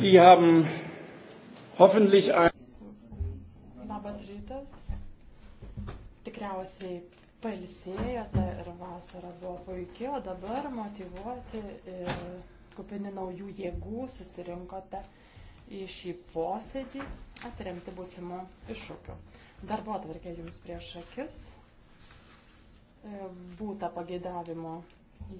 Sie haben hoffentlich ein. Labas rytas. Tikriausiai pailsėjote ir vasara buvo puikia, o dabar motivuoti ir kupini naujų jėgų susirinkote į šį posėdį atremti būsimo iššūkio. Darbo atvarkė jums prieš akis. E, būta pageidavimo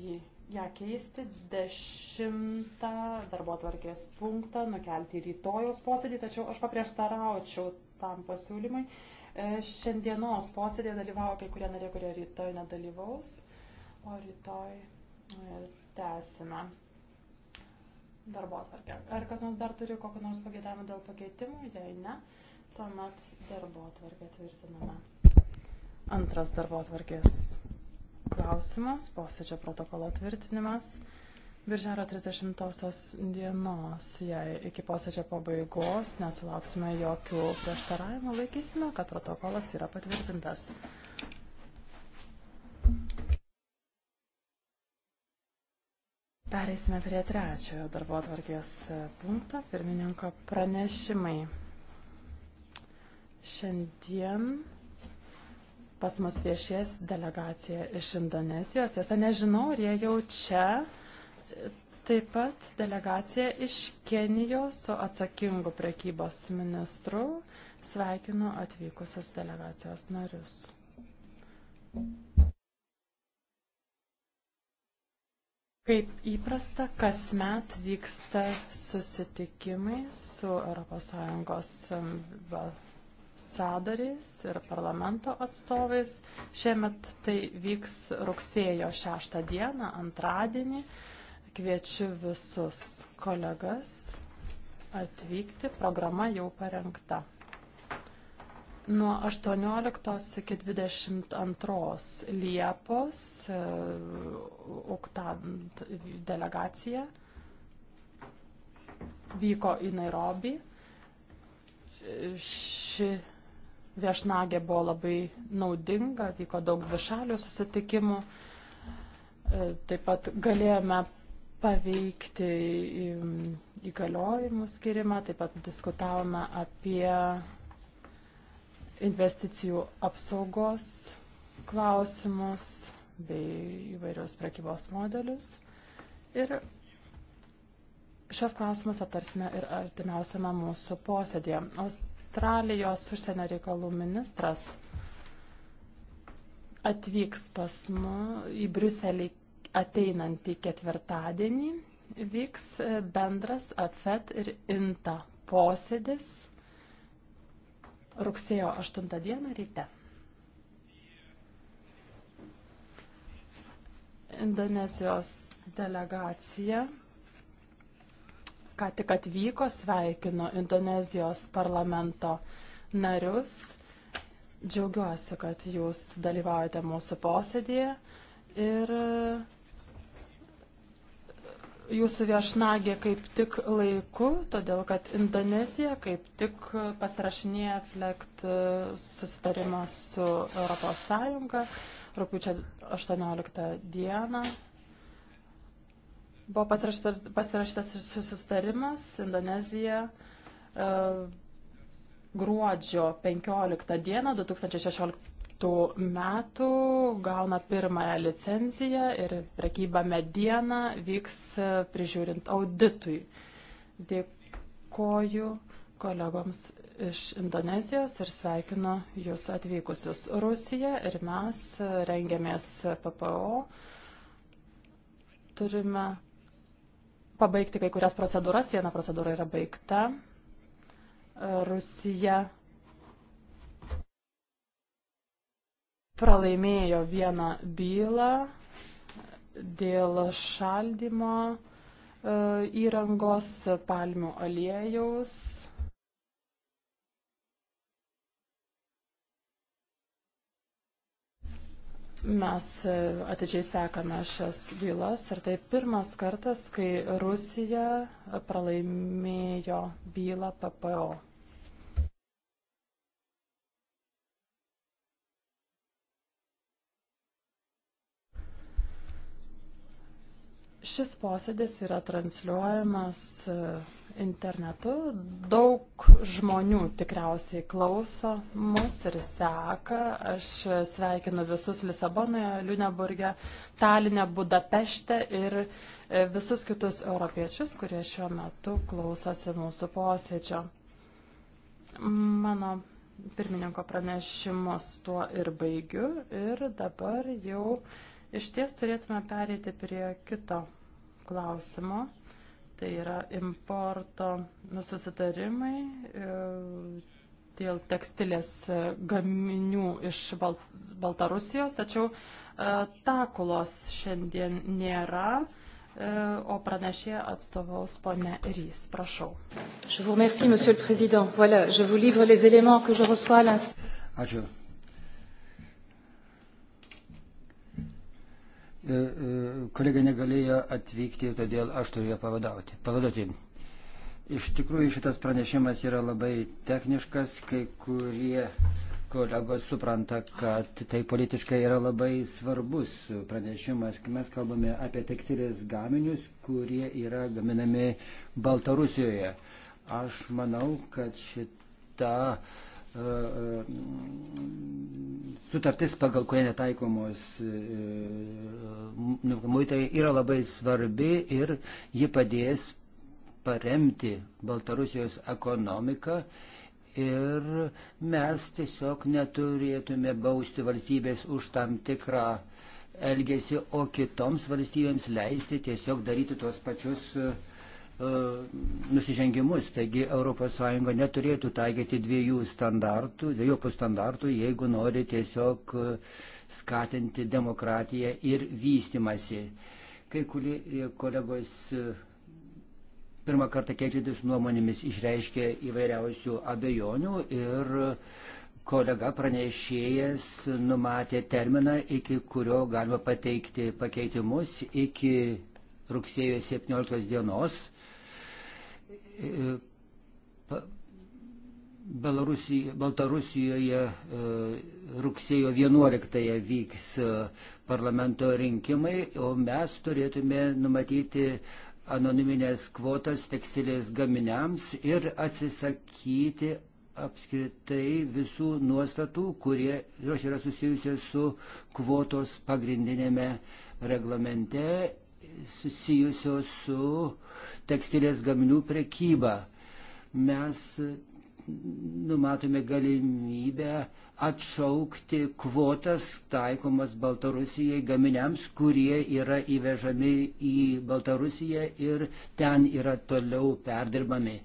jį ją keisti, dešimtą darbo tvarkės punktą nukelti į rytojos posėdį, tačiau aš paprieštaraučiau tam pasiūlymui. E, šiandienos posėdėje dalyvavo kai kurie nariai, kurie rytoj nedalyvaus, o rytoj e, tęsime darbo atvarkę. Ar kas nors dar turi kokį nors pagėdavimą dėl pakeitimų? Jei ne, tuomet darbo atvarkę tvirtiname. Antras darbo atvarkės klausimas, posėdžio protokolo tvirtinimas. Birželio 30 dienos, jei iki posėdžio pabaigos nesulauksime jokių prieštaravimų, laikysime, kad protokolas yra patvirtintas. Pereisime prie trečiojo darbo atvarkės punkto, pirmininko pranešimai. Šiandien pas mus viešies delegacija iš Indonezijos. Tiesa, nežinau, ar jie jau čia. Taip pat delegacija iš Kenijos su atsakingu prekybos ministru sveikinu atvykusius delegacijos narius. Kaip įprasta, kasmet vyksta susitikimai su ES ambasadoriais ir parlamento atstovais. Šiemet tai vyks rugsėjo 6 dieną, antradienį. Kviečiu visus kolegas atvykti, programa jau parengta. Nuo 18 iki 22 Liepos e, UKTANT delegacija vyko į Nairobį. Ši viešnagė buvo labai naudinga, vyko daug dvišalių susitikimų. E, taip pat galėjome paveikti įgaliojimų skirimą, taip pat diskutavome apie investicijų apsaugos klausimus bei įvairius prekybos modelius. Ir šios klausimus aptarsime ir artimiausiame mūsų posėdėje. Os Australijos užsienio reikalų ministras atvyks pas mus į Briuselį ateinantį ketvirtadienį. Vyks e, bendras AFET ir INTA posėdis rugsėjo 8 dieną ryte. Indonezijos delegacija ką tik atvyko, sveikinu Indonezijos parlamento narius. Džiaugiuosi, kad jūs dalyvaujate mūsų posėdėje ir e, jūsų viešnagė kaip tik laiku, todėl kad Indonezija kaip tik pasirašinėja flekt e, susitarimą su ES rūpiučio 18 dieną Buvo pasirašytas susitarimas Indonezija e, gruodžio 15 dieną 2016 metų gauna pirmąją licenciją ir prekyba mediena vyks e, prižiūrint auditui. Dėkoju kolegoms iš Indonezijos ir sveikinu jūs atvykusius Rusiją ir mes e, rengiamės PPO. Turime pabaigti kai kurias procedūras. Viena procedūra yra baigta. Rusija pralaimėjo vieną bylą dėl šaldymo e, įrangos palmių aliejaus. Mes e, atidžiai sekame šias bylas ir tai pirmas kartas, kai Rusija pralaimėjo bylą PPO. Šis posėdis yra transliuojamas e, internetu. Daug žmonių tikriausiai klauso mus ir seka. Aš sveikinu visus Lisabonoje, Liuneburgė, Talinė, Budapešte ir e, visus kitus europiečius, kurie šiuo metu klausosi mūsų posėdžio. Mano pirmininko pranešimus tuo ir baigiu ir dabar jau iš ties turėtume pereiti prie kito klausimo. Tai yra importo susitarimai e, dėl tekstilės gaminių iš Balt Baltarusijos, tačiau e, takulos šiandien nėra, e, o pranešė atstovaus ponė Rys. Prašau. Ačiū, E, e, kolega negalėjo atvykti, todėl aš turėjau pavadauti. pavaduoti. Iš tikrųjų šitas pranešimas yra labai techniškas, kai kurie kolegos supranta, kad tai politiškai yra labai svarbus pranešimas, kai mes kalbame apie tekstilės gaminius, kurie yra gaminami Baltarusijoje. Aš manau, kad šita uh, E, e, sutartis, pagal kurią netaikomos e, muitai, yra labai svarbi ir ji padės paremti Baltarusijos ekonomiką ir mes tiesiog neturėtume bausti valstybės už tam tikrą elgesį, o kitoms valstybėms leisti tiesiog daryti tuos pačius uh, E, nusižengimus. Taigi ES neturėtų taikyti dviejų standartų, dviejopų standartų, jeigu nori tiesiog e, skatinti demokratiją ir vystimasi. Kai kurie e, kolegos pirmą kartą keičiantis nuomonėmis išreiškė įvairiausių abejonių ir kolega pranešėjas numatė terminą, iki kurio galima pateikti pakeitimus iki rugsėjo 17 dienos. Belarusija, Baltarusijoje e, rugsėjo 11-ąją vyks e, parlamento rinkimai, o mes turėtume numatyti anoniminės kvotas tekstilės gaminiams ir atsisakyti apskritai visų nuostatų, kurie, kurios yra susijusios su kvotos pagrindinėme reglamente susijusios su tekstilės gaminių prekyba. Mes numatome galimybę atšaukti kvotas taikomas Baltarusijai gaminiams, kurie yra įvežami į Baltarusiją ir ten yra toliau perdirbami.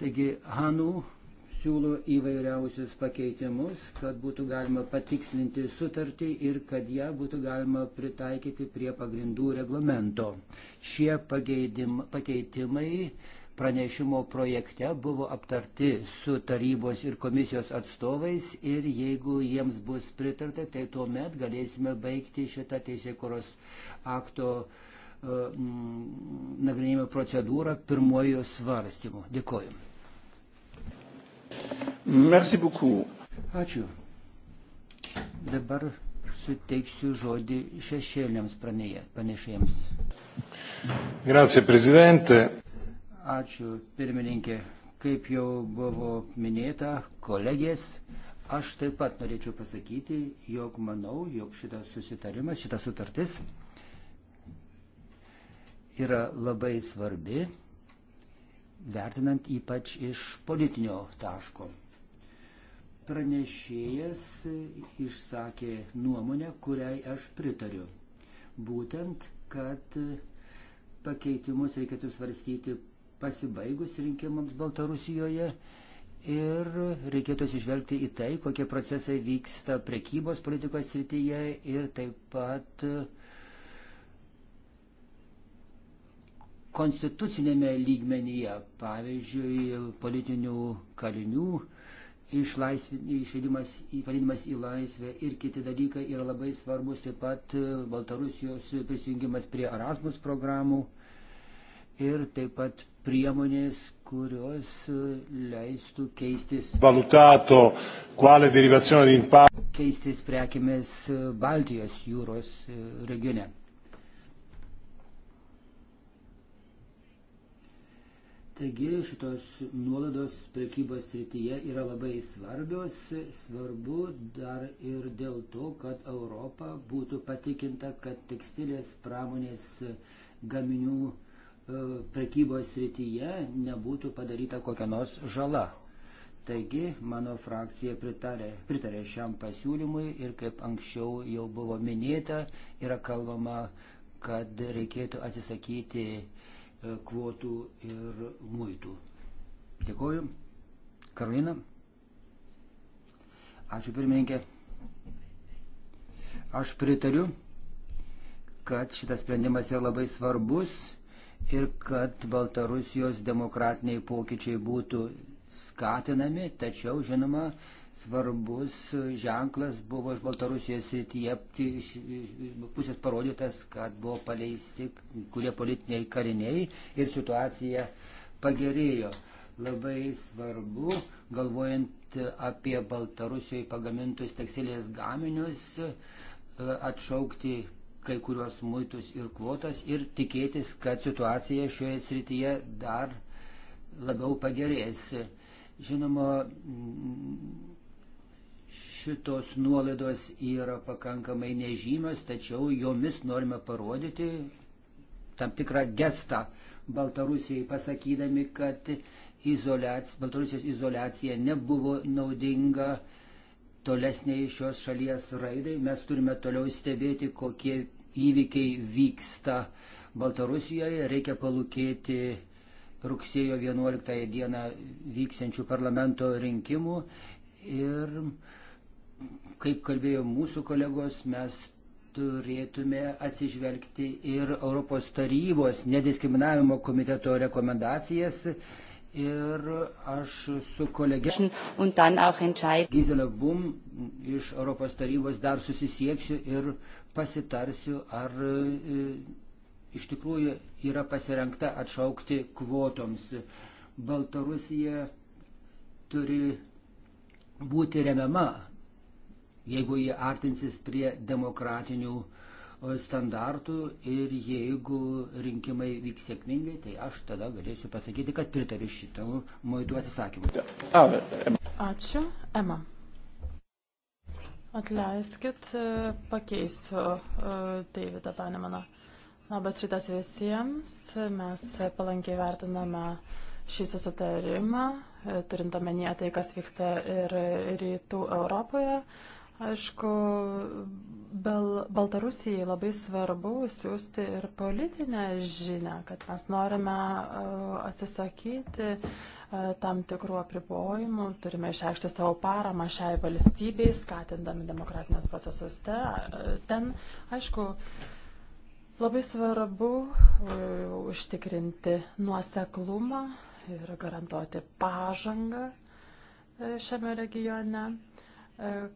Taigi, Hanų siūlo įvairiausius pakeitimus, kad būtų galima patikslinti sutartį ir kad ją būtų galima pritaikyti prie pagrindų reglamento. Šie pakeitimai pranešimo projekte buvo aptarti su tarybos ir komisijos atstovais ir jeigu jiems bus pritarta, tai tuomet galėsime baigti šitą teisėkuros akto e, nagrinėjimo procedūrą pirmojo svarstymu. Dėkuoju. Merci beaucoup. Ačiū. Dabar suteiksiu žodį šešėliams pranešėjams. Grazie, prezidente. Ačiū, pirmininkė. Kaip jau buvo minėta, kolegės, aš taip pat norėčiau pasakyti, jog manau, jog šitas susitarimas, šitas sutartis yra labai svarbi vertinant ypač iš politinio taško. Pranešėjas išsakė nuomonę, kuriai aš pritariu. Būtent, kad pakeitimus reikėtų svarstyti pasibaigus rinkimams Baltarusijoje ir reikėtų atsižvelgti į tai, kokie procesai vyksta prekybos politikos srityje ir taip pat uh, konstitucinėme lygmenyje, pavyzdžiui, politinių kalinių išleidimas, įvadimas į laisvę ir kiti dalykai yra labai svarbus, taip pat Baltarusijos prisijungimas prie Erasmus programų ir taip pat priemonės, kurios leistų keistis. Valutato, quale derivazione di impatto. Keistis prekiamis Baltijos jūros regione. Taigi šitos nuolaidos prekybos srityje yra labai svarbios, svarbu dar ir dėl to, kad Europa būtų patikinta, kad tekstilės pramonės gaminių e, prekybos srityje nebūtų padaryta kokia nors žala. Taigi mano frakcija pritarė, pritarė šiam pasiūlymui ir kaip anksčiau jau buvo minėta, yra kalbama, kad reikėtų atsisakyti E, kvotų ir muitų. Dėkoju. Karolina. Ačiū pirmininkė. Aš pritariu, kad šitas sprendimas yra labai svarbus ir kad Baltarusijos demokratiniai pokyčiai būtų skatinami, tačiau, žinoma, svarbus ženklas buvo iš Baltarusijos srityje tai iš pusės parodytas, kad buvo paleisti kurie politiniai kariniai ir situacija pagerėjo. Labai svarbu, galvojant apie Baltarusijoje pagamintus tekstilės gaminius, atšaukti kai kuriuos muitus ir kvotas ir tikėtis, kad situacija šioje srityje dar labiau pagerės. Žinoma, šitos nuolaidos yra pakankamai nežymios, tačiau jomis norime parodyti tam tikrą gestą Baltarusijai, pasakydami, kad izolac, Baltarusijos izolacija nebuvo naudinga tolesniai šios šalies raidai. Mes turime toliau stebėti, kokie įvykiai vyksta Baltarusijoje. Reikia palūkėti rugsėjo 11 dieną vyksiančių parlamento rinkimų ir kaip kalbėjo mūsų kolegos, mes turėtume atsižvelgti ir Europos tarybos nediskriminavimo komiteto rekomendacijas. Ir aš su kolege Gizela Bum iš Europos tarybos dar susisieksiu ir pasitarsiu, ar e, iš tikrųjų yra pasirengta atšaukti kvotoms. Baltarusija turi būti remiama jeigu jie artinsis prie demokratinių standartų ir jeigu rinkimai vyks sėkmingai, tai aš tada galėsiu pasakyti, kad pritariu šitam muitų atsisakymui. Ačiū, Ema. Atleiskit, e, pakeisiu e, Deividą Panemaną. Labas rytas visiems. Mes palankiai vertiname šį susitarimą, e, turint omenyje tai, kas vyksta ir rytų Europoje. Aišku, Bel, Baltarusijai labai svarbu siūsti ir politinę žinę, kad mes norime uh, atsisakyti uh, tam tikrų apribojimų, turime išreikšti savo paramą šiai valstybei, skatindami demokratinius procesus. Te, e, ten, aišku, labai svarbu uh, užtikrinti nuoseklumą ir garantuoti pažangą šiame regione. Uh,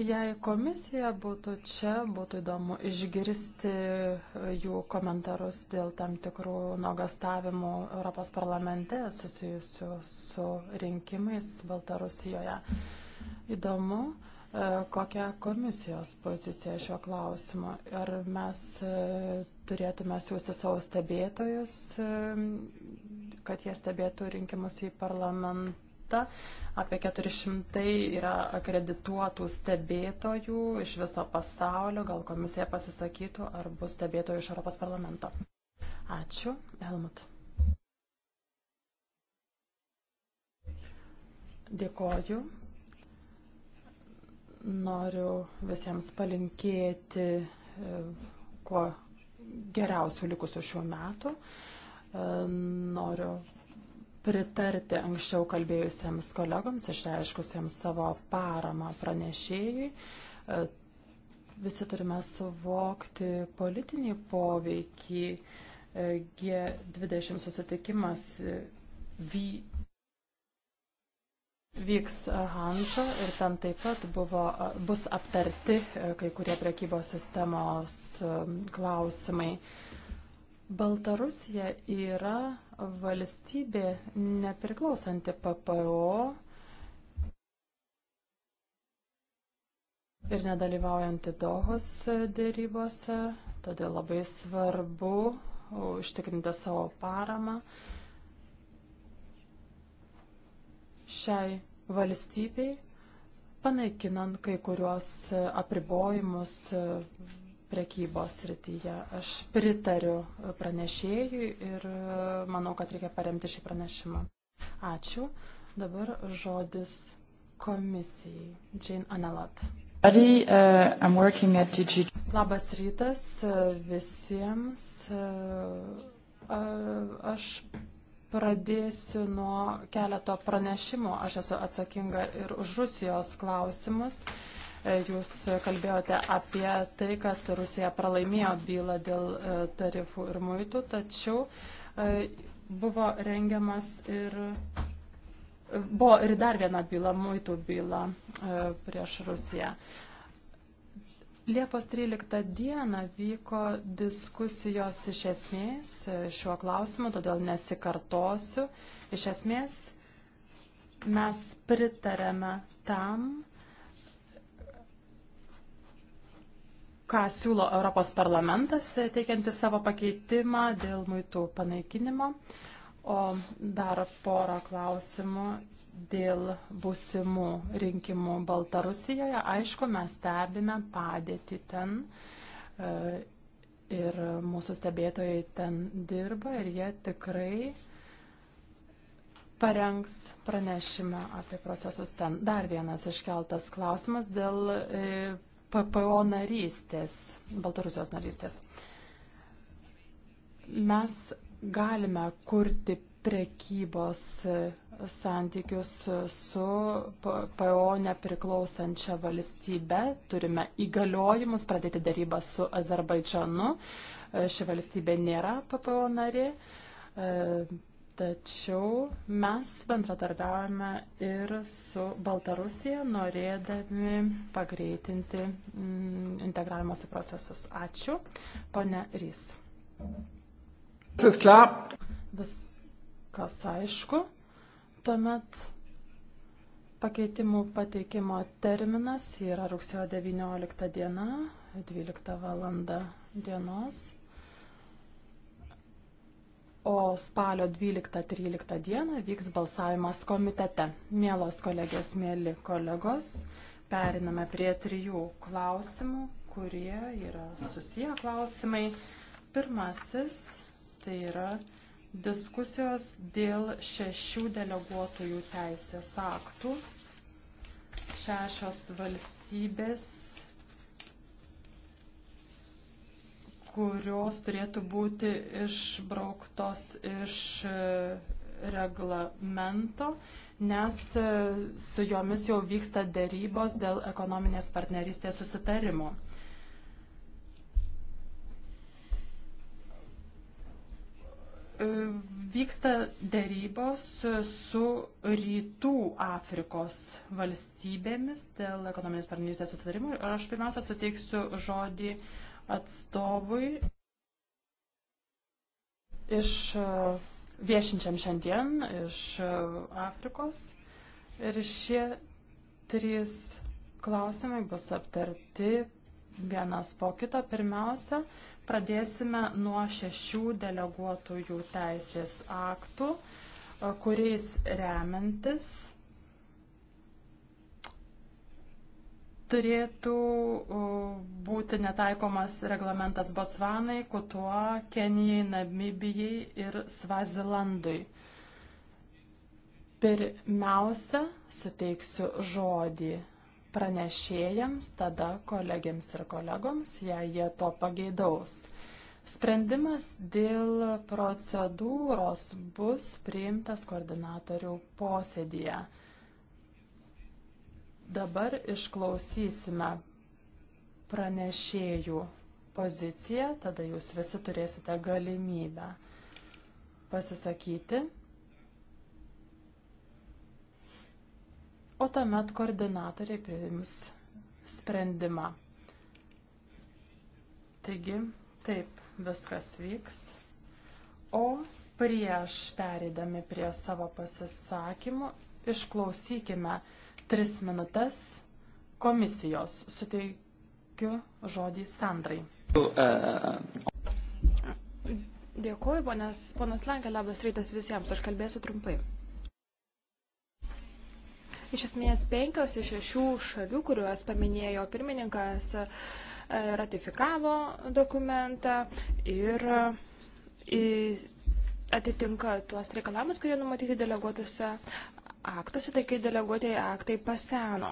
Jei komisija būtų čia, būtų įdomu išgirsti e, jų komentarus dėl tam tikrų nuogastavimų Europos parlamente susijusių su rinkimais Baltarusijoje. Įdomu, e, kokia komisijos pozicija šiuo klausimu. Ar mes e, turėtume siūsti savo stebėtojus, kad jie stebėtų rinkimus į parlamentą? parlamentą, Apie 400 yra akredituotų stebėtojų iš viso pasaulio. Gal komisija pasisakytų, ar bus stebėtojų iš Europos parlamento. Ačiū. Helmut. Dėkoju. Noriu visiems palinkėti e, kuo geriausių likusių šių metų. E, noriu pritarti anksčiau kalbėjusiems kolegams, išreiškusiems savo paramą pranešėjui. E, visi turime suvokti politinį poveikį. E, G20 susitikimas e, vy... vyks Hanžo ir ten taip pat buvo, bus aptarti kai kurie prekybos sistemos klausimai. Baltarusija yra valstybė nepriklausanti PPO ir nedalyvaujanti Dohos dėrybose, todėl labai svarbu užtikrinti savo paramą šiai valstybei, panaikinant kai kuriuos apribojimus prekybos srityje. Aš pritariu pranešėjui ir e, manau, kad reikia paremti šį pranešimą. Ačiū. Dabar žodis komisijai. Jane Anelat. Uh, Labas rytas e, visiems. E, aš pradėsiu nuo keleto pranešimų. Aš esu atsakinga ir už Rusijos klausimus. Jūs kalbėjote apie tai, kad Rusija pralaimėjo bylą dėl e, tarifų ir muitų, tačiau e, buvo rengiamas ir. E, buvo ir dar viena byla, muitų byla prieš Rusiją. Liepos 13 dieną vyko diskusijos iš esmės šiuo klausimu, todėl nesikartosiu. Iš esmės mes pritarėme tam, ką siūlo Europos parlamentas, e, teikianti savo pakeitimą dėl muitų panaikinimo. O dar porą klausimų dėl būsimų rinkimų Baltarusijoje. Aišku, mes stebime padėtį ten e, ir mūsų stebėtojai ten dirba ir jie tikrai parengs pranešimą apie procesus ten. Dar vienas iškeltas klausimas dėl e, PPO narystės, Baltarusijos narystės. Mes galime kurti prekybos santykius su PO nepriklausančia valstybe. Turime įgaliojimus pradėti darybą su Azerbaidžanu. Ši valstybė nėra PPO nari. Tačiau mes bendradarbiavome ir su Baltarusija, norėdami pagreitinti mm, integravimosi procesus. Ačiū, ponė Rys. Viskas aišku. Tuomet pakeitimų pateikimo terminas yra rugsėjo 19 diena, 12 valanda dienos o spalio 12-13 dieną vyks balsavimas komitete. Mielos kolegės, mėly kolegos, periname prie trijų klausimų, kurie yra susiję klausimai. Pirmasis tai yra diskusijos dėl šešių deleguotojų teisės aktų. Šešios valstybės kurios turėtų būti išbrauktos iš e, reglamento, nes e, su jomis jau vyksta dėrybos dėl ekonominės partnerystės susitarimo. E, vyksta dėrybos su rytų Afrikos valstybėmis dėl ekonominės partnerystės susitarimo ir aš pirmiausia suteiksiu žodį uh, atstovui iš e, viešinčiam šiandien iš e, Afrikos. Ir šie trys klausimai bus aptarti vienas po kito. Pirmiausia, pradėsime nuo šešių deleguotųjų teisės aktų, e, kuriais remiantis turėtų būti netaikomas reglamentas Botsvanai, Kutuo, Kenijai, Namibijai ir Svazilandui. Pirmiausia, suteiksiu žodį pranešėjams, tada kolegiams ir kolegoms, jei jie to pageidaus. Sprendimas dėl procedūros bus priimtas koordinatorių posėdėje. Dabar išklausysime pranešėjų poziciją, tada jūs visi turėsite galimybę pasisakyti. O tuomet koordinatoriai priims sprendimą. Taigi, taip viskas vyks. O prieš perėdami prie savo pasisakymų, išklausykime tris minutės komisijos. Suteikiu žodį Sandrai. Uh, uh, Dėkuoju, ponas, ponas Lankė, labas rytas visiems, aš kalbėsiu trumpai. Iš esmės penkios iš šešių šalių, kuriuos paminėjo pirmininkas, e, ratifikavo dokumentą ir e, atitinka tuos reikalavimus, kurie numatyti deleguotose aktuose, tai kai deleguotieji aktai paseno.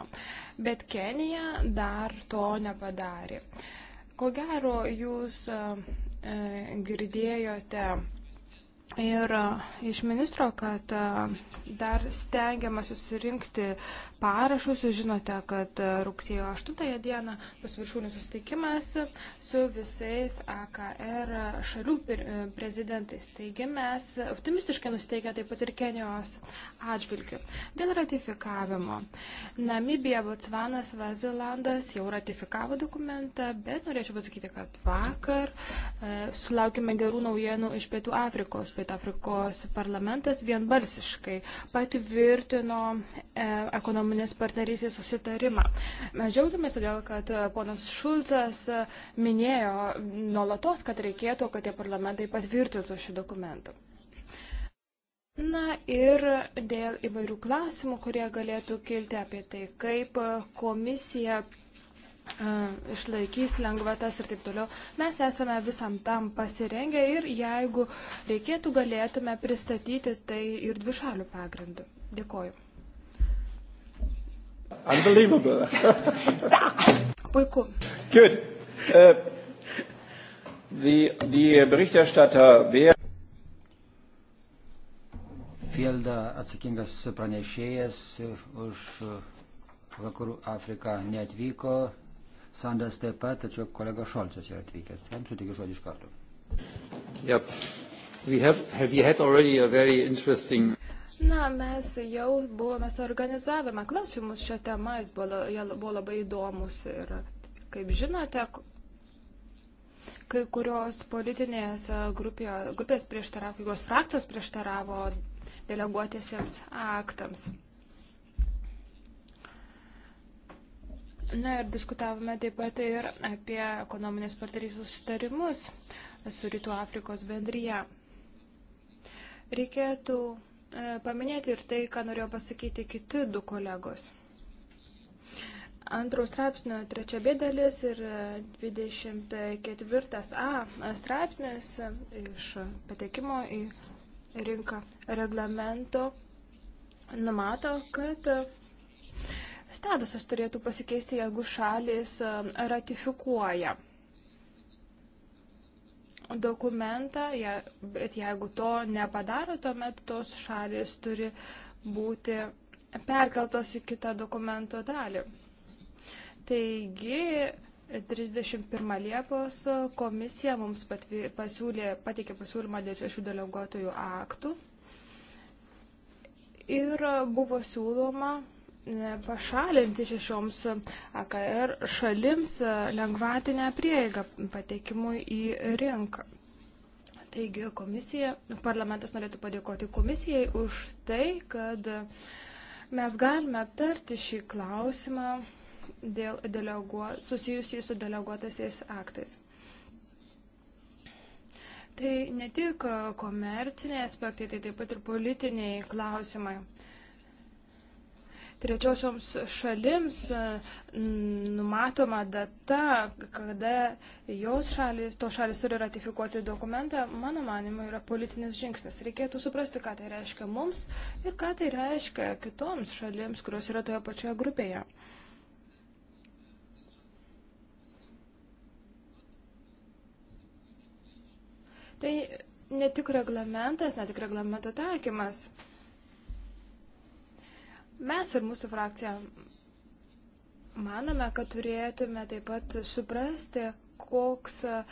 Bet Kenija dar to nepadarė. Ko gero, jūs e, e, girdėjote ir e, iš ministro, kad dar stengiama susirinkti parašus. Jūs žinote, kad rugsėjo 8 dieną bus viršūnių susitikimas su visais AKR šalių prezidentais. Taigi mes optimistiškai nusteikia taip pat ir Kenijos atžvilgių. Dėl ratifikavimo. Namibija, Botsvanas, Vazilandas jau ratifikavo dokumentą, bet norėčiau pasakyti, kad vakar e, sulaukime gerų naujienų iš Pietų Afrikos. Pietų Afrikos parlamentas vienbalsiškai patvirtino e, ekonominės partnerysės susitarimą. Mes džiaugiamės todėl, kad ponas Šulcas minėjo nuolatos, kad reikėtų, kad tie parlamentai patvirtintų šį dokumentą. Na ir dėl įvairių klausimų, kurie galėtų kilti apie tai, kaip komisija E, išlaikys lengvatas ir taip toliau. Mes esame visam tam pasirengę ir jeigu reikėtų, galėtume pristatyti tai ir dvišalių pagrindų. Dėkoju. Unbelievable. Puiku. Good. Uh, die, die Berichterstatter, wer... Fielda atsakingas pranešėjas už Vakarų Afriką neatvyko, Sandas taip pat, tačiau kolega Šolcas yra atvykęs. Jam sutikiu žodį iš karto. Yep. We have, have we had already a very interesting... Na, mes jau buvome suorganizavime klausimus šią temą, jis buvo, jie buvo labai įdomus ir, kaip žinote, kai kurios politinės grupė, grupės prieštaravo, kai kurios frakcijos prieštaravo deleguotiesiems aktams. Na ir diskutavome taip pat ir apie ekonominės partnerystės sustarimus su Rytų Afrikos bendryje. Reikėtų e, paminėti ir tai, ką norėjo pasakyti kiti du kolegos. Antrų straipsnio trečia bėdelis ir 24a e, straipsnis e, iš patekimo į rinką reglamento numato, kad statusas turėtų pasikeisti, jeigu šalis e, ratifikuoja dokumentą, bet jeigu to nepadaro, tuomet tos šalis turi būti perkeltos į kitą dokumento dalį. Taigi, 31 Liepos komisija mums pasiūlė, pateikė pasiūlymą dėl šių deleguotojų aktų ir buvo siūloma pašalinti šešioms AKR šalims lengvatinę prieigą patekimui į rinką. Taigi komisija, parlamentas norėtų padėkoti komisijai už tai, kad mes galime aptarti šį klausimą dėl deleguo, susijusį su deleguotasiais aktais. Tai ne tik komerciniai aspektai, tai taip pat ir politiniai klausimai trečiosioms šalims e, numatoma data, kada jos šalis, to šalis turi ratifikuoti dokumentą, mano manimo, yra politinis žingsnis. Reikėtų suprasti, ką tai reiškia mums ir ką tai reiškia kitoms šalims, kurios yra toje pačioje grupėje. Tai ne tik reglamentas, ne tik reglamento taikymas. Mes ir mūsų frakcija manome, kad turėtume taip pat suprasti, koks e,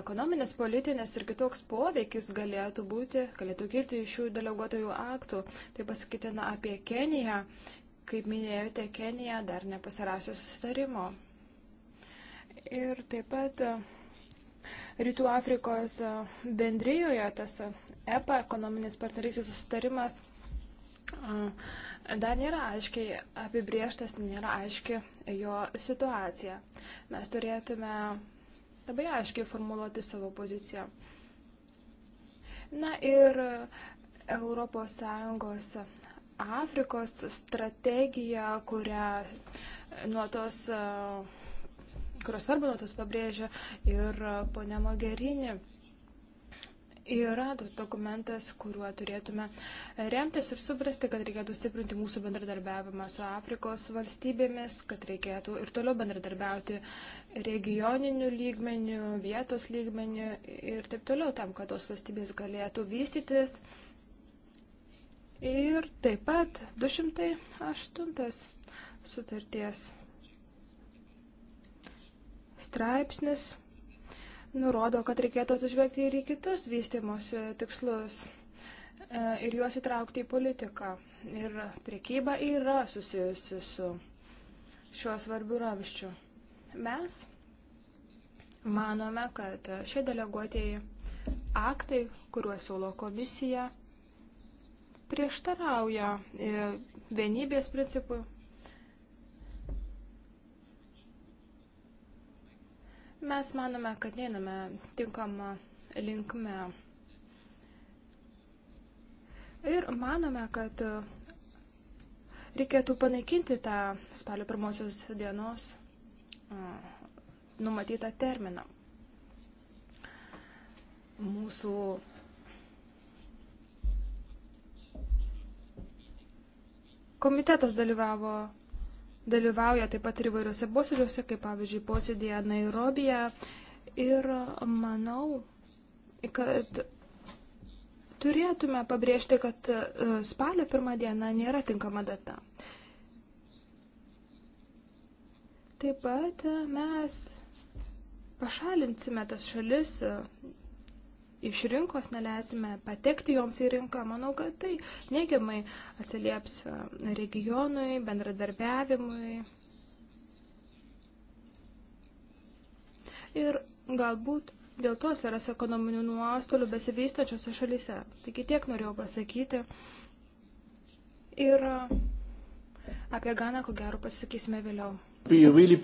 ekonominis, politinis ir kitoks poveikis galėtų būti, galėtų kilti iš šių deleguotojų aktų. Tai pasakytina apie Keniją. Kaip minėjote, Kenija dar nepasirašė susitarimo. Ir taip pat e, Rytų Afrikos e, bendrijoje tas EPA, ekonominis partnerystės susitarimas, dar nėra aiškiai apibrieštas, nėra aiški jo situacija. Mes turėtume labai aiškiai formuluoti savo poziciją. Na ir ES Afrikos strategija, kurią nuo tos kurios svarbu nuo tos pabrėžia ir ponia Mogherini yra tas dokumentas, kuriuo turėtume remtis ir suprasti, kad reikėtų stiprinti mūsų bendradarbiavimą su Afrikos valstybėmis, kad reikėtų ir toliau bendradarbiauti regioniniu lygmeniu, vietos lygmeniu ir taip toliau, tam, kad tos valstybės galėtų vystytis. Ir taip pat 208 sutarties straipsnis nurodo, kad reikėtų atsižvelgti ir į kitus vystimosi tikslus e, ir juos įtraukti į politiką. Ir priekyba yra susijusi su šiuo svarbiu ramščiu. Mes manome, kad šie deleguotieji aktai, kuriuos siūlo komisija, prieštarauja e, vienybės principui Mes manome, kad neiname tinkamą linkme. Ir manome, kad reikėtų panaikinti tą spalio pirmosios dienos numatytą terminą. Mūsų komitetas dalyvavo dalyvauja taip pat ir įvairiuose posėdžiuose, kaip pavyzdžiui posėdėje Nairobija. Ir manau, kad turėtume pabrėžti, kad e, spalio pirmą dieną nėra tinkama data. Taip pat mes pašalinsime tas šalis e, iš rinkos neleisime patekti joms į rinką, manau, kad tai neigiamai atsilieps e, regionui, bendradarbiavimui. Ir galbūt dėl to atsiras ekonominių nuostolių besivystačiose šalyse. Taigi tiek norėjau pasakyti. Ir e, apie Ganą, ko gero, pasakysime vėliau. Really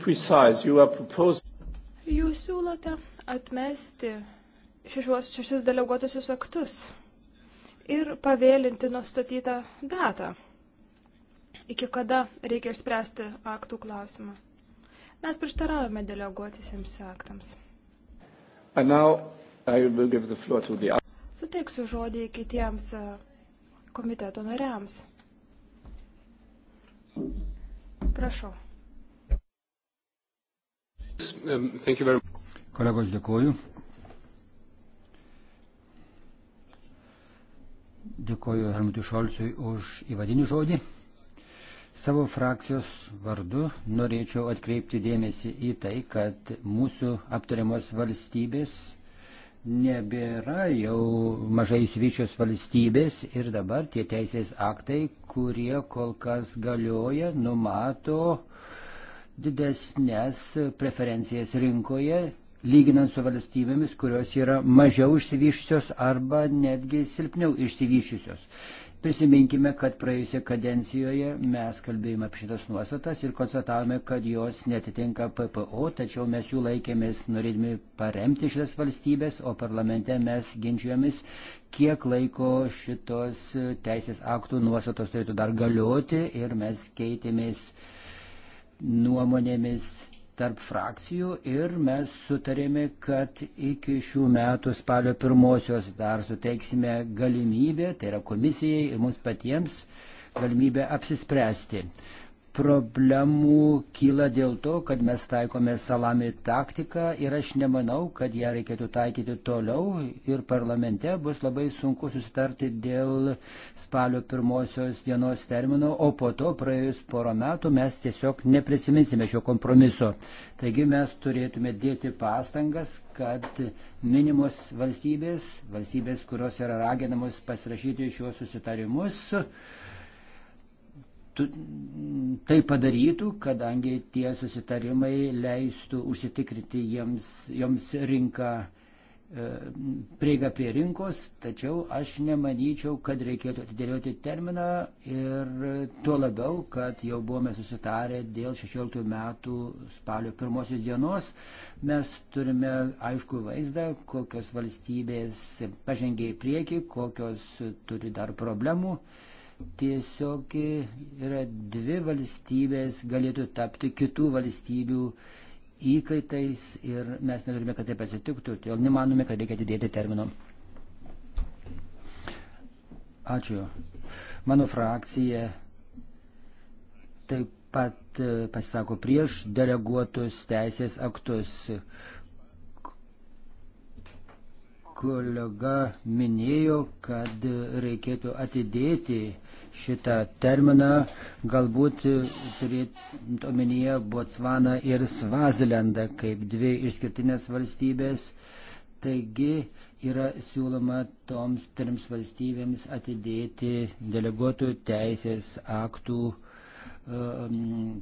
Jūs siūlote atmesti šešios, šešis deleguotusius aktus ir pavėlinti nustatytą datą, iki kada reikia išspręsti aktų klausimą. Mes prieštaravome deleguotisiems aktams. The... Suteiksiu žodį kitiems e, komiteto nariams. Prašau. Um, Kolegos, dėkuoju. Dėkoju Helmutui Šolcui už įvadinį žodį. Savo frakcijos vardu norėčiau atkreipti dėmesį į tai, kad mūsų aptariamos valstybės nebėra jau mažai įsivyčios valstybės ir dabar tie teisės aktai, kurie kol kas galioja, numato didesnės preferencijas rinkoje lyginant su valstybėmis, kurios yra mažiau išsivyščiusios arba netgi silpniau išsivyščiusios. Prisiminkime, kad praėjusioje kadencijoje mes kalbėjome apie šitas nuostatas ir konstatavome, kad jos netitinka PPO, tačiau mes jų laikėmės norėdami paremti šitas valstybės, o parlamente mes ginčijomis, kiek laiko šitos teisės aktų nuostatos turėtų dar galioti ir mes keitėmės nuomonėmis tarp frakcijų ir mes sutarėme, kad iki šių metų spalio pirmosios dar suteiksime galimybę, tai yra komisijai ir mums patiems galimybę apsispręsti problemų kyla dėl to, kad mes taikome salami taktiką ir aš nemanau, kad ją reikėtų taikyti toliau ir parlamente bus labai sunku susitarti dėl spalio pirmosios dienos termino, o po to praėjus porą metų mes tiesiog neprisiminsime šio kompromiso. Taigi mes turėtume dėti pastangas, kad minimos valstybės, valstybės, kurios yra raginamos pasirašyti šiuos susitarimus, tai padarytų, kadangi tie susitarimai leistų užsitikrinti jiems, joms rinką e, prieiga prie rinkos, tačiau aš nemanyčiau, kad reikėtų atidėlioti terminą ir tuo labiau, kad jau buvome susitarę dėl 16 metų spalio pirmosios dienos. Mes turime aišku vaizdą, kokios valstybės pažengė į priekį, kokios turi dar problemų. Tiesiog yra dvi valstybės, galėtų tapti kitų valstybių įkaitais ir mes neturime, kad taip atsitiktų, todėl nemanome, kad reikia atidėti termino. Ačiū. Mano frakcija taip pat e, pasisako prieš deleguotus teisės aktus. Kolega minėjo, kad reikėtų atidėti šitą terminą, galbūt turėt omenyje Botsvaną ir Svazilendą kaip dvi išskirtinės valstybės. Taigi yra siūloma toms trims valstybėms atidėti deleguotų teisės aktų um,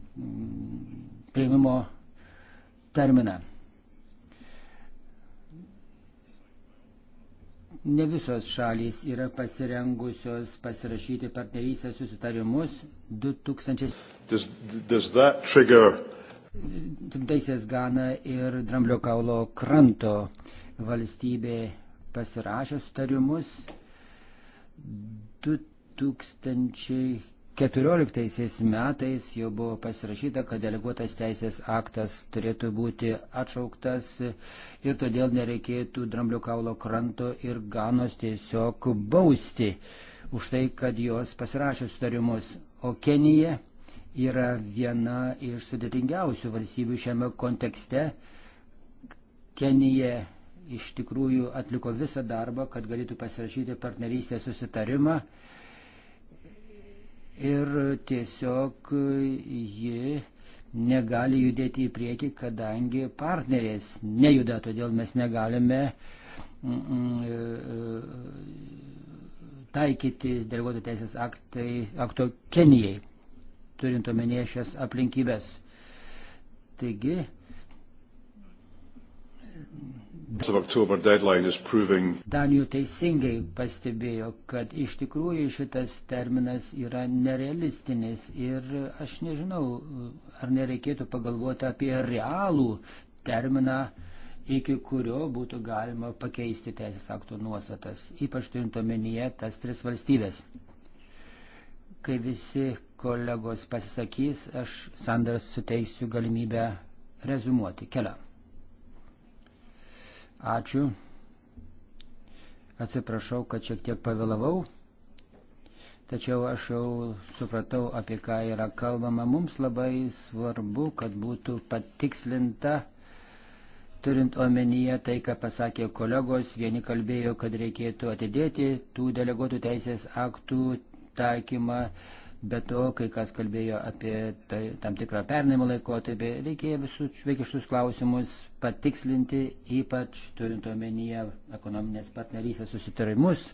priimimo terminą. Ne visos šalys yra pasirengusios pasirašyti partnerystės susitarimus 2000. Does, does trigger... Timtaisiais Gana ir Dramblio kaulo kranto valstybė pasirašė sutarimus 2000. 14 metais jau buvo pasirašyta, kad deleguotas teisės aktas turėtų būti atšauktas ir todėl nereikėtų dramblio kaulo kranto ir ganos tiesiog bausti už tai, kad jos pasirašė sutarimus. O Kenija yra viena iš sudėtingiausių valstybių šiame kontekste. Kenija iš tikrųjų atliko visą darbą, kad galėtų pasirašyti partnerystės susitarimą ir tiesiog ji negali judėti į priekį, kadangi partnerės nejuda, todėl mes negalime mm, mm, e, e, taikyti deleguoto teisės aktai, akto Kenijai, turint omenyje šias aplinkybės. Taigi Danijų teisingai pastebėjo, kad iš tikrųjų šitas terminas yra nerealistinis ir aš nežinau, ar nereikėtų pagalvoti apie realų terminą, iki kurio būtų galima pakeisti teisės aktų nuostatas, ypač turint omenyje tas tris valstybės. Kai visi kolegos pasisakys, aš Sandras suteiksiu galimybę rezumuoti kelią. Ačiū. Atsiprašau, kad šiek tiek pavėlavau, tačiau aš jau supratau, apie ką yra kalbama. Mums labai svarbu, kad būtų patikslinta, turint omenyje tai, ką pasakė kolegos, vieni kalbėjo, kad reikėtų atidėti tų deleguotų teisės aktų taikymą Bet to, kai kas kalbėjo apie tai, tam tikrą pernimo laikotarpį, reikėjo visus šveikiškus klausimus patikslinti, ypač turint omenyje ekonominės partnerysės susitarimus.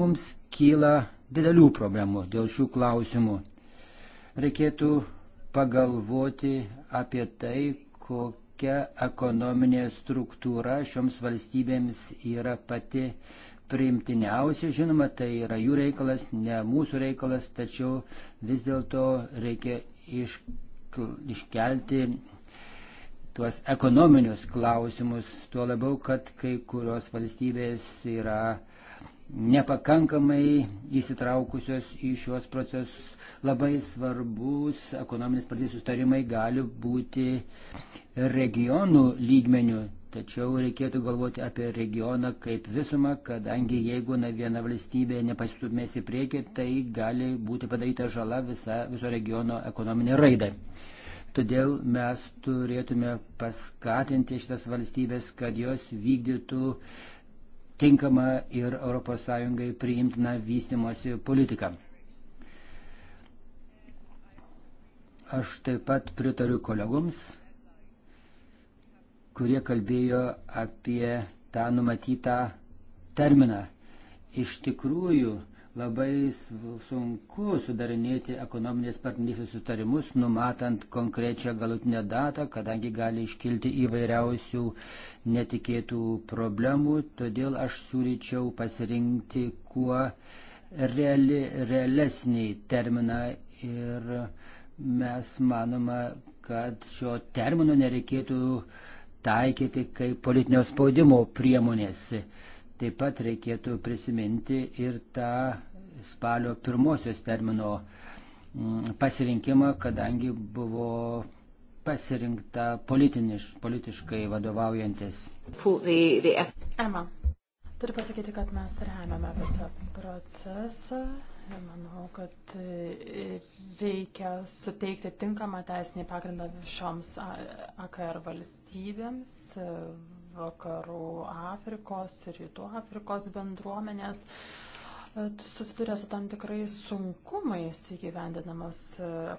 Mums kyla didelių problemų dėl šių klausimų. Reikėtų pagalvoti apie tai, kokia ekonominė struktūra šioms valstybėms yra pati uh, priimtiniausi, žinoma, tai yra jų reikalas, ne mūsų reikalas, tačiau vis dėlto reikia iš, iškelti tuos ekonominius klausimus, tuo labiau, kad kai kurios valstybės yra nepakankamai įsitraukusios į šios procesus. Labai svarbus ekonominis pradės sustarimai gali būti regionų lygmenių, Tačiau reikėtų galvoti apie regioną kaip visumą, kadangi jeigu na, viena valstybė nepasistumės į priekį, tai gali būti padaryta žala visa, viso regiono ekonominė raidai. Todėl mes turėtume paskatinti šitas valstybės, kad jos vykdytų tinkamą ir ES priimtiną vystimosi politiką. Aš taip pat pritariu kolegoms kurie kalbėjo apie tą numatytą terminą. Iš tikrųjų, labai sunku sudarinėti ekonominės partnerystės sutarimus, numatant konkrečią galutinę datą, kadangi gali iškilti įvairiausių netikėtų problemų. Todėl aš siūlyčiau pasirinkti kuo reali, realesnį terminą ir mes manoma, kad šio termino nereikėtų uh, taikyti kaip politinio spaudimo priemonės. Taip pat reikėtų prisiminti ir tą spalio pirmosios termino mm, pasirinkimą, kadangi buvo pasirinkta politiniš, politiškai vadovaujantis. Ema, turiu pasakyti, kad mes remiame visą procesą Manau, kad e, reikia suteikti tinkamą teisinį pagrindą šioms AKR valstybėms, e, vakarų Afrikos ir rytų Afrikos bendruomenės e, susiduria su tam tikrais sunkumais įgyvendinamas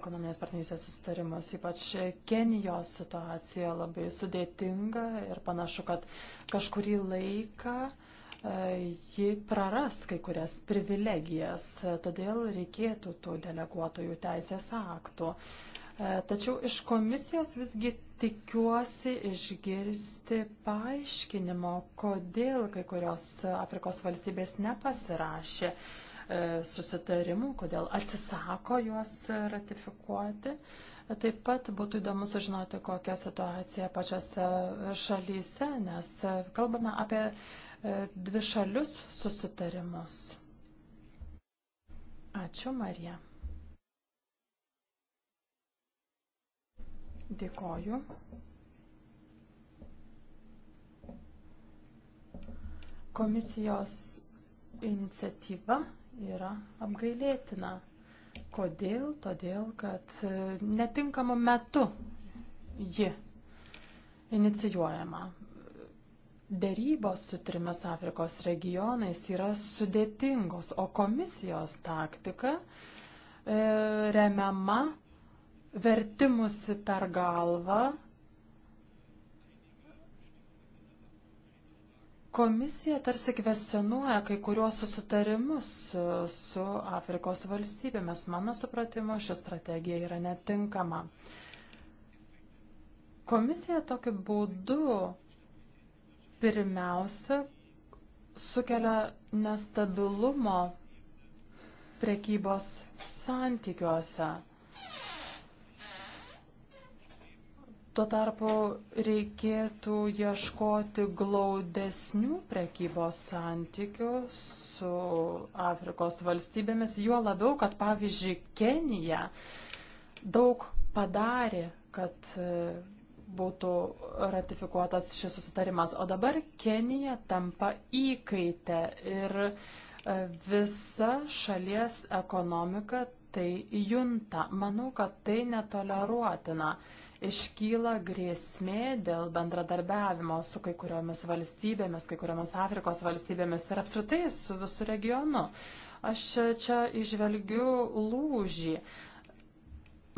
ekonominės partnerystės susitarimus. Ypač Kenijos situacija labai sudėtinga ir panašu, kad kažkurį laiką uh, E, ji praras kai kurias privilegijas, todėl reikėtų tų deleguotojų teisės aktų. E, tačiau iš komisijos visgi tikiuosi išgirsti paaiškinimo, kodėl kai kurios Afrikos valstybės nepasirašė e, susitarimų, kodėl atsisako juos ratifikuoti. Taip pat būtų įdomu sužinoti, kokia situacija pačiose šalyse, nes kalbame apie E, dvišalius susitarimus. Ačiū, Marija. Dėkoju. Komisijos iniciatyva yra apgailėtina. Kodėl? Todėl, kad netinkamu metu ji inicijuojama. Dėrybos su trimis Afrikos regionais yra sudėtingos, o komisijos taktika e, remiama vertimusi per galvą. Komisija tarsi kvesionuoja kai kuriuos susitarimus su, e, su Afrikos valstybėmis. Mano supratimu, ši strategija yra netinkama. Komisija tokiu būdu pirmiausia sukelia nestabilumo prekybos santykiuose. Tuo tarpu reikėtų ieškoti glaudesnių prekybos santykių su Afrikos valstybėmis, juo labiau, kad pavyzdžiui Kenija daug padarė, kad būtų ratifikuotas šis susitarimas. O dabar Kenija tampa įkaitę ir e, visa šalies ekonomika tai junta. Manau, kad tai netoleruotina. Iškyla grėsmė dėl bendradarbiavimo su kai kuriomis valstybėmis, kai kuriomis Afrikos valstybėmis ir apskritai su visų regionu. Aš čia išvelgiu lūžį.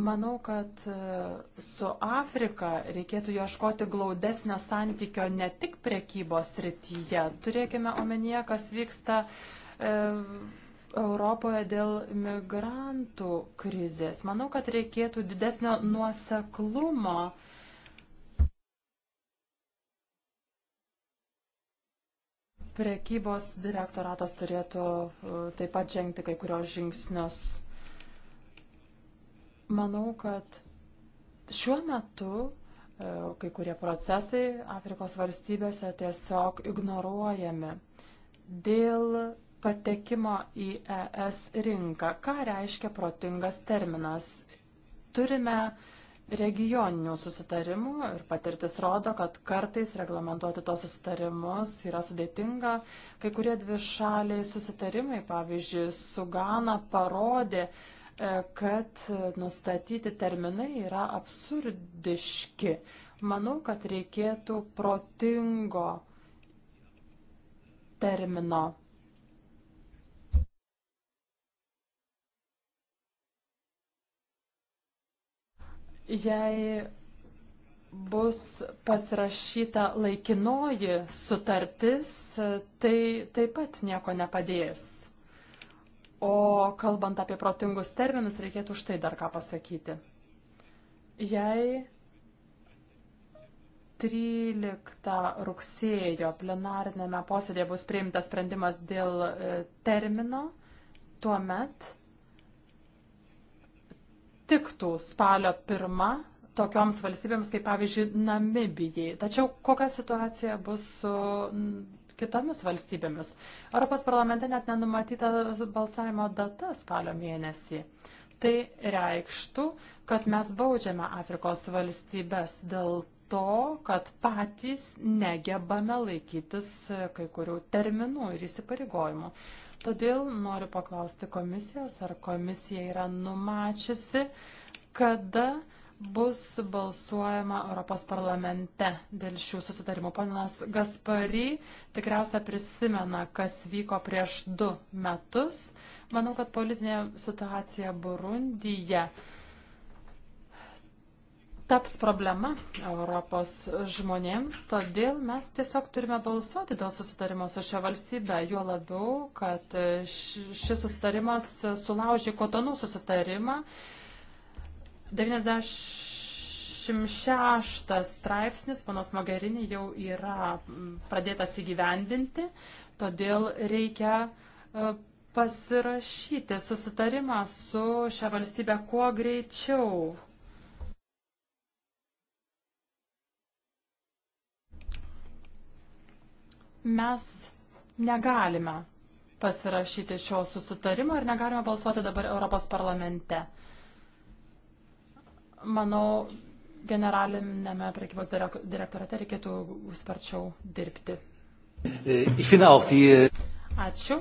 Manau, kad e, su Afrika reikėtų ieškoti glaudesnio santykio ne tik prekybos srityje. Turėkime omenyje, kas vyksta e, Europoje dėl migrantų krizės. Manau, kad reikėtų didesnio nuoseklumo. Prekybos direktoratas turėtų e, taip pat žengti kai kurios žingsnius Manau, kad šiuo metu e, kai kurie procesai Afrikos valstybėse tiesiog ignoruojami dėl patekimo į ES rinką. Ką reiškia protingas terminas? Turime regioninių susitarimų ir patirtis rodo, kad kartais reglamentuoti tos susitarimus yra sudėtinga. Kai kurie dvišaliai susitarimai, pavyzdžiui, su Gana parodė, kad nustatyti terminai yra absurdiški. Manau, kad reikėtų protingo termino. Jei bus pasirašyta laikinoji sutartis, tai taip pat nieko nepadės. O kalbant apie protingus terminus, reikėtų štai dar ką pasakyti. Jei 13 rugsėjo plenarinėme posėdėje bus priimtas sprendimas dėl e, termino, tuomet tiktų spalio pirmą tokioms valstybėms kaip pavyzdžiui Namibijai. Tačiau kokia situacija bus su kitomis valstybėmis. Europos parlamente net nenumatyta balsavimo data spalio mėnesį. Tai reikštų, kad mes baudžiame Afrikos valstybės dėl to, kad patys negebame laikytis kai kurių terminų ir įsipareigojimų. Todėl noriu paklausti komisijos, ar komisija yra numačiusi, kada bus balsuojama Europos parlamente dėl šių susitarimų. Panas Gaspary tikriausia prisimena, kas vyko prieš du metus. Manau, kad politinė situacija Burundyje taps problema Europos žmonėms, todėl mes tiesiog turime balsuoti dėl susitarimo su šia valstybe, juo labiau, kad šis susitarimas sulaužė kotonų susitarimą. susitarimą 96 straipsnis, panos Mogherini, jau yra pradėtas įgyvendinti, todėl reikia e, pasirašyti susitarimą su šią valstybę kuo greičiau. Mes negalime pasirašyti šio susitarimo ir negalime balsuoti dabar Europos parlamente. Manau, generalinėme prekybos direktorate reikėtų sparčiau dirbti. Äh, äh, Ačiū.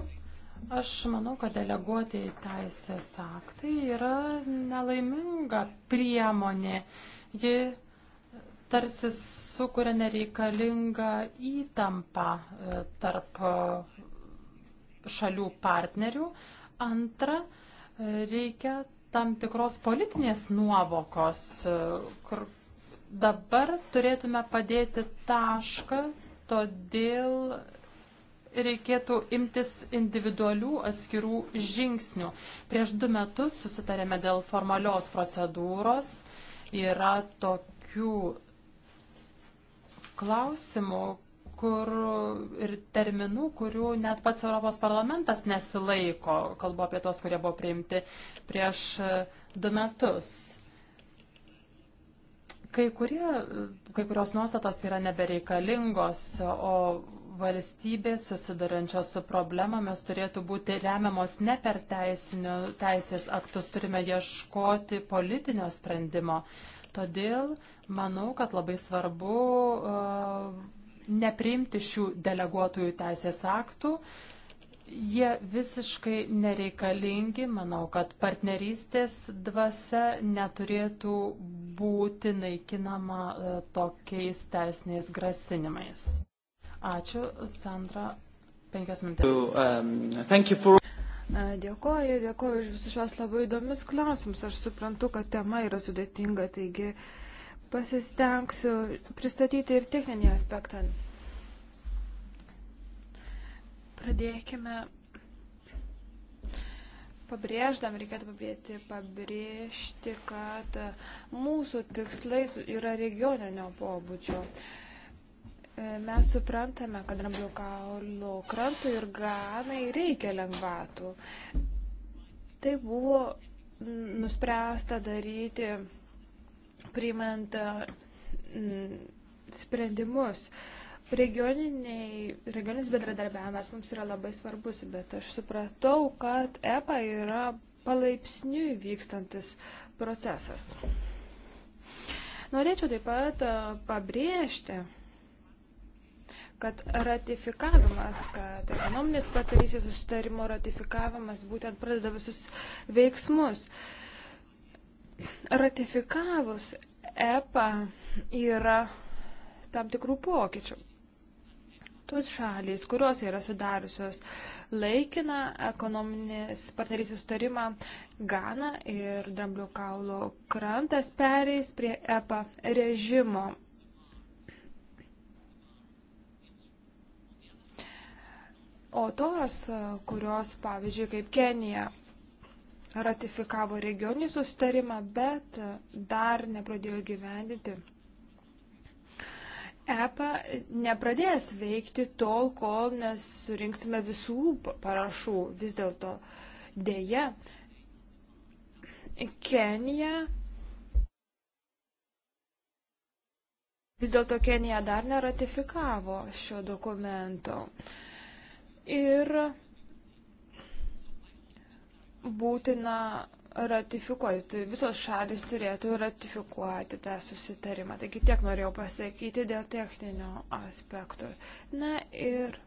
Aš manau, kad deleguoti teisės aktai yra nelaiminga priemonė. Ji tarsi sukuria nereikalingą įtampą e, tarp e, šalių partnerių. Antra, e, reikia tam tikros politinės nuovokos, e, kur dabar turėtume padėti tašką, todėl reikėtų imtis individualių atskirų žingsnių. Prieš du metus susitarėme dėl formalios procedūros. Yra tokių klausimų, kur ir terminų, kurių net pats Europos parlamentas nesilaiko. Kalbu apie tos, kurie buvo priimti prieš e, du metus. Kai, kurie, kai kurios nuostatos yra nebereikalingos, o valstybės susidarančios su problemomis turėtų būti remiamos ne per teisinio, teisės aktus, turime ieškoti politinio sprendimo. Todėl manau, kad labai svarbu uh, nepriimti šių deleguotųjų teisės aktų. Jie visiškai nereikalingi, manau, kad partnerystės dvasia neturėtų būti naikinama e, tokiais teisiniais grasinimais. Ačiū, Sandra. Penkias minutės. Um, dėkoju, dėkoju už visus šios labai įdomius klausimus. Aš suprantu, kad tema yra sudėtinga, taigi uh, pasistengsiu pristatyti ir techninį aspektą. Pradėkime pabrėždam, reikėtų pabrėžti, pabrėžti, kad mūsų tikslai yra regioninio pobūdžio. E, mes suprantame, kad Ramblio kaulų krantų ir ganai reikia lengvatų. Tai buvo nuspręsta daryti priimant e, sprendimus. Regioninis bendradarbiavimas mums yra labai svarbus, bet aš supratau, kad EPA yra palaipsniui vykstantis procesas. Norėčiau taip pat e, pabrėžti, kad ratifikavimas, kad ekonominis partnerystės susitarimo ratifikavimas būtent pradeda visus veiksmus. Uh, Ratifikavus EPA yra tam tikrų pokyčių. Tos šalys, kurios yra sudariusios laikiną ekonominės partnerystės sutarimą, Gana ir Dramblio kaulo krantas pereis prie EPA režimo. O tos, kurios, pavyzdžiui, kaip Kenija, ratifikavo regioninį sustarimą, bet dar nepradėjo gyvendinti. EPA nepradės veikti tol, kol nesurinksime visų parašų. Vis dėlto dėja, Kenija. Vis dėlto Kenija dar neratifikavo šio dokumento. Ir būtina ratifikuoti, tai visos šalis turėtų ratifikuoti tą susitarimą. Taigi tiek norėjau pasakyti dėl techninio aspektų. Na ir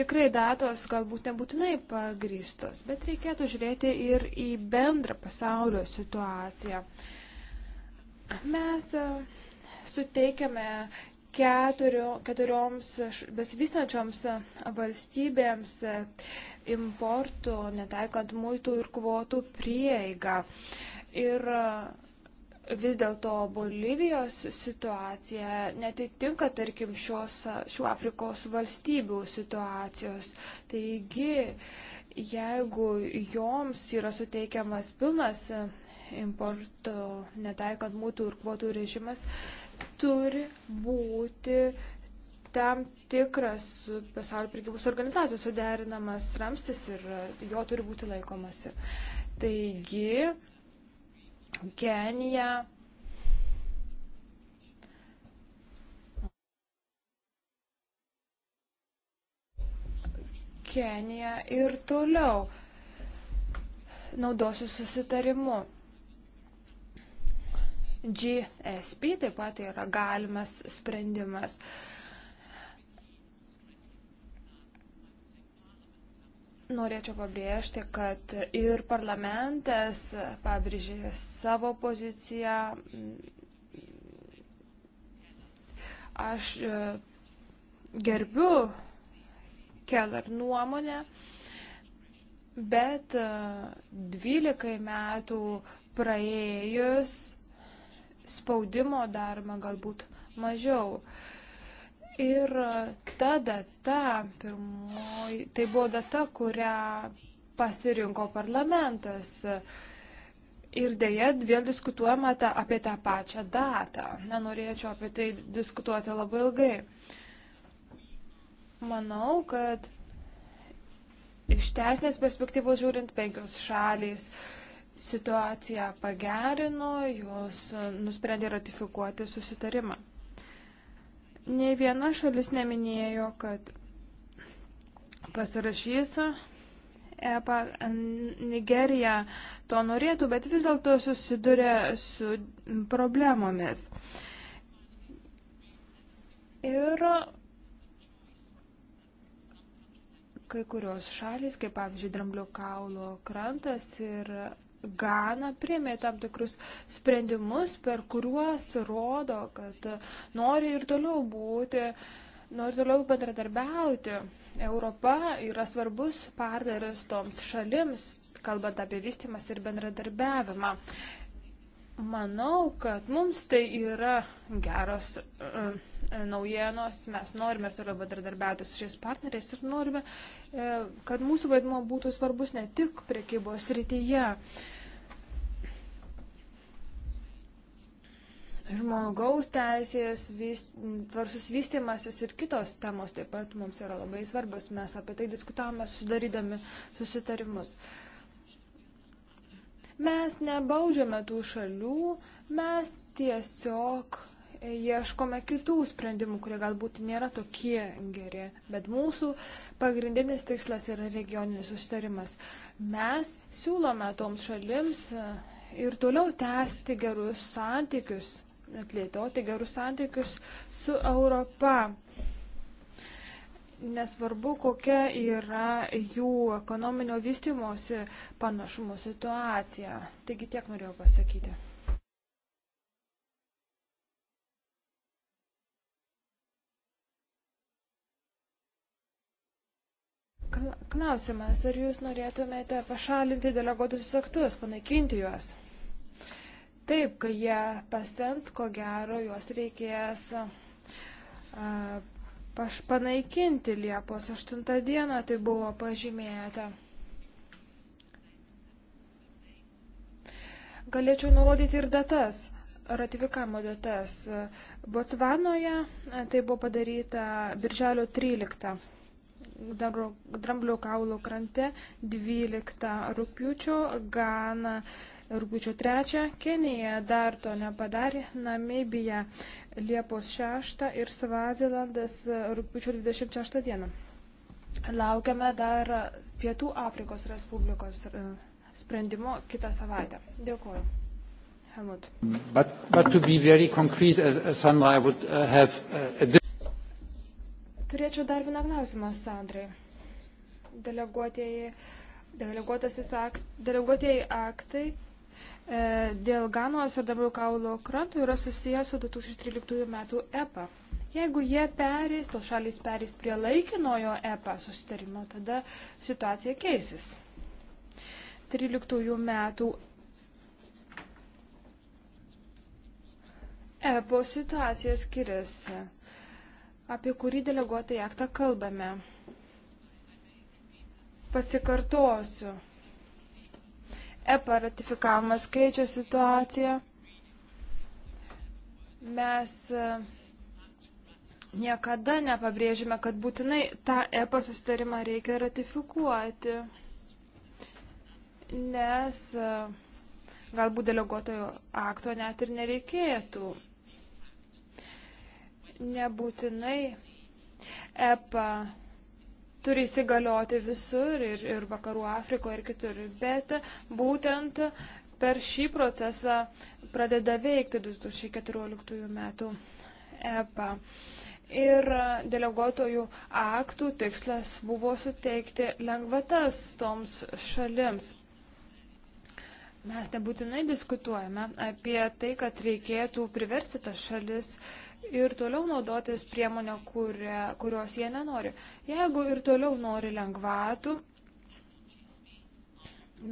tikrai datos galbūt nebūtinai pagrįstos, bet reikėtų žiūrėti ir į bendrą pasaulio situaciją. Mes e, suteikiame keturio, keturioms besivystančioms valstybėms e, importų, netaikant muitų ir kvotų prieigą. Ir e, vis dėlto Bolivijos situacija netitinka, tarkim, šios, šių Afrikos valstybių situacijos. Taigi, jeigu joms yra suteikiamas pilnas importo netaikant mūtų ir kvotų režimas, turi būti tam tikras pasaulio prekybos organizacijos suderinamas ramstis ir jo turi būti laikomasi. Taigi, Kenija. Kenija ir toliau naudosi susitarimu. GSP taip pat yra galimas sprendimas. Norėčiau pabrėžti, kad ir parlamentas pabrėžė savo poziciją. Aš e, gerbiu Keller nuomonę, bet 12 e, metų praėjus spaudimo darome galbūt mažiau. Ir ta data, pirmoji, tai buvo data, kurią pasirinko parlamentas. Ir dėja, vėl diskutuojama ta, apie tą pačią datą. Nenorėčiau apie tai diskutuoti labai ilgai. Manau, kad iš teisinės perspektyvos žiūrint penkios šalys, uh, situaciją pagerino, jos nusprendė ratifikuoti susitarimą. Ne viena šalis neminėjo, kad pasirašys EPA Nigerija to norėtų, bet vis dėlto susiduria su problemomis. Ir kai kurios šalis, kaip pavyzdžiui Dramblio kaulo krantas ir Gana priemė tam tikrus sprendimus, per kuriuos rodo, kad nori ir toliau būti, nori toliau bendradarbiauti. Europa yra svarbus partneris toms šalims, kalbant apie vystimas ir bendradarbiavimą. Manau, kad mums tai yra geros uh, naujienos, mes norime ir toliau bendradarbiauti su šiais partneriais ir norime, uh, kad mūsų vaidmo būtų svarbus ne tik prekybos rytyje. Žmogaus teisės, tvarsus vystimasis ir kitos temos taip pat mums yra labai svarbios, mes apie tai diskutavome sudarydami susitarimus. Uh, Mes nebaudžiame tų šalių, mes tiesiog ieškome kitų sprendimų, kurie galbūt nėra tokie geri, bet mūsų pagrindinis tikslas yra regioninis susitarimas. Mes siūlome toms šalims e, ir toliau tęsti gerus santykius, plėtoti gerus santykius su Europa nesvarbu, kokia yra jų ekonominio vystimosi panašumo situacija. Taigi tiek norėjau pasakyti. Klausimas, ar jūs norėtumėte pašalinti deleguotus aktus, panaikinti juos? Taip, kai jie pasens, ko gero, juos reikės panaikinti Liepos 8 dieną, tai buvo pažymėta. Galėčiau nurodyti ir datas, ratifikavimo datas. Botsvanoje e, tai buvo padaryta birželio 13. Dramblio kaulo krante 12 rūpiučio Gana rūpiučio 3, Kenija dar to nepadarė, Namibija Liepos 6 ir Svazilandas rūpiučio 26 dieną. Laukiame dar Pietų Afrikos Respublikos e, sprendimo kitą savaitę. Dėkuoju. Helmut. But, but to be very concrete, uh, uh Sandra, I would uh, have... Uh, Turėčiau dar vieną klausimą, Sandrai. Deleguotieji, deleguotieji, akt, deleguotieji aktai E, dėl Ganos ir dabar kaulo krantų yra susijęs su 2013 metų EPA. Jeigu jie perės, tos šalis perės prie laikinojo EPA susitarimo, tada situacija keisis. 13 metų EPO situacija skiriasi, apie kurį deleguotą aktą kalbame. Pasikartosiu EPA ratifikavimas keičia situaciją. Mes e, niekada nepabrėžime, kad būtinai tą EPA susitarimą reikia ratifikuoti, nes e, galbūt deleguotojo akto net ir nereikėtų. Nebūtinai EPA turi įsigalioti visur ir, ir vakarų Afrikoje ir kitur. Bet būtent per šį procesą pradeda veikti 2014 metų EPA. Ir deleguotojų aktų tikslas buvo suteikti lengvatas toms šalims. Mes nebūtinai diskutuojame apie tai, kad reikėtų priversti tas šalis uh, ir toliau naudotis priemonę, kuria, kurios jie nenori. Jeigu ir toliau nori lengvatų,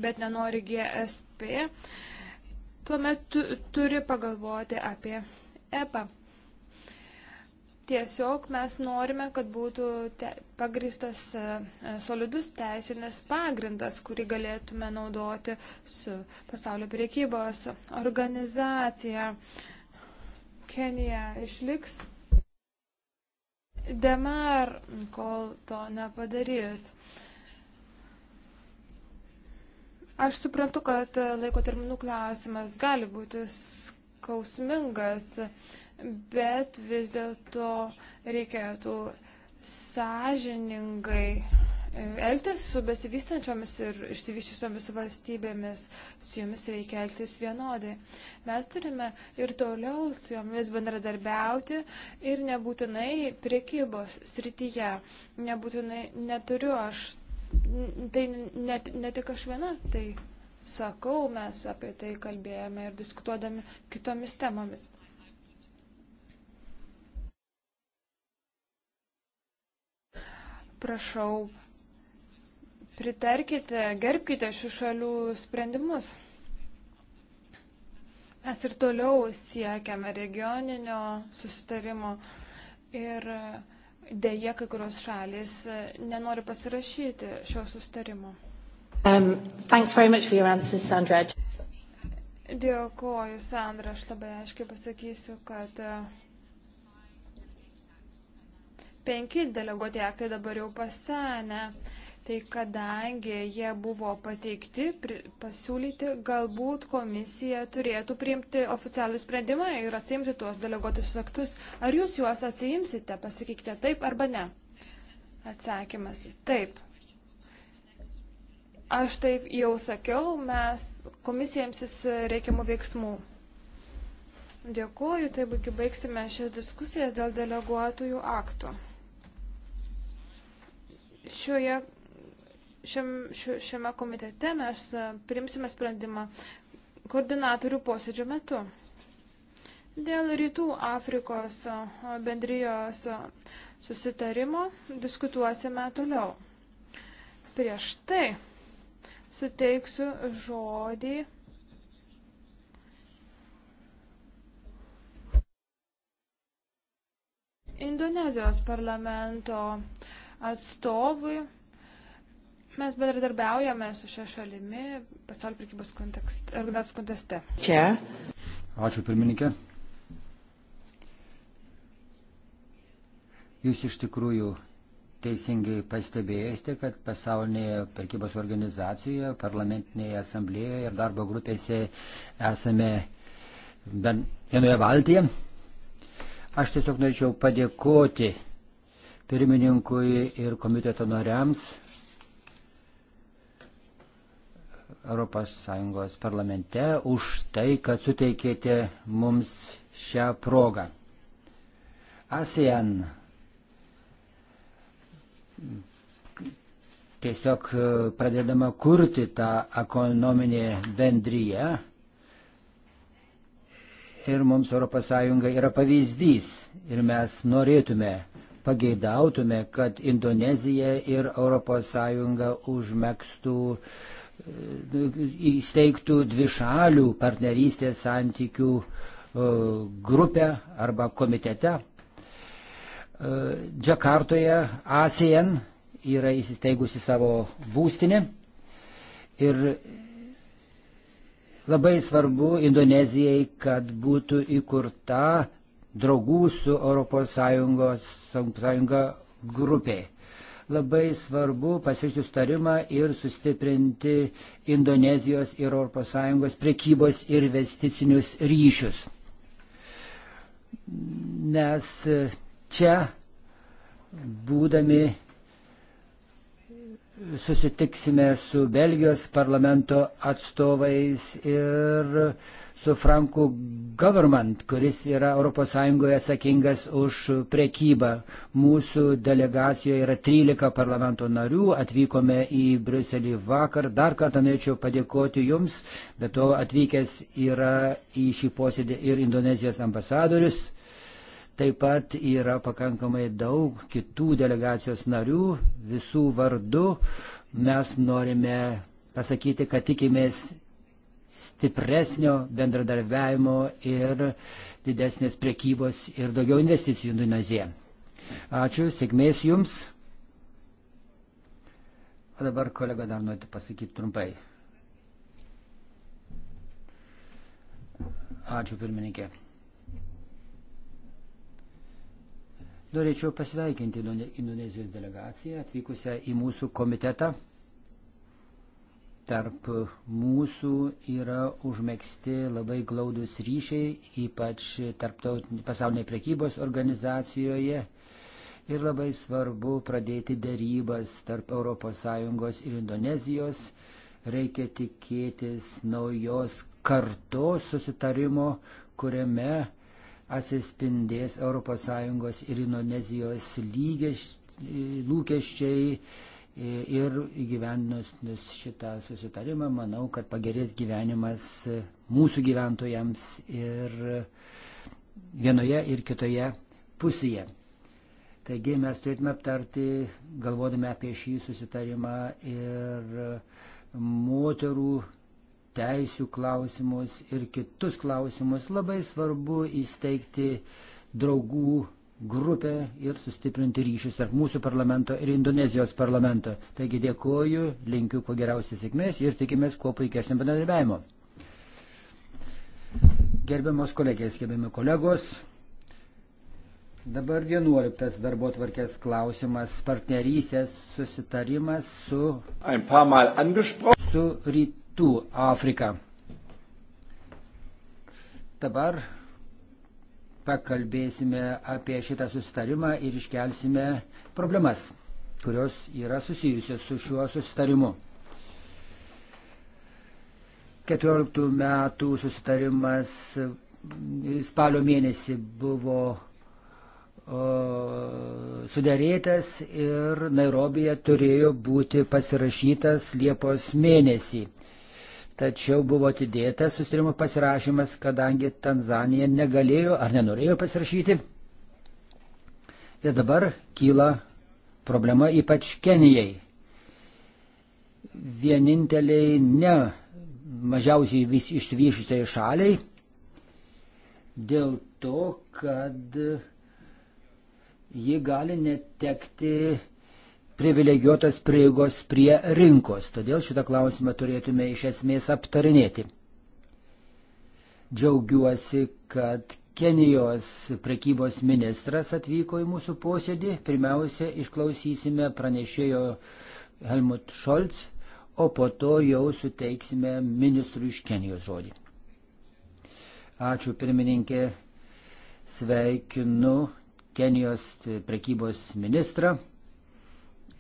bet nenori GSP, tuomet tu, turi pagalvoti apie EPA. Tiesiog mes norime, kad būtų te, pagristas e, e, solidus teisinis pagrindas, kurį galėtume naudoti su pasaulio priekybos organizacija. E, Kenija išliks demar, kol to nepadarys. Aš suprantu, kad laiko terminų klausimas gali būti skausmingas, bet vis dėlto reikėtų sąžiningai elgtis su besivystančiomis ir išsivyščiusiomis valstybėmis, su jomis reikia elgtis vienodai. Mes turime ir toliau su jomis bendradarbiauti ir nebūtinai priekybos srityje. Nebūtinai neturiu aš, tai ne, ne tik aš viena, tai sakau, mes apie tai kalbėjome ir diskutuodami kitomis temomis. Prašau pritarkite, gerbkite šių šalių sprendimus. Mes ir toliau siekiame regioninio susitarimo ir dėje kai kurios šalis nenori pasirašyti šio susitarimo. Um, answers, Sandra. Dėkuoju, Sandra, aš labai aiškiai pasakysiu, kad uh, penki deleguoti aktai dabar jau pasenę. Tai kadangi jie buvo pateikti, pasiūlyti, galbūt komisija turėtų priimti oficialų sprendimą ir atsiimti tuos deleguotus aktus. Ar jūs juos atsiimsite, pasakykite taip arba ne? Atsakymas - taip. Aš taip jau sakiau, mes komisija imsis reikiamų veiksmų. Dėkuoju, tai baigsime šias diskusijas dėl deleguotųjų aktų. Šioje šiam, šiame komitete mes e, primsime sprendimą koordinatorių posėdžio metu. Dėl Rytų Afrikos e, bendrijos e, susitarimo diskutuosime toliau. Prieš tai suteiksiu žodį. Indonezijos parlamento atstovui Mes bendradarbiaujame su šia šalimi pasaulio prekybos organizacijos konteste. Čia. Ačiū pirmininkė. Jūs iš tikrųjų teisingai pastebėjote, kad pasaulinėje prekybos organizacijoje, parlamentinėje asamblėje ir darbo grupėse esame bent vienoje valtyje. Aš tiesiog norėčiau padėkoti pirmininkui ir komiteto noriams ES parlamente už tai, kad suteikėte mums šią progą. ASEAN tiesiog e, pradedama kurti tą ekonominį bendryje ir mums ES yra pavyzdys ir mes norėtume, pageidautume, kad Indonezija ir ES užmėgstų uh, įsteigtų dvišalių partnerystės santykių e, grupę arba komitete. E, Džakartoje ASEAN yra įsisteigusi savo būstinę ir labai svarbu Indonezijai, kad būtų įkurta draugų su ES grupė. Labai svarbu pasirinkti sutarimą ir sustiprinti Indonezijos ir ES prekybos ir investicinius ryšius. Nes čia būdami susitiksime su Belgijos parlamento atstovais ir uh, su Franku Government, kuris yra ES atsakingas už prekybą. Mūsų delegacijoje yra 13 parlamento narių, atvykome į Bruselį vakar. Dar kartą norėčiau padėkoti Jums, bet to atvykęs yra į šį posėdį ir Indonezijos ambasadorius. Taip pat yra pakankamai daug kitų delegacijos narių, visų vardu mes norime pasakyti, kad tikimės stipresnio bendradarbiavimo ir didesnės priekybos ir daugiau investicijų Indonezija. Ačiū, sėkmės jums. O dabar kolega dar norite pasakyti trumpai. Ačiū pirmininkė. Norėčiau pasveikinti Indonezijos delegaciją atvykusią į mūsų komitetą tarp mūsų yra užmėgsti labai glaudus ryšiai, ypač pasaulinėje prekybos organizacijoje. Ir labai svarbu pradėti dėrybas tarp ES ir Indonezijos. Reikia tikėtis naujos kartos susitarimo, kuriame atsispindės ES ir Indonezijos lygės, lūkesčiai Ir įgyvendinus šitą susitarimą, manau, kad pagerės gyvenimas mūsų gyventojams ir vienoje ir kitoje pusėje. Taigi mes turėtume aptarti, galvodami apie šį susitarimą ir moterų teisų klausimus ir kitus klausimus, labai svarbu įsteigti draugų grupę ir sustiprinti ryšius tarp mūsų parlamento ir Indonezijos parlamento. Taigi dėkoju, linkiu kuo geriausios sėkmės ir tikimės kuo puikesnio bendradarbiavimo. Gerbiamos kolegės, gerbiami kolegos, dabar 11 darbo tvarkės klausimas - partnerysės susitarimas su, su Rytų Afrika. Dabar pakalbėsime apie šitą susitarimą ir iškelsime problemas, kurios yra susijusios su šiuo susitarimu. 14 metų susitarimas e, spalio mėnesį buvo sudarėtas ir Nairobija turėjo būti pasirašytas Liepos mėnesį tačiau buvo atidėtas susirimo pasirašymas, kadangi Tanzanija negalėjo ar nenorėjo pasirašyti. Ir dabar kyla problema ypač Kenijai. Vieninteliai ne mažiausiai vis išsivyšusiai šaliai dėl to, kad ji gali netekti privilegijuotos prieigos prie rinkos. Todėl šitą klausimą turėtume iš esmės aptarinėti. Džiaugiuosi, kad Kenijos prekybos ministras atvyko į mūsų posėdį. Pirmiausia, išklausysime pranešėjo Helmut Scholz, o po to jau suteiksime ministrui iš Kenijos žodį. Ačiū pirmininkė, sveikinu Kenijos prekybos ministrą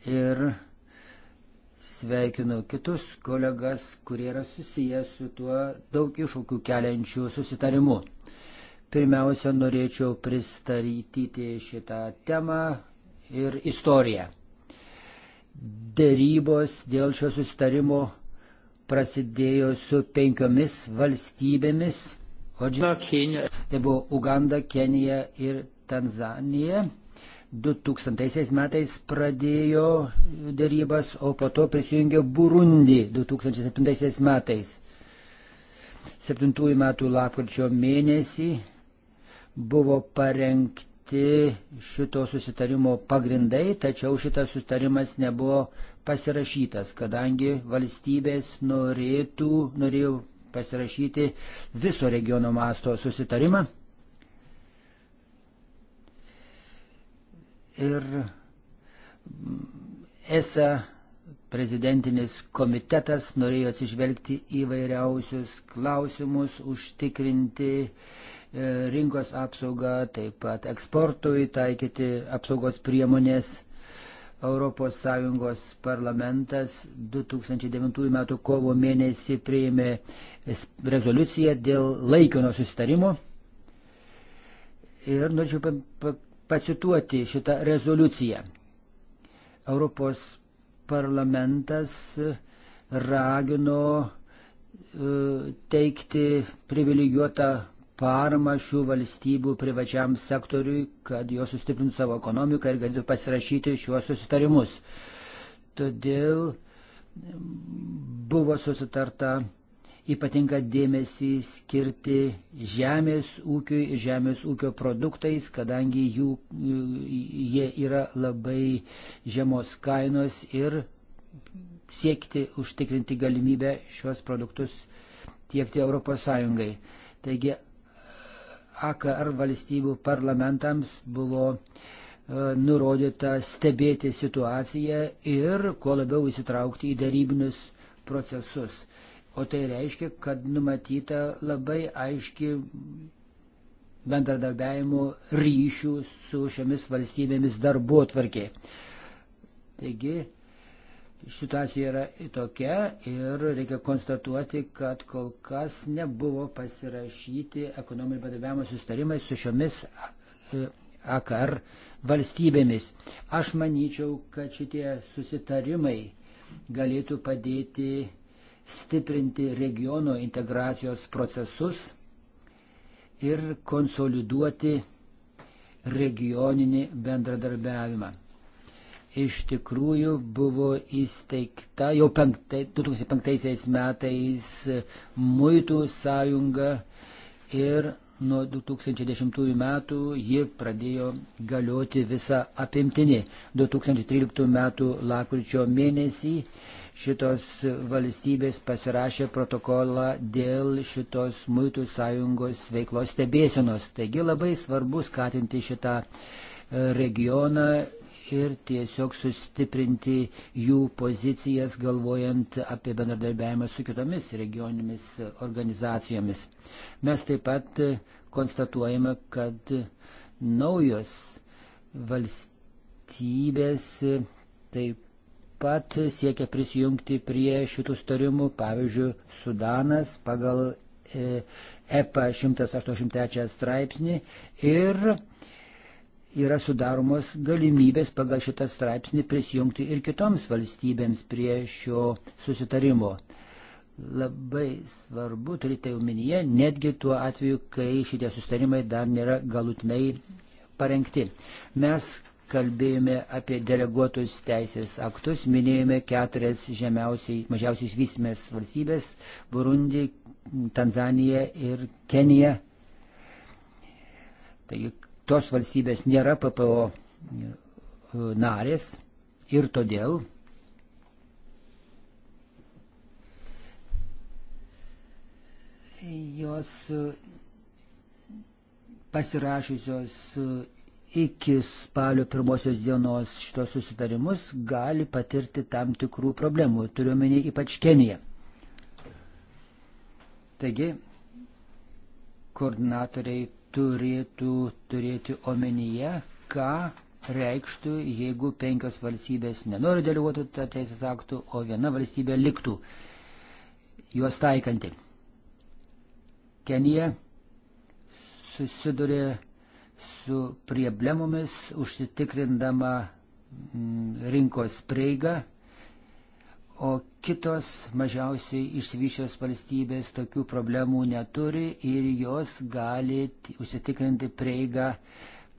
ir sveikinu kitus kolegas, kurie yra susijęs su tuo daug iššūkių keliančių susitarimu. Pirmiausia, norėčiau pristatyti šitą temą ir istoriją. Dėrybos dėl šio susitarimo prasidėjo su penkiomis valstybėmis. O tai buvo Uganda, Kenija ir Tanzanija. 2000 metais pradėjo dėrybas, o po to prisijungė Burundi 2007 metais. 7 metų lapkričio mėnesį buvo parengti šito susitarimo pagrindai, tačiau šitas susitarimas nebuvo pasirašytas, kadangi valstybės norėtų, norėjo pasirašyti viso regiono masto susitarimą. ir ESA prezidentinis komitetas norėjo atsižvelgti įvairiausius klausimus, užtikrinti e, rinkos apsaugą, taip pat eksportui taikyti apsaugos priemonės. ES parlamentas 2009 m. kovo mėnesį priėmė rezoliuciją dėl laikino susitarimo. Ir norėčiau pacituoti šitą rezoliuciją. Europos parlamentas e, ragino e, teikti privilegijuotą paramą šių valstybių privačiam sektoriui, kad jos sustiprintų savo ekonomiką ir galėtų pasirašyti šiuos susitarimus. Todėl buvo susitarta ypatingą dėmesį skirti žemės ūkiui ir žemės ūkio produktais, kadangi jų, jie yra labai žemos kainos ir siekti užtikrinti galimybę šios produktus tiekti ES. Taigi AKR valstybių parlamentams buvo e, nurodyta stebėti situaciją ir kuo labiau įsitraukti į darybinius procesus. O tai reiškia, kad numatyta labai aiški bendradarbiavimo ryšių su šiomis valstybėmis darbo atvarkė. Taigi, situacija yra tokia ir reikia konstatuoti, kad kol kas nebuvo pasirašyti ekonominio bendradarbiavimo sustarimai su šiomis e, AKR valstybėmis. Aš manyčiau, kad šitie susitarimai galėtų padėti stiprinti regiono integracijos procesus ir konsoliduoti regioninį bendradarbiavimą. Iš tikrųjų buvo įsteigta jau penktai, 2005 metais Muitų sąjunga ir nuo 2010 metų ji pradėjo galioti visą apimtinį. 2013 metų lakryčio mėnesį šitos valstybės pasirašė protokolą dėl šitos muitų sąjungos veiklos stebėsenos. Taigi labai svarbu skatinti šitą e, regioną ir tiesiog sustiprinti jų pozicijas, galvojant apie bendradarbiavimą su kitomis regioninėmis organizacijomis. Mes taip pat e, konstatuojame, kad naujos valstybės e, taip pat siekia prisijungti prie šitų starimų, pavyzdžiui, Sudanas pagal EPA e 183 straipsnį ir yra sudaromos galimybės pagal šitą straipsnį prisijungti ir kitoms valstybėms prie šio susitarimo. Labai svarbu, turite tai omenyje, netgi tuo atveju, kai šitie susitarimai dar nėra galutinai parengti. Mes kalbėjome apie deleguotus teisės aktus, minėjome keturias žemiausiai, mažiausiai išvystymės valstybės - Burundi, Tanzanija ir Kenija. Taigi tos valstybės nėra PPO narės ir todėl jos pasirašysios iki spalio pirmosios dienos šitos susitarimus gali patirti tam tikrų problemų, turiuomenį ypač Kenija. Taigi, koordinatoriai turėtų turėti omenyje, ką reikštų, jeigu penkios valstybės nenori deleguotų tą teisės aktų, o viena valstybė liktų juos taikanti. Kenija susidurė su prieblemomis, užsitikrindama mm, rinkos prieigą, o kitos mažiausiai išsivyšios valstybės tokių problemų neturi ir jos gali užsitikrinti prieigą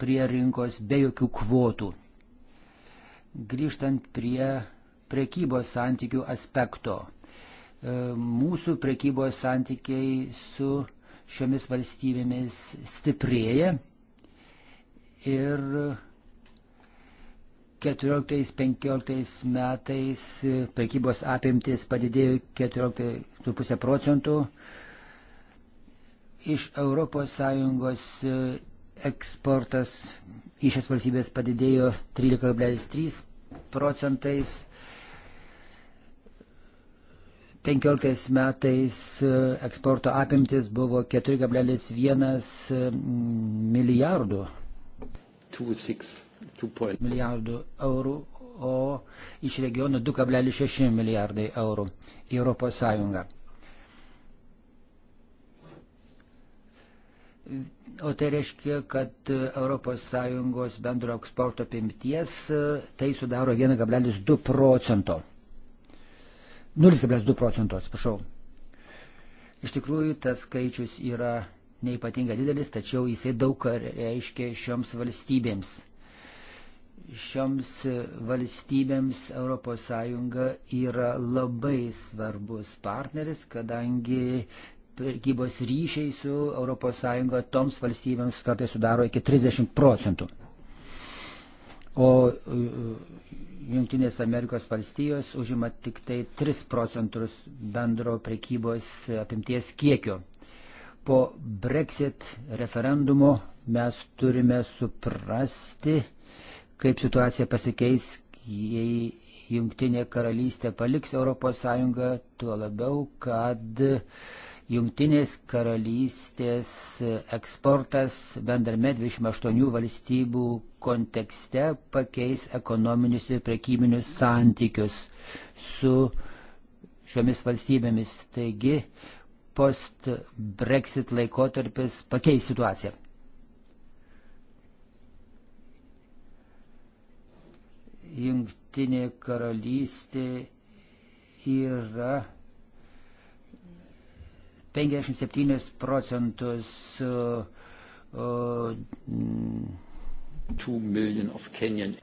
prie rinkos be jokių kvotų. Grįžtant prie prekybos santykių aspekto. E, mūsų prekybos santykiai su šiomis valstybėmis stiprėja ir 14-15 metais prekybos apimtis padidėjo 14,5 procentų. Iš ES eksportas į šias valstybės padidėjo 13,3 procentais. 15 metais eksporto apimtis buvo 4,1 milijardų 2,6 milijardų eurų, o iš regionų 2,6 milijardai eurų į Europos Sąjungą. O tai reiškia, kad ES bendro eksporto apimties e, tai sudaro 1,2 procento. 0,2 procento, atsiprašau. Iš tikrųjų, tas skaičius yra neipatinga didelis, tačiau jisai daug reiškia šioms valstybėms. Šioms valstybėms ES yra labai svarbus partneris, kadangi prekybos ryšiai su ES toms valstybėms kartais sudaro iki 30 procentų. O e, Junktinės Amerikos valstijos užima tik tai 3 procentus bendro prekybos apimties kiekio po Brexit referendumo mes turime suprasti, kaip situacija pasikeis, jei Jungtinė karalystė paliks ES, tuo labiau, kad Jungtinės karalystės eksportas bendrame 28 valstybių kontekste pakeis ekonominius ir prekybinius santykius su šiomis valstybėmis. Taigi post-Brexit laikotarpis pakeis situaciją. Jungtinė karalystė yra 57 procentus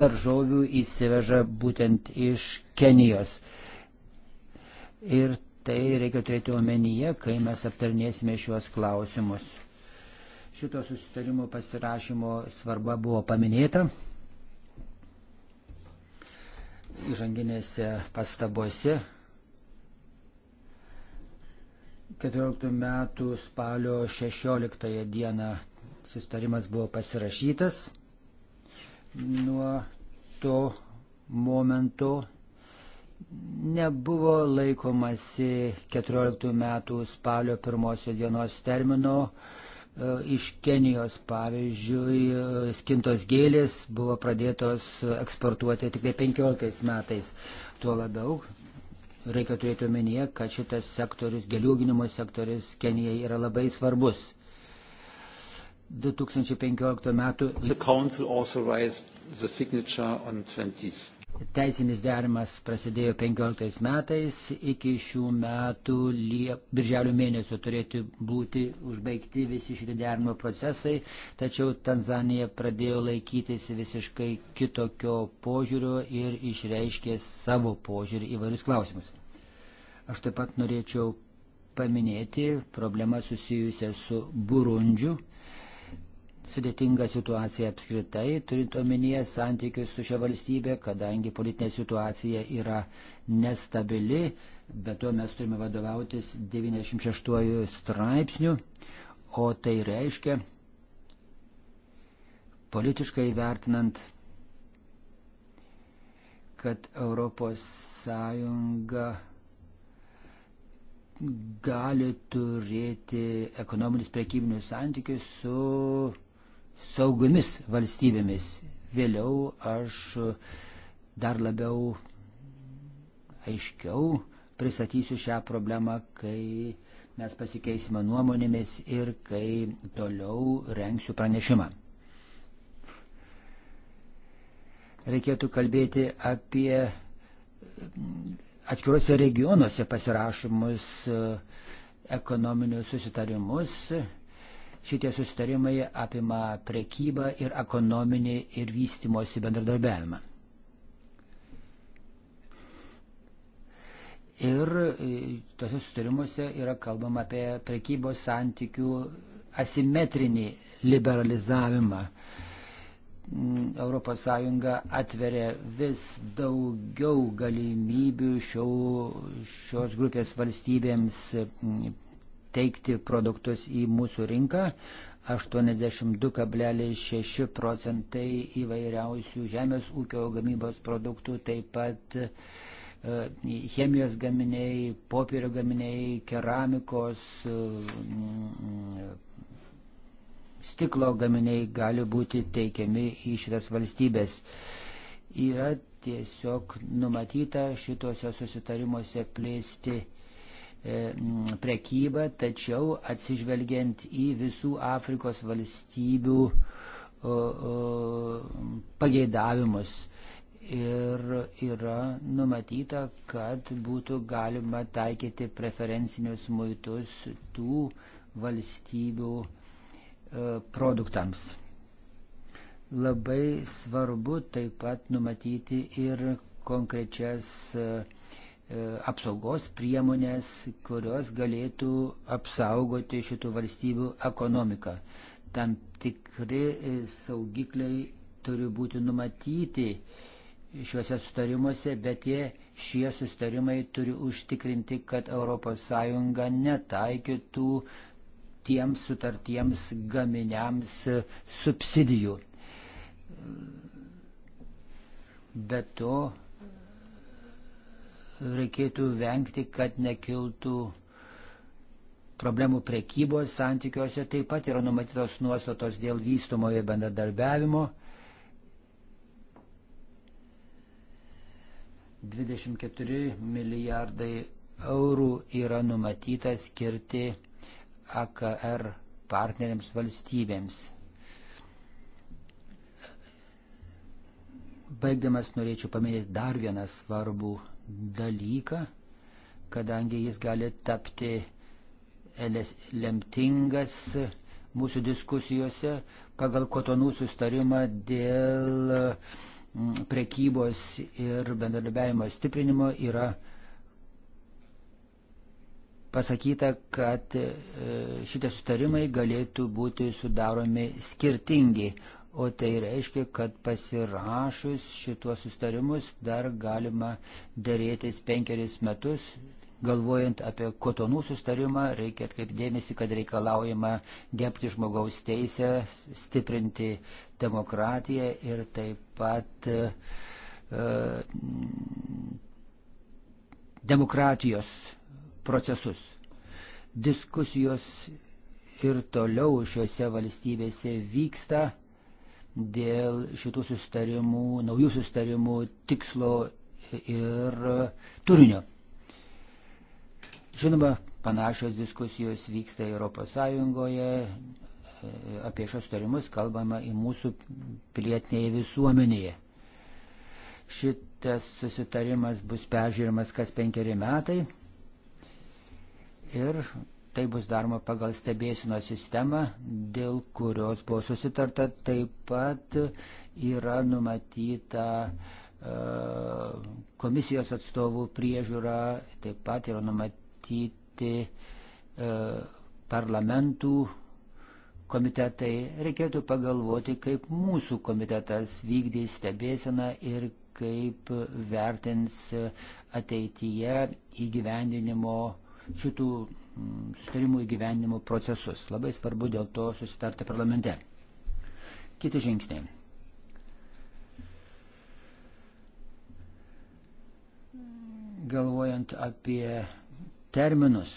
daržovių įsiveža būtent iš Kenijos. Ir Tai reikia turėti omenyje, kai mes aptarnėsime šiuos klausimus. Šito susitarimo pasirašymo svarba buvo paminėta. Įžanginėse pastabose 14 metų spalio 16 dieną sustarimas buvo pasirašytas. Nuo to momento nebuvo laikomasi 14 metų spalio pirmosios dienos termino. E, iš Kenijos, pavyzdžiui, e, skintos gėlės buvo pradėtos eksportuoti tik tai 15 metais. Tuo labiau reikia turėti omenyje, kad šitas sektorius, gėlių auginimo sektorius Kenijai yra labai svarbus. 2015 metų. Teisinis derimas prasidėjo 15 metais, iki šių metų liep, birželio mėnesio turėtų būti užbaigti visi šitie derimo procesai, tačiau Tanzanija pradėjo laikytis visiškai kitokio požiūrio ir išreiškė savo požiūrį į varius klausimus. Aš taip pat norėčiau paminėti problemą susijusią su Burundžiu sudėtinga situacija apskritai, turint omenyje santykius su šia valstybė, kadangi politinė situacija yra nestabili, bet to mes turime vadovautis 96 straipsnių, o tai reiškia, politiškai vertinant, kad Europos Sąjunga gali turėti ekonominius prekybinius santykius su saugomis valstybėmis. Vėliau aš dar labiau aiškiau pristatysiu šią problemą, kai mes pasikeisime nuomonėmis ir kai toliau renksiu pranešimą. Reikėtų kalbėti apie atskiruose regionuose pasirašomus e, ekonominius susitarimus Šitie susitarimai apima prekybą ir ekonominį ir vystimosi bendradarbiavimą. Ir e, tose sutarimuose yra kalbama apie prekybos santykių asimetrinį liberalizavimą. ES atveria vis daugiau galimybių šio, šios grupės valstybėms teikti produktus į mūsų rinką. 82,6 procentai įvairiausių žemės ūkio gamybos produktų, taip pat e, chemijos gaminiai, popierio gaminiai, keramikos, e, stiklo gaminiai gali būti teikiami į šitas valstybės. Yra tiesiog numatyta šituose susitarimuose plėsti E, prekybą, tačiau atsižvelgiant į visų Afrikos valstybių pageidavimus. Ir yra numatyta, kad būtų galima taikyti preferencinius muitus tų valstybių e, produktams. Labai svarbu taip pat numatyti ir konkrečias uh, E, apsaugos priemonės, kurios galėtų apsaugoti šitų valstybių ekonomiką. Tam tikri e, saugikliai turi būti numatyti šiuose sustarimuose, bet jie, šie sustarimai turi užtikrinti, kad ES netaikytų tiems sutartiems gaminiams subsidijų. Be to, reikėtų vengti, kad nekiltų problemų prekybos santykiuose. Taip pat yra numatytos nuostatos dėl vystumojo bendradarbiavimo. 24 milijardai eurų yra numatyta skirti AKR partneriams valstybėms. Baigdamas norėčiau paminėti dar vieną svarbų dalyką, kadangi jis gali tapti lemtingas mūsų diskusijose pagal kotonų sustarimą dėl mm, prekybos ir bendradarbiavimo stiprinimo yra pasakyta, kad e, šitie sustarimai galėtų būti sudaromi skirtingi, o tai reiškia, kad pasirašus šituos sustarimus dar galima dėrėtis penkeris metus. Galvojant apie kotonų sustarimą, reikia atkreipdėmėsi, kad reikalaujama gebti žmogaus teisę, stiprinti demokratiją ir taip pat uh, demokratijos procesus. Diskusijos ir toliau šiuose valstybėse vyksta dėl šitų sustarimų, naujų sustarimų tikslo ir turinio. Žinoma, panašios diskusijos vyksta ES, e, apie šios tarimus kalbama į mūsų pilietinėje visuomenėje. Šitas susitarimas bus peržiūrimas kas penkeri metai ir Tai bus daroma pagal stebėsino sistemą, dėl kurios buvo susitarta. Taip pat yra numatyta e, komisijos atstovų priežiūra, taip pat yra numatyti e, parlamentų komitetai. Reikėtų pagalvoti, kaip mūsų komitetas vykdys stebėseną ir kaip vertins ateityje įgyvendinimo šitų Mm, susitarimų įgyvenimo procesus. Labai svarbu dėl to susitarti parlamente. Kiti žingsniai. Galvojant apie terminus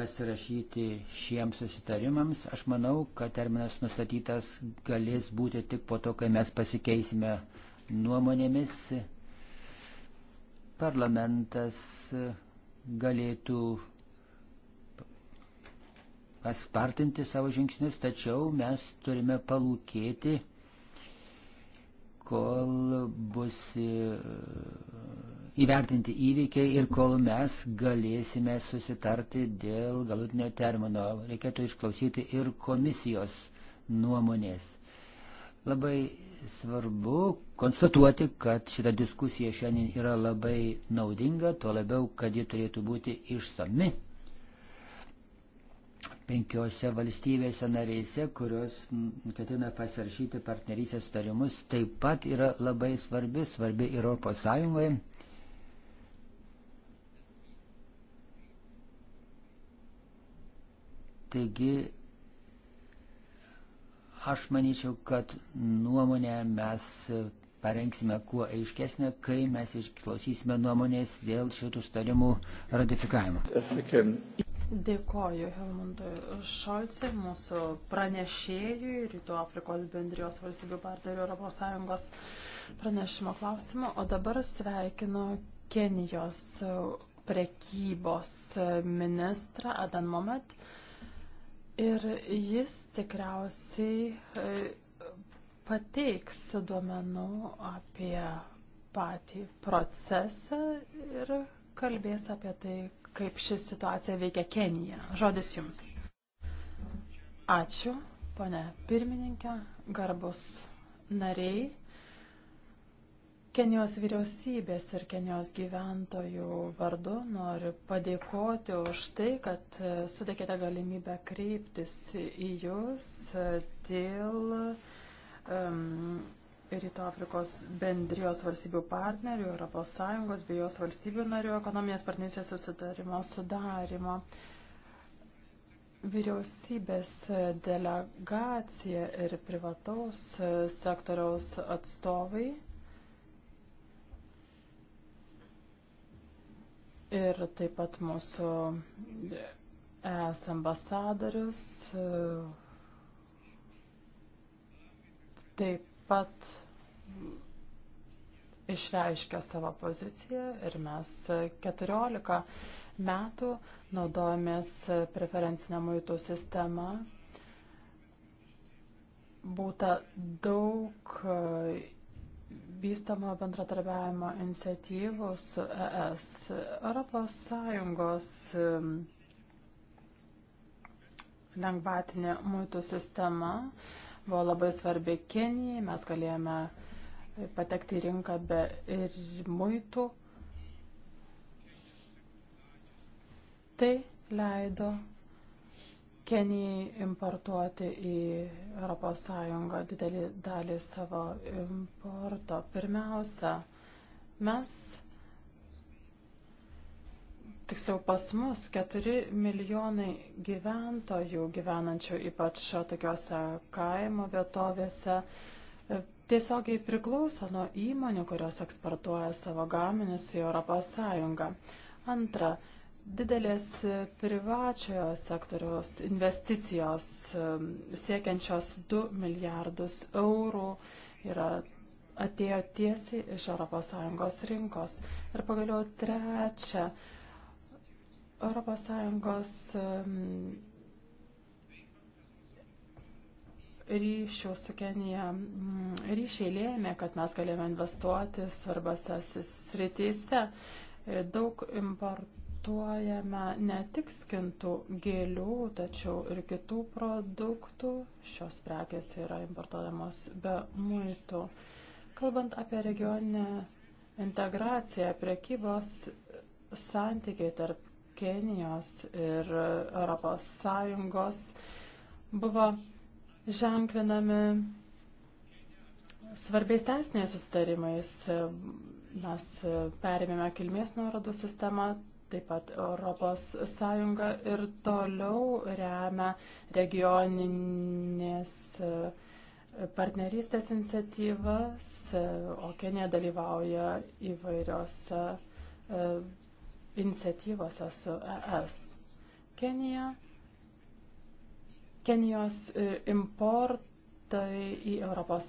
pasirašyti šiems susitarimams, aš manau, kad terminas nustatytas galės būti tik po to, kai mes pasikeisime nuomonėmis. Parlamentas galėtų paspartinti savo žingsnius, tačiau mes turime palūkėti, kol bus e, įvertinti įvykiai ir kol mes galėsime susitarti dėl galutinio termino. Reikėtų išklausyti ir komisijos nuomonės. Labai svarbu konstatuoti, kad šita diskusija šiandien yra labai naudinga, tuo labiau, kad ji turėtų būti išsami penkiose valstybėse narėse, kurios ketina pasirašyti partnerysės sutarimus, taip pat yra labai svarbi, svarbi ir Europos Sąjungoje. Taigi, aš manyčiau, kad nuomonę mes parengsime kuo aiškesnę, kai mes išklausysime nuomonės dėl šitų starimų ratifikavimo. Dėkoju Helmundui Šolcė, mūsų pranešėjui Rytų Afrikos bendrijos valstybių partnerių ES pranešimo klausimu. O dabar sveikinu Kenijos prekybos ministrą Adan Momet. Ir jis tikriausiai e, pateiks duomenų apie patį procesą ir kalbės apie tai, kaip ši situacija veikia Keniją. Žodis jums. Ačiū, ponė pirmininkė, garbus nariai. Kenijos vyriausybės ir Kenijos gyventojų vardu noriu padėkoti už tai, kad suteikėte galimybę kreiptis į Jūs dėl um, Rytų Afrikos bendrijos valstybių partnerių, ES bei jos valstybių narių ekonominės partnerystės susitarimo sudarimo. Vyriausybės delegacija ir privataus sektoriaus atstovai ir taip pat mūsų es ambasadorius taip pat išreiškia savo poziciją ir mes 14 metų naudojomės preferencinę muitų sistemą. Būta daug vystamo bendratarbiavimo iniciatyvų su ES. Europos Sąjungos lengvatinė muitų sistema uh, buvo labai svarbi Kenijai, mes galėjome patekti į rinką be ir muitų. Tai leido Kenijai importuoti į ES didelį dalį savo importo. Pirmiausia, mes tiksliau pas mus 4 milijonai gyventojų gyvenančių ypač tokiuose kaimo vietovėse tiesiogiai priklauso nuo įmonių, kurios eksportuoja savo gaminius į ES. Antra, didelės privačiojo sektoriaus investicijos um, siekiančios 2 milijardus eurų yra atėjo tiesiai iš ES rinkos. Ir pagaliau trečia, ES ryšių su Kenija mm, ryšiai lėmė, kad mes galėjome investuoti svarbiose srityse. E, daug importuojame ne tik skintų gėlių, tačiau ir kitų produktų. Šios prekės yra importuojamos be muitų. Kalbant apie regioninę integraciją, prekybos santykiai tarp Kenijos ir ES buvo ženklinami svarbiais teisiniais sustarimais. Mes perėmėme kilmės nuorodų sistemą, taip pat ES ir toliau remia regioninės partnerystės iniciatyvas, o Kenija dalyvauja įvairiose iniciatyvose su ES. Kenija, Kenijos e, importai į ES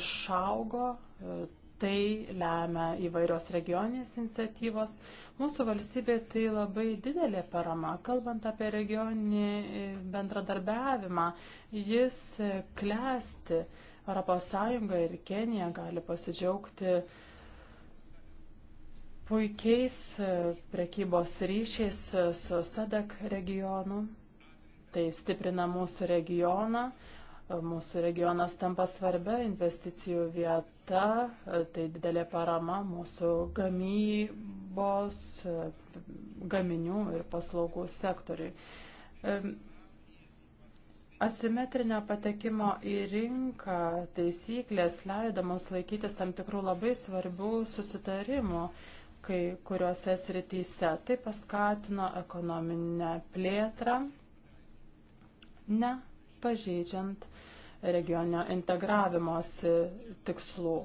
išaugo, e, tai lemia įvairios regioninės iniciatyvos. Mūsų valstybė tai labai didelė parama. Kalbant apie regioninį e, bendradarbiavimą, jis klesti. ES ir Kenija gali pasidžiaugti uh, puikiais e, prekybos ryšiais e, su SADEK regionu. Tai stiprina mūsų regioną. E, mūsų regionas tampa svarbia investicijų vieta, tai didelė parama mūsų gamybos, gaminių ir paslaugų sektoriui. Asimetrinio patekimo į rinką taisyklės leido mums laikytis tam tikrų labai svarbių susitarimų. Uh, kai kuriuose srityse. Tai paskatino ekonominę plėtrą, nepažeidžiant regionio integravimosi tikslų.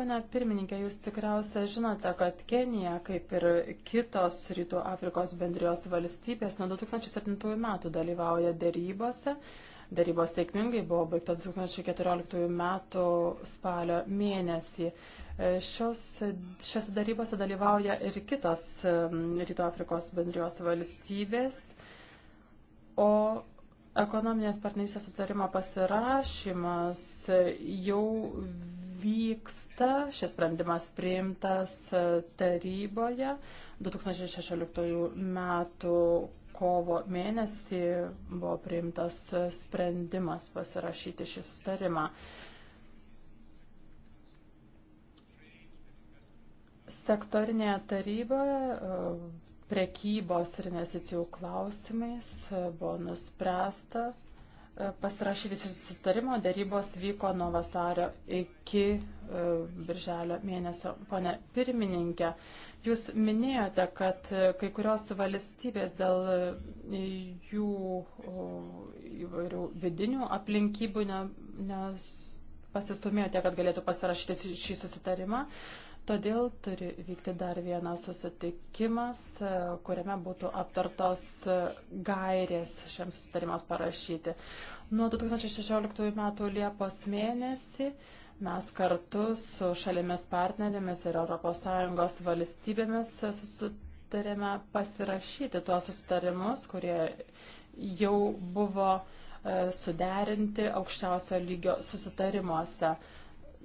Pane pirmininkė, jūs tikriausia žinote, kad Kenija, kaip ir kitos Rytų Afrikos bendrijos valstybės, nuo 2007 metų dalyvauja dėrybose. Darybos sėkmingai buvo baigtos 2014 metų spalio mėnesį. Šios, šiose darybose dalyvauja ir kitos Rytų Afrikos bendrijos valstybės, o ekonominės partnerystės sustarimo pasirašymas jau vyksta, šis sprendimas priimtas taryboje 2016 metų kovo mėnesį buvo priimtas sprendimas pasirašyti šį sustarimą. Sektorinėje taryboje prekybos ir investicijų klausimais e, buvo nuspręsta e, pasirašyti susitarimo. Darybos vyko nuo vasario iki e, birželio mėnesio. Pone pirmininkė, jūs minėjote, kad kai kurios valstybės dėl jų įvairių vidinių aplinkybių ne, nes pasistumėjote, kad galėtų pasirašyti šį susitarimą. Todėl turi vykti dar vienas susitikimas, kuriame būtų aptartos gairės šiems susitarimas parašyti. Nuo 2016 metų Liepos mėnesį mes kartu su šalimis partnerėmis ir ES valstybėmis susitarėme pasirašyti tuos susitarimus, kurie jau buvo e, suderinti aukščiausio lygio susitarimuose.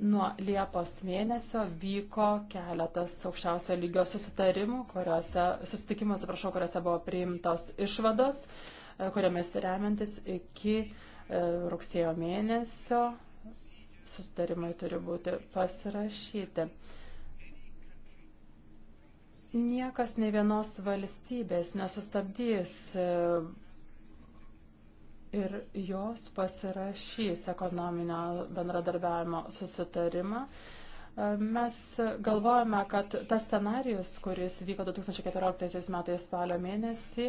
Nuo Liepos mėnesio vyko keletas aukščiausio lygio susitarimų, kuriuose, susitikimas, prašau, kuriuose buvo priimtos išvados, e, kuriamis remiantis iki e, rugsėjo mėnesio susitarimai turi būti pasirašyti. Niekas ne vienos valstybės nesustabdys e, ir jos pasirašys ekonominio bendradarbiavimo susitarimą. Mes galvojame, kad tas scenarius, kuris vyko 2014 metais spalio mėnesį,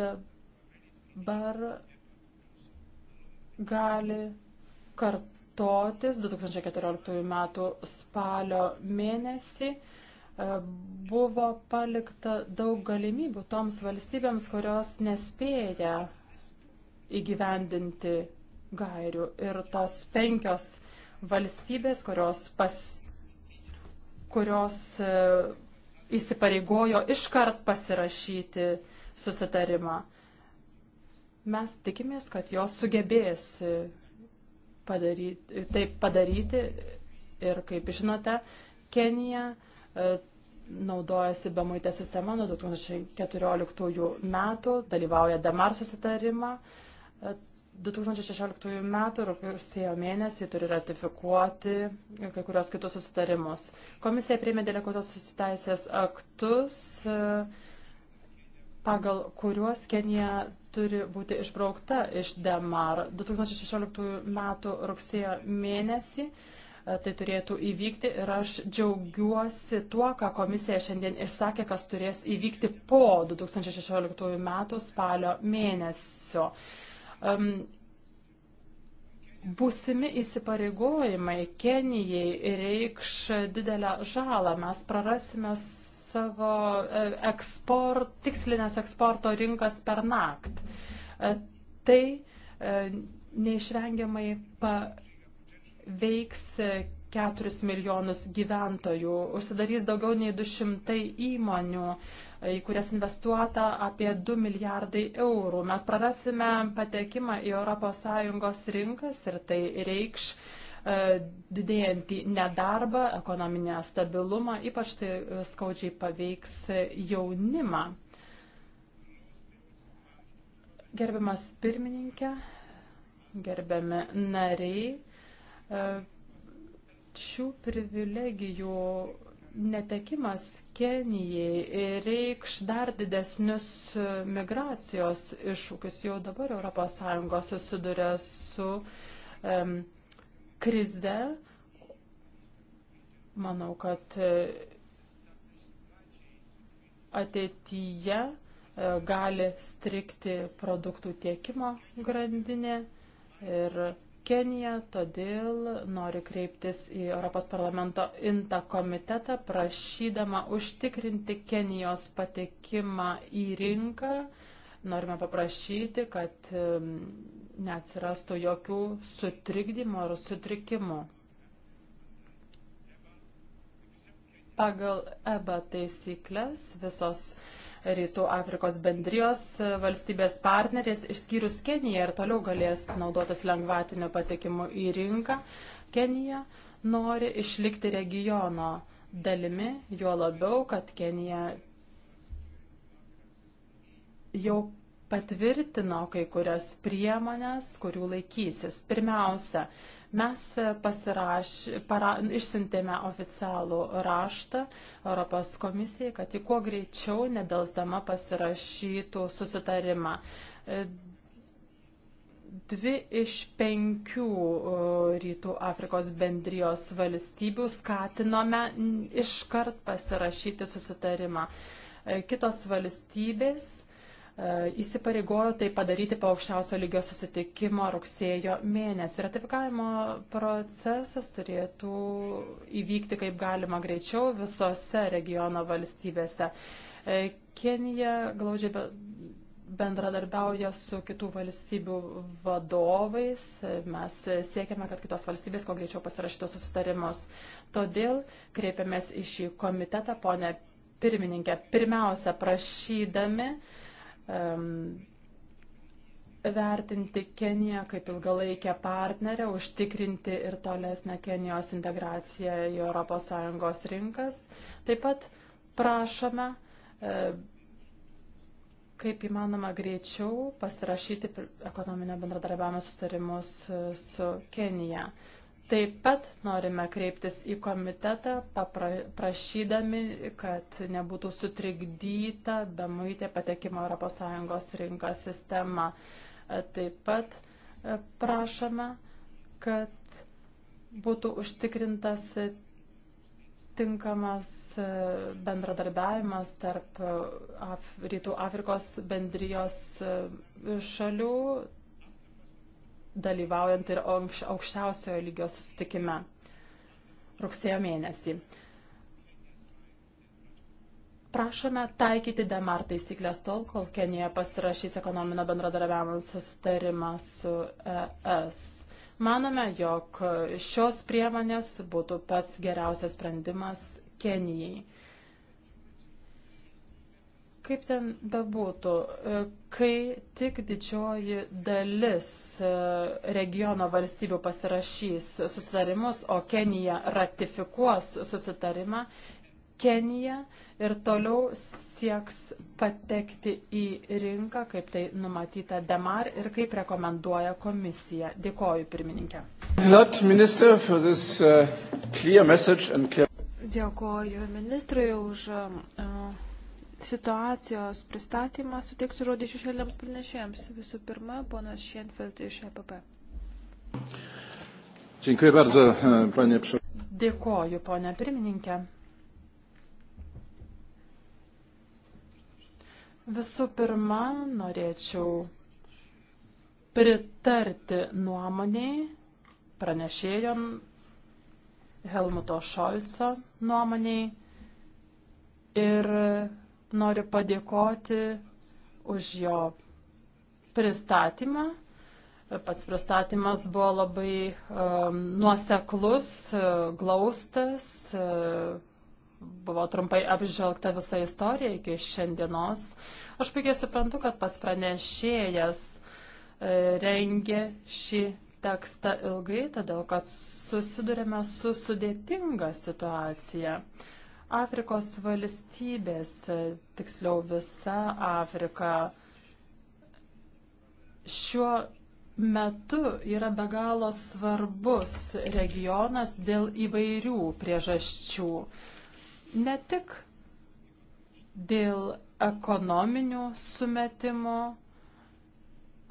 dabar gali kartotis 2014 metų spalio mėnesį. E, buvo palikta daug galimybių toms valstybėms, kurios nespėja įgyvendinti gairių. Ir tos penkios valstybės, kurios, pas, kurios e, įsipareigojo iškart pasirašyti susitarimą, mes tikimės, kad jos sugebės e, padaryti, taip padaryti. Ir kaip žinote, Kenija E, naudojasi bemuitė sistema nuo 2014 metų, dalyvauja Damar susitarimą. 2016 e, metų rugsėjo mėnesį turi ratifikuoti kai kurios kitus susitarimus. Komisija priėmė deleguotos susitaisės aktus, e, pagal kuriuos Kenija turi būti išbraukta iš DEMAR 2016 metų rugsėjo mėnesį. E, tai turėtų įvykti ir aš džiaugiuosi tuo, ką komisija šiandien išsakė, kas turės įvykti po 2016 metų spalio mėnesio. Um, Būsimi įsipareigojimai Kenijai reikš didelę žalą. Mes prarasime savo e, eksport, tikslinės eksporto rinkas per naktį. E, tai neišvengiamai pa, veiks 4 milijonus gyventojų, užsidarys daugiau nei 200 įmonių, į kurias investuota apie 2 milijardai eurų. Mes prarasime patekimą į ES rinkas ir tai reikš e, didėjantį nedarbą, ekonominę stabilumą, ypač tai skaudžiai paveiks jaunimą. Gerbiamas pirmininkė, gerbiami nariai, Šių privilegijų netekimas Kenijai reikš dar didesnius migracijos iššūkius. Jau dabar ES susiduria su um, krize. Manau, kad e, ateityje e, gali strikti produktų tiekimo grandinė ir Keniją, todėl noriu kreiptis į Europos parlamento INTA komitetą, prašydama užtikrinti Kenijos patekimą į rinką. Norime paprašyti, kad neatsirastų jokių sutrikdymų ar sutrikimų. Pagal EBA taisyklės visos Rytų Afrikos bendrijos valstybės partnerės, išskyrus Keniją, ir toliau galės naudotis lengvatiniu patikimu į rinką. Kenija nori išlikti regiono dalimi, juo labiau, kad Kenija jau patvirtino kai kurias priemonės, kurių laikysis. Pirmiausia, Mes e, pasiraš, para, išsiuntėme oficialų raštą Europos komisijai, kad ji kuo greičiau, nedelsdama, pasirašytų susitarimą. E, dvi iš penkių e, rytų Afrikos bendrijos valstybių skatinome iškart pasirašyti susitarimą. Kitos valstybės E, įsipareigojo tai padaryti po aukščiausio lygio susitikimo rugsėjo mėnesį. Ratifikavimo procesas turėtų įvykti kaip galima greičiau visose regiono valstybėse. E, Kenija glaudžiai bendradarbiauja su kitų valstybių vadovais. E, mes siekiame, kad kitos valstybės kuo greičiau pasirašytų susitarimus. Todėl kreipiamės į šį komitetą, ponę pirmininkę, pirmiausia prašydami uh, um, vertinti Keniją kaip ilgalaikę partnerę, užtikrinti ir tolesnę Kenijos integraciją į ES rinkas. Taip pat prašome, e, kaip įmanoma greičiau, pasirašyti ekonominio bendradarbiavimo sustarimus e, su Kenija. Taip pat norime kreiptis į komitetą, paprašydami, kad nebūtų sutrikdyta be muitė patekimo ES rinkos sistema. Taip pat e, prašome, kad būtų užtikrintas tinkamas e, bendradarbiavimas tarp e, Af Rytų Afrikos bendrijos šalių, dalyvaujant ir aukščiausiojo lygio susitikime rugsėjo mėnesį. Prašome taikyti DEMAR taisyklės tol, kol Kenija pasirašys ekonominio bendradarbiavimo susitarimą su ES. Manome, jog šios priemonės būtų pats geriausias sprendimas Kenijai. Kaip ten bebūtų, e, kai tik didžioji dalis e, regiono valstybių pasirašys susitarimus, o Kenija ratifikuos susitarimą, Kenija ir toliau sieks patekti į rinką, kaip tai numatyta DEMAR ir kaip rekomenduoja komisija. Dėkoju, pirmininkė. Uh, Dėkoju ministrui už. Uh, situacijos pristatymą suteiksiu žodį šešėliams pranešėjams. Visų pirma, ponas Šienfeld iš EPP. Dziękuję bardzo, e, panie Dėkoju, ponia pirmininkė. Visų pirma, norėčiau pritarti nuomoniai pranešėjom Helmuto Šolco nuomoniai ir Noriu padėkoti už jo pristatymą. Pats pristatymas buvo labai um, nuoseklus, glaustas, uh, buvo trumpai apžvelgta visa istorija iki šiandienos. Aš puikiai suprantu, kad pas pranešėjas uh, rengė šį tekstą ilgai, todėl kad susidurėme su sudėtinga situacija. Uh, Afrikos valstybės, tiksliau visa Afrika, šiuo metu yra be galo svarbus regionas dėl įvairių priežasčių. Ne tik dėl ekonominių sumetimų,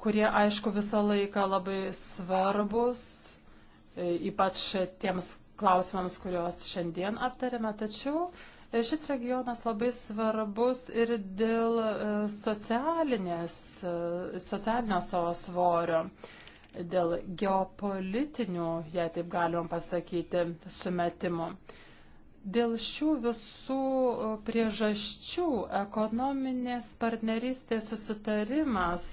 kurie aišku visą laiką labai svarbus, e, ypač tiems klausimams, kuriuos šiandien aptarėme, tačiau e, šis regionas labai svarbus ir dėl e, e, socialinio savo svorio, dėl geopolitinių, jei taip galim pasakyti, sumetimų. Dėl šių visų priežasčių ekonominės partnerystės susitarimas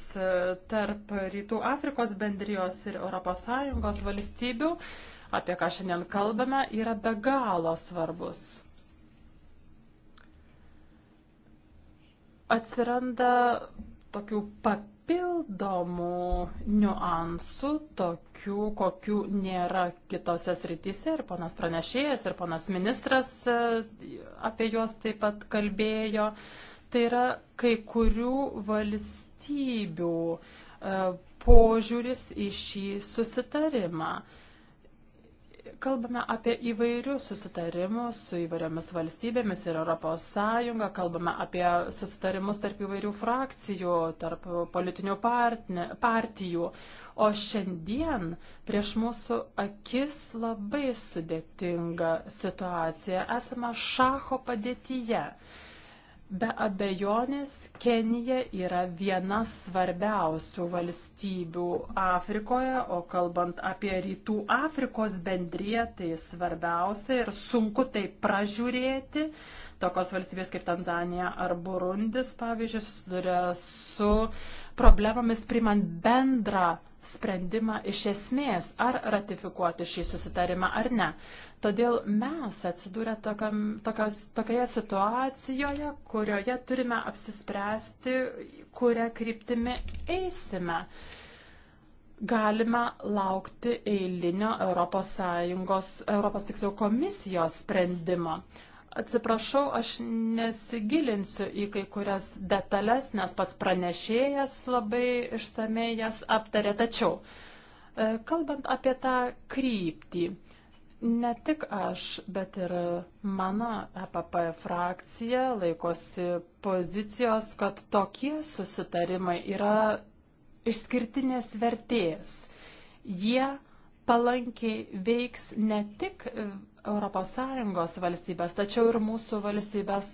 tarp Rytų Afrikos bendrijos ir ES valstybių apie ką šiandien kalbame, yra be galo svarbus. Atsiranda tokių papildomų niuansų, tokių, kokių nėra kitose srityse. Ir ponas pranešėjas, ir ponas ministras e, apie juos taip pat kalbėjo. Tai yra kai kurių valstybių e, požiūris į šį susitarimą. Kalbame apie įvairius susitarimus su įvairiomis valstybėmis ir Europos Sąjunga, kalbame apie susitarimus tarp įvairių frakcijų, tarp politinių partne, partijų. O šiandien prieš mūsų akis labai sudėtinga situacija. Esame šacho padėtyje. Be abejonės, Kenija yra viena svarbiausių valstybių Afrikoje, o kalbant apie rytų Afrikos bendriją, tai svarbiausia ir sunku tai pražiūrėti. Tokios valstybės kaip Tanzanija ar Burundis, pavyzdžiui, susiduria su problemomis primant bendrą sprendimą iš esmės, ar ratifikuoti šį susitarimą ar ne. Todėl mes atsidūrė tokiam, tokios, tokioje situacijoje, kurioje turime apsispręsti, kurią kryptimi eisime. Galime laukti eilinio Europos, Sąjungos, Europos tiksliau komisijos sprendimo. Atsiprašau, aš nesigilinsiu į kai kurias detalės, nes pats pranešėjas labai išsamei jas aptarė. Tačiau, e, kalbant apie tą kryptį, ne tik aš, bet ir mano EPP frakcija laikosi pozicijos, kad tokie susitarimai yra išskirtinės vertės. Jie palankiai veiks ne tik ES valstybės, tačiau ir mūsų valstybės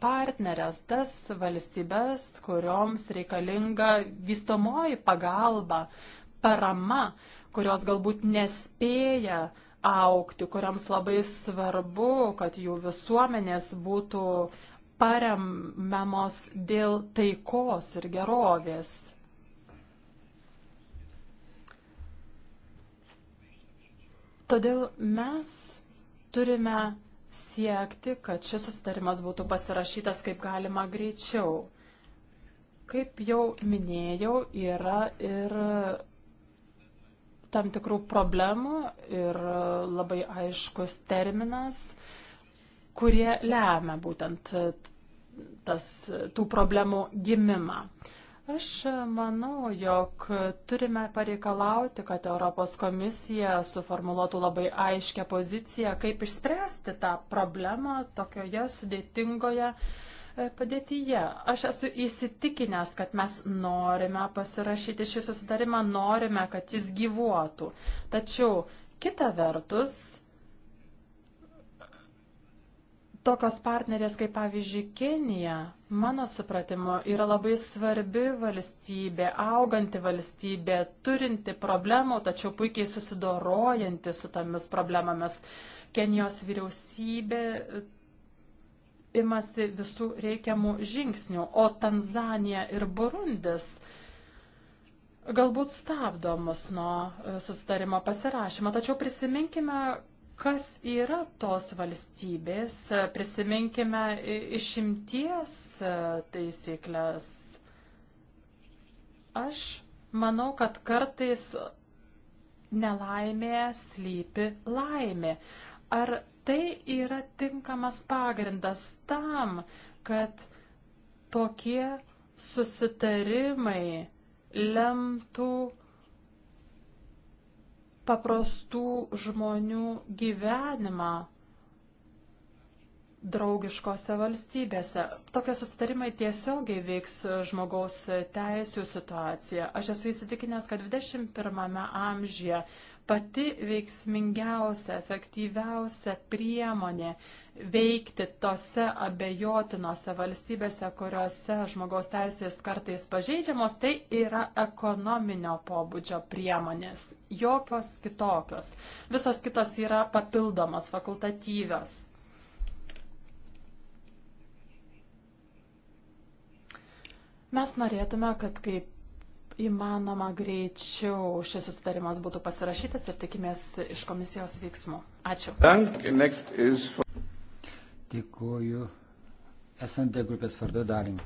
partnerės, tas valstybės, kurioms reikalinga vystomoji pagalba, parama, kurios galbūt nespėja aukti, kuriams labai svarbu, kad jų visuomenės būtų paremamos dėl taikos ir gerovės. Todėl mes Turime siekti, kad šis susitarimas būtų pasirašytas kaip galima greičiau. Kaip jau minėjau, yra ir tam tikrų problemų ir labai aiškus terminas, kurie lemia būtent tas, tų problemų gimimą. Aš manau, jog turime pareikalauti, kad Europos komisija suformuluotų labai aiškę poziciją, kaip išspręsti tą problemą tokioje sudėtingoje e, padėtyje. Aš esu įsitikinęs, kad mes norime pasirašyti šį susidarimą, norime, kad jis gyvuotų. Tačiau kita vertus, tokios partnerės kaip pavyzdžiui Kenija Mano supratimu, yra labai svarbi valstybė, auganti valstybė, turinti problemų, tačiau puikiai susidorojanti su tomis problemomis. Kenijos vyriausybė e, imasi visų reikiamų žingsnių, o Tanzanija ir Burundis galbūt stabdo mus nuo e, susitarimo pasirašymo. Tačiau prisiminkime, kas yra tos valstybės. Prisiminkime išimties e, taisyklės. Aš manau, kad kartais nelaimė slypi laimė. Ar tai yra tinkamas pagrindas tam, kad tokie susitarimai lemtų paprastų žmonių gyvenimą draugiškose valstybėse. Tokie susitarimai tiesiogiai veiks žmogaus teisų situaciją. Aš esu įsitikinęs, kad 21 amžyje pati veiksmingiausia, efektyviausia priemonė veikti tose abejotinose valstybėse, kuriuose žmogaus teisės kartais pažeidžiamos, tai yra ekonominio pobūdžio priemonės, jokios kitokios. Visos kitos yra papildomos, fakultatyvios. Mes norėtume, kad kaip įmanoma greičiau šis susitarimas būtų pasirašytas ir tikimės iš komisijos veiksmų. Ačiū. Dėkuoju. Esant D grupės vardu dalim.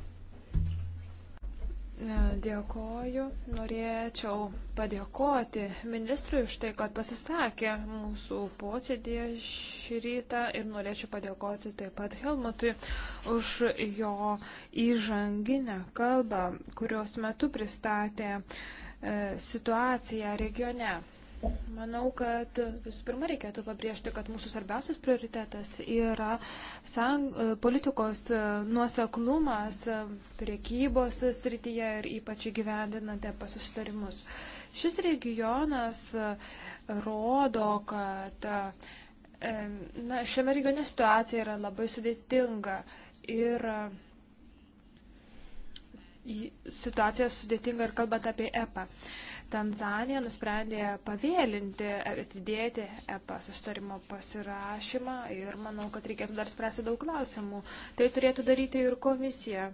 E, dėkoju. Norėčiau padėkoti ministrui už tai, kad pasisakė mūsų posėdėje šį rytą ir norėčiau padėkoti taip pat Helmutui už jo įžanginę kalbą, kurios metu pristatė e, situaciją regione. Manau, kad visų pirma reikėtų pabrėžti, kad mūsų svarbiausias prioritetas yra sang, politikos nuoseklumas priekybos srityje ir ypač įgyvendinant apie susitarimus. Šis regionas rodo, kad na, šiame regione situacija yra labai sudėtinga ir situacija sudėtinga ir kalbant apie EPA. Tanzanija nusprendė pavėlinti ar atidėti EPA sustarimo pasirašymą ir manau, kad reikėtų dar spręsti daug klausimų. Tai turėtų daryti ir komisija.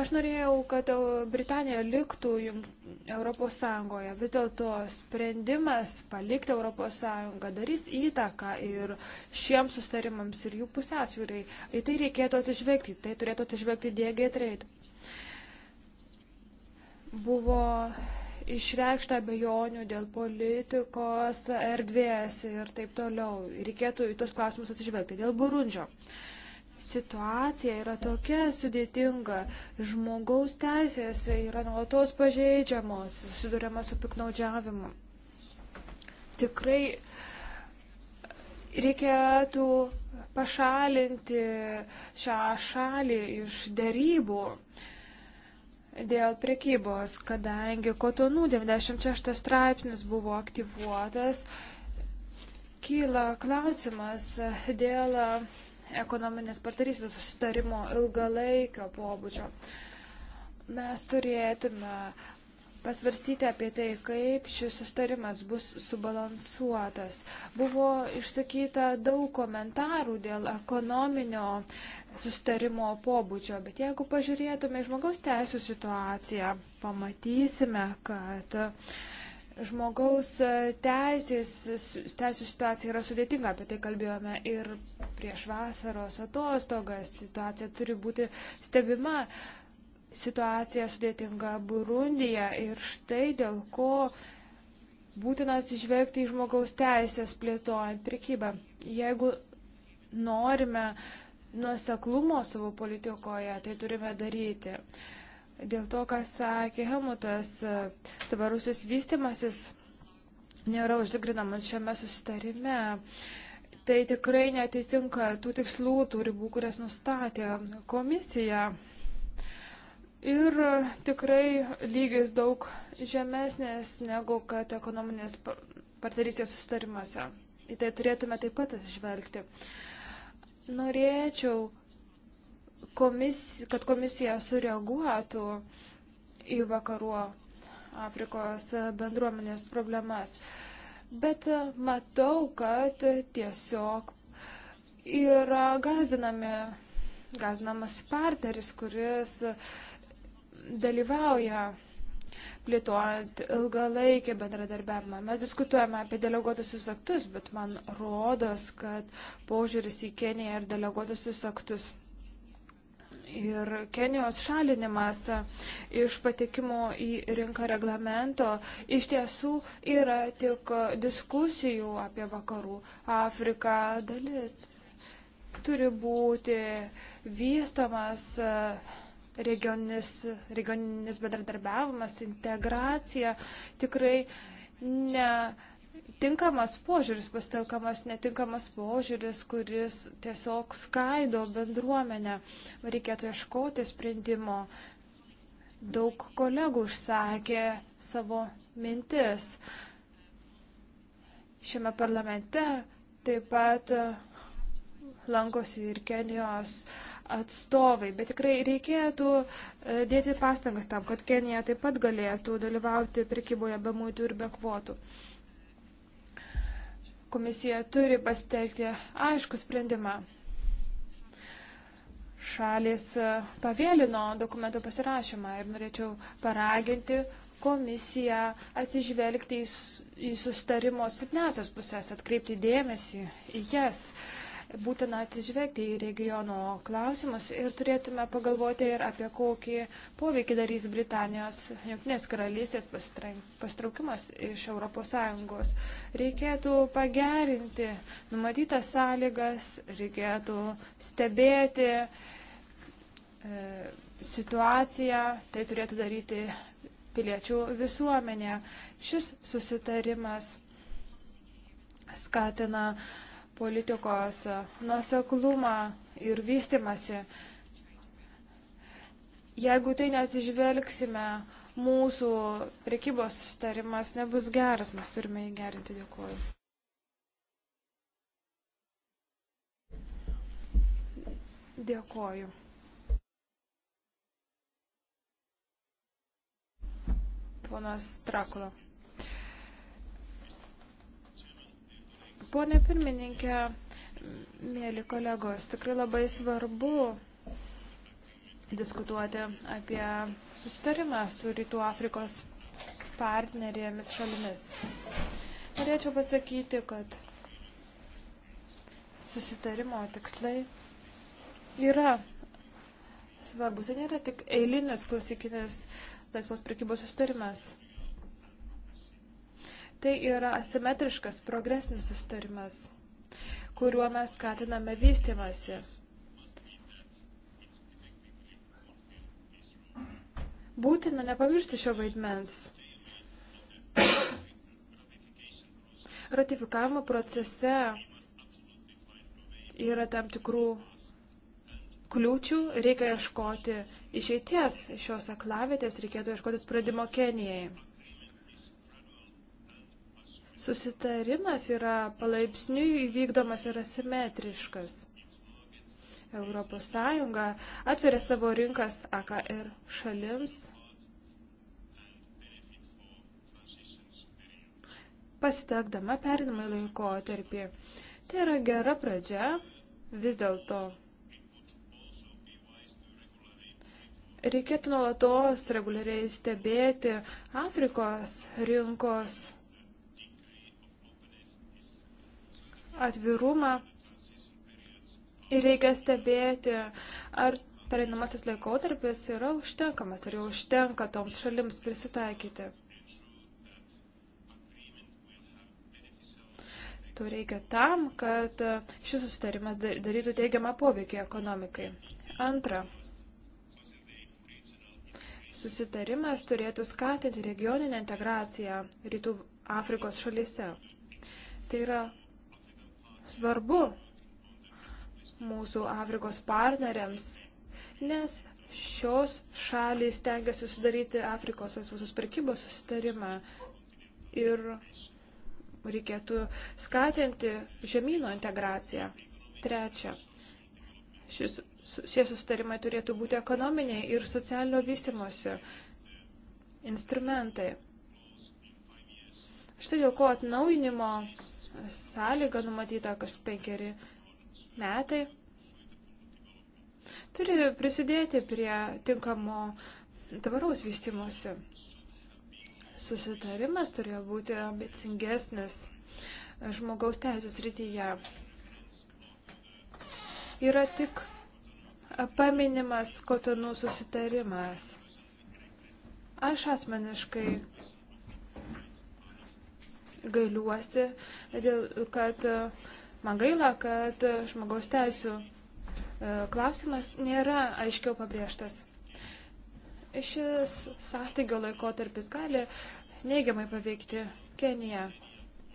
Aš norėjau, kad Britanija liktų Europos Sąjungoje. Vis dėlto sprendimas palikti Europos Sąjungą darys įtaką ir šiems sustarimams ir jų pusiausvyrai. Į tai reikėtų atsižvelgti. Tai turėtų atsižvelgti DG Trade. Buvo išreikšta abejonių dėl politikos erdvės ir taip toliau. Reikėtų į tuos klausimus atsižvelgti. Dėl Burundžio. Situacija yra tokia sudėtinga. Žmogaus teisės yra nuolatos pažeidžiamos, susidurėma su piknaudžiavimu. Tikrai reikėtų pašalinti šią šalį iš dėrybų. Uh, dėl priekybos, kadangi kotonų 96 straipsnis buvo aktyvuotas, kyla klausimas dėl ekonominės partnerystės susitarimo ilgalaikio pobūdžio. Mes turėtume pasvarstyti apie tai, kaip šis sustarimas bus subalansuotas. Buvo išsakyta daug komentarų dėl ekonominio sustarimo pobūdžio, bet jeigu pažiūrėtume žmogaus teisų situaciją, pamatysime, kad žmogaus teisės, teisų situacija yra sudėtinga, apie tai kalbėjome ir prieš vasaros atostogas, situacija turi būti stebima, situacija sudėtinga Burundija ir štai dėl ko būtina atsižvelgti į žmogaus teisės plėtojant prekybą. Jeigu norime uh, nuoseklumo savo politikoje, tai turime daryti. Dėl to, ką sakė Helmutas, e, tvarusis vystimasis nėra užtikrinamas šiame susitarime. Tai tikrai netitinka tų tikslų, tų ribų, kurias nustatė komisija. Ir tikrai lygis daug žemesnės negu kad ekonominės partnerystės sustarimuose. Į tai turėtume taip pat atsižvelgti. Uh, Norėčiau, komis, kad komisija sureaguotų į vakarų Afrikos bendruomenės problemas. Bet matau, kad tiesiog yra gazdinami, gazdinamas partneris, kuris dalyvauja plėtojant ilgalaikį bendradarbiavimą. Mes diskutuojame apie deleguotusius aktus, bet man rodos, kad požiūris į Keniją ir deleguotusius aktus. Ir Kenijos šalinimas iš patekimo į rinką reglamento iš tiesų yra tik diskusijų apie vakarų Afriką dalis. Turi būti vystomas uh, regioninis, regioninis bendradarbiavimas, integracija tikrai ne. Tinkamas požiūris, pasitelkamas netinkamas požiūris, kuris tiesiog skaido bendruomenę. Reikėtų ieškoti sprendimo. Daug kolegų užsakė savo mintis. Šiame parlamente taip pat lankosi ir Kenijos atstovai. Bet tikrai reikėtų e, dėti pastangas tam, kad Kenija taip pat galėtų dalyvauti prekyboje be muitų ir be kvotų. Komisija turi pasteikti aišku sprendimą. Šalis e, pavėlino dokumento pasirašymą ir norėčiau paraginti komisija atsižvelgti į sustarimo silpniausias pusės, atkreipti dėmesį į jas. Yes būtina atsižvelgti į regiono klausimus ir turėtume pagalvoti ir apie kokį poveikį darys Britanijos jungtinės karalystės pastraukimas iš ES. Reikėtų pagerinti numatytas sąlygas, reikėtų stebėti e, situaciją, tai turėtų daryti piliečių visuomenė. Šis susitarimas skatina uh, politikos nuoseklumą ir vystimasi. Jeigu tai neatsižvelgsime, mūsų prekybos sustarimas nebus geras, mes turime jį gerinti, dėkuoju. Dėkuoju. Ponas Trakulo. Pone pirmininkė, mėly kolegos, tikrai labai svarbu diskutuoti apie susitarimą su Rytų Afrikos partnerėmis šalimis. Norėčiau pasakyti, kad susitarimo tikslai yra svarbus. Tai nėra tik eilinis klasikinis laisvos prekybos susitarimas. Tai yra asimetriškas progresinis sustarimas, kuriuo mes skatiname vystimasi. Būtina nepamiršti šio vaidmens. Ratifikavimo procese yra tam tikrų kliūčių, reikia ieškoti išeities šios aklavietės, reikėtų ieškoti sprendimo Kenijai susitarimas yra palaipsniui įvykdomas ir asimetriškas. Europos Sąjunga atveria savo rinkas AKR šalims, pasitekdama perinamai laikotarpį. Tai yra gera pradžia, vis dėlto reikėtų nuolatos reguliariai stebėti Afrikos rinkos atvirumą ir reikia stebėti, ar pereinamasis laikotarpis yra užtenkamas, ar jau užtenka toms šalims prisitaikyti. To reikia tam, kad šis susitarimas darytų teigiamą poveikį ekonomikai. Antra, susitarimas turėtų skatinti regioninę integraciją rytų Afrikos šalyse. Tai yra svarbu mūsų Afrikos partneriams, nes šios šalys tengiasi sudaryti Afrikos laisvosios prekybos susitarimą ir reikėtų skatinti žemynų integraciją. Trečia, šis, šie susitarimai turėtų būti ekonominiai ir socialinio vystimosi instrumentai. Štai dėl ko atnaujinimo sąlyga numatyta kas penkeri metai, turi prisidėti prie tinkamo tvaraus vystimosi. Susitarimas turėjo būti ambicingesnis žmogaus teisų srityje. Yra tik paminimas kotonų susitarimas. Aš asmeniškai gailiuosi, kad man gaila, kad žmogaus teisų e, klausimas nėra aiškiau pabrėžtas. Šis sąstygio laikotarpis gali neigiamai paveikti Keniją.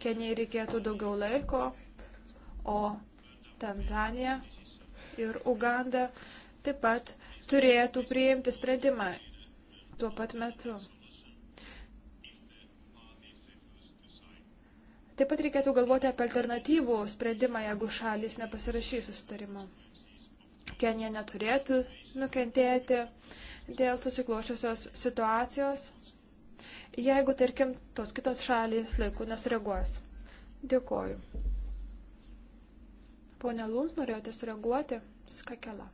Kenijai reikėtų daugiau laiko, o Tanzanija ir Uganda taip pat turėtų priimti sprendimą tuo pat metu. Taip pat reikėtų galvoti apie alternatyvų sprendimą, jeigu šalis nepasirašys susitarimo. Kenija neturėtų nukentėti dėl susiklošiusios situacijos, jeigu, tarkim, tos kitos šalis laiku nesureaguos. Dėkoju. Pone Luns, norėjote sureaguoti? Skakela.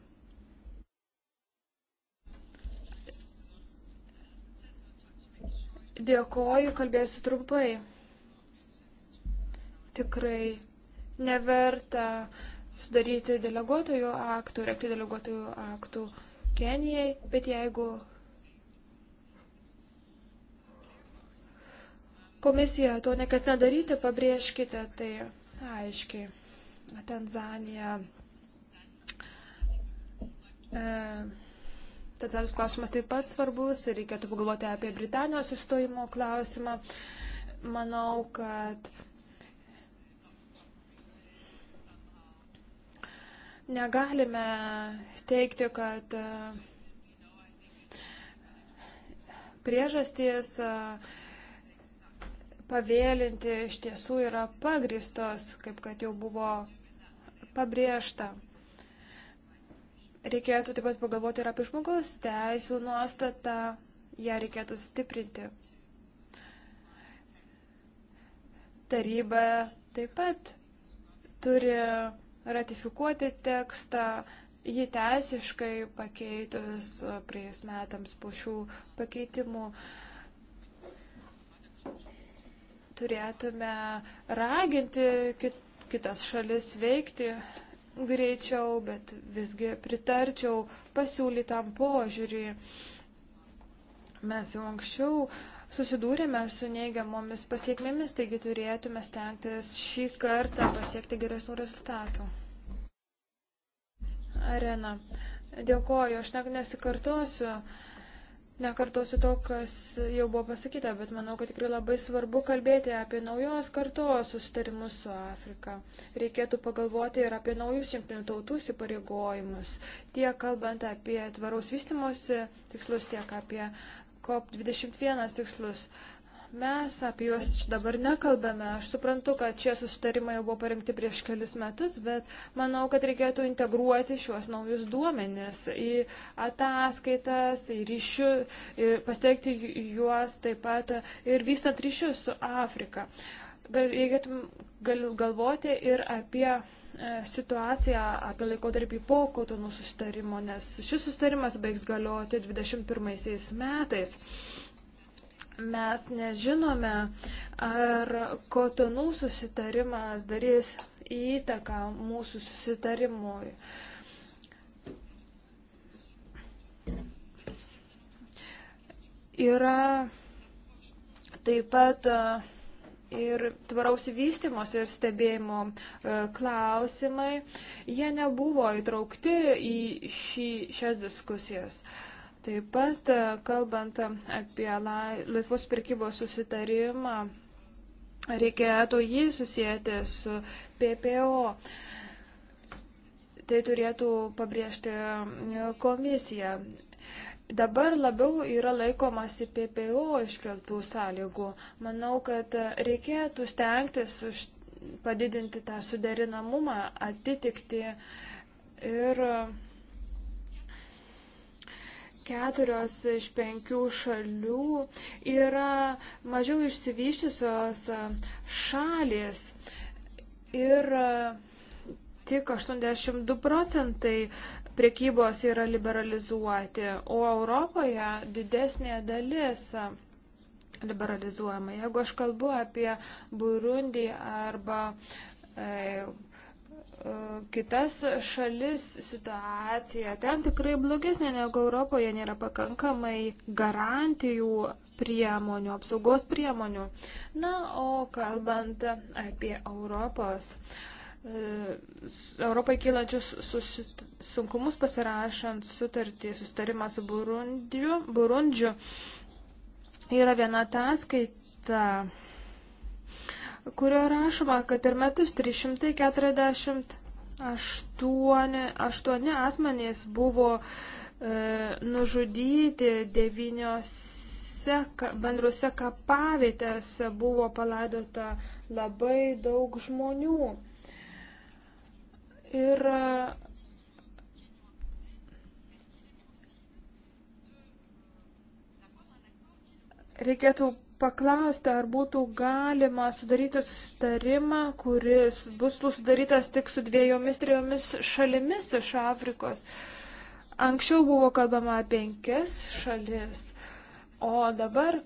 Dėkoju, kalbėsiu trumpai tikrai neverta sudaryti deleguotojų aktų, rekti deleguotojų aktų Kenijai, bet jeigu komisija to neketina daryti, pabrėžkite tai aiškiai. Tanzanija. E, Tanzanijos klausimas taip pat svarbus ir reikėtų pagalvoti apie Britanijos išstojimo klausimą. Manau, kad e, Negalime teikti, kad e, priežastys e, pavėlinti iš tiesų yra pagristos, kaip kad jau buvo pabrėžta. Reikėtų taip pat pagalvoti ir apie žmogaus teisų nuostatą, ją reikėtų stiprinti. Taryba taip pat turi ratifikuoti tekstą, jį teisiškai pakeitus praėjus metams po šių pakeitimų turėtume raginti kit, kitas šalis veikti greičiau, bet visgi pritarčiau pasiūlytam požiūriui. Mes jau anksčiau uh, susidūrėme su neigiamomis pasiekmėmis, taigi turėtume stengtis šį kartą pasiekti geresnių rezultatų. Arena. Dėkoju, aš nesikartosiu. Nekartosiu to, kas jau buvo pasakyta, bet manau, kad tikrai labai svarbu kalbėti apie naujos kartos sustarimus su Afrika. Reikėtų pagalvoti ir apie naujus jungtinių tautų įsipareigojimus, tiek kalbant apie tvaraus vystimosi tikslus, tiek apie uh, COP21 tikslus. Mes apie juos dabar nekalbame. Aš suprantu, kad šie susitarimai jau buvo parengti prieš kelis metus, bet manau, kad reikėtų integruoti šiuos naujus duomenis į ataskaitas, į ryšių, pasteikti juos taip pat ir vystant ryšius su Afrika. Gal, reikėtų gal, galvoti ir apie E, situaciją apie laikotarpį po kotonų susitarimo, nes šis susitarimas baigs galioti 21 metais. Mes nežinome, ar kotonų susitarimas darys įtaką mūsų susitarimui. Yra taip pat uh, ir tvaraus vystimos ir stebėjimo e, klausimai, jie nebuvo įtraukti į šį, šias diskusijas. Taip pat, e, kalbant apie laisvos pirkybos susitarimą, reikėtų jį susijęti su PPO. Tai turėtų pabrėžti e, komisija. Dabar labiau yra laikomasi PPO iškeltų sąlygų. Manau, kad reikėtų stengtis už padidinti tą suderinamumą, atitikti ir keturios iš penkių šalių yra mažiau išsivyščiusios šalis ir tik 82 procentai priekybos yra liberalizuoti, o Europoje didesnė dalis liberalizuojama. Jeigu aš kalbu apie Burundį arba e, e, kitas šalis situacija. Ten tikrai blogesnė negu Europoje, nėra pakankamai garantijų priemonių, apsaugos priemonių. Na, o kalbant apie Europos uh, E, Europai kylančius susit... sunkumus pasirašant sutartį, sustarimą su Burundžiu, Burundžiu. Yra viena ataskaita, kurio rašoma, kad per metus 348 aštuoni asmenys buvo e, nužudyti devyniose bendrose kapavietėse buvo palaidota labai daug žmonių. Ir e, reikėtų paklausti, ar būtų galima sudaryti susitarimą, kuris bus sudarytas tik su dviejomis, trijomis šalimis iš Afrikos. Anksčiau buvo kalbama penkias šalis, o dabar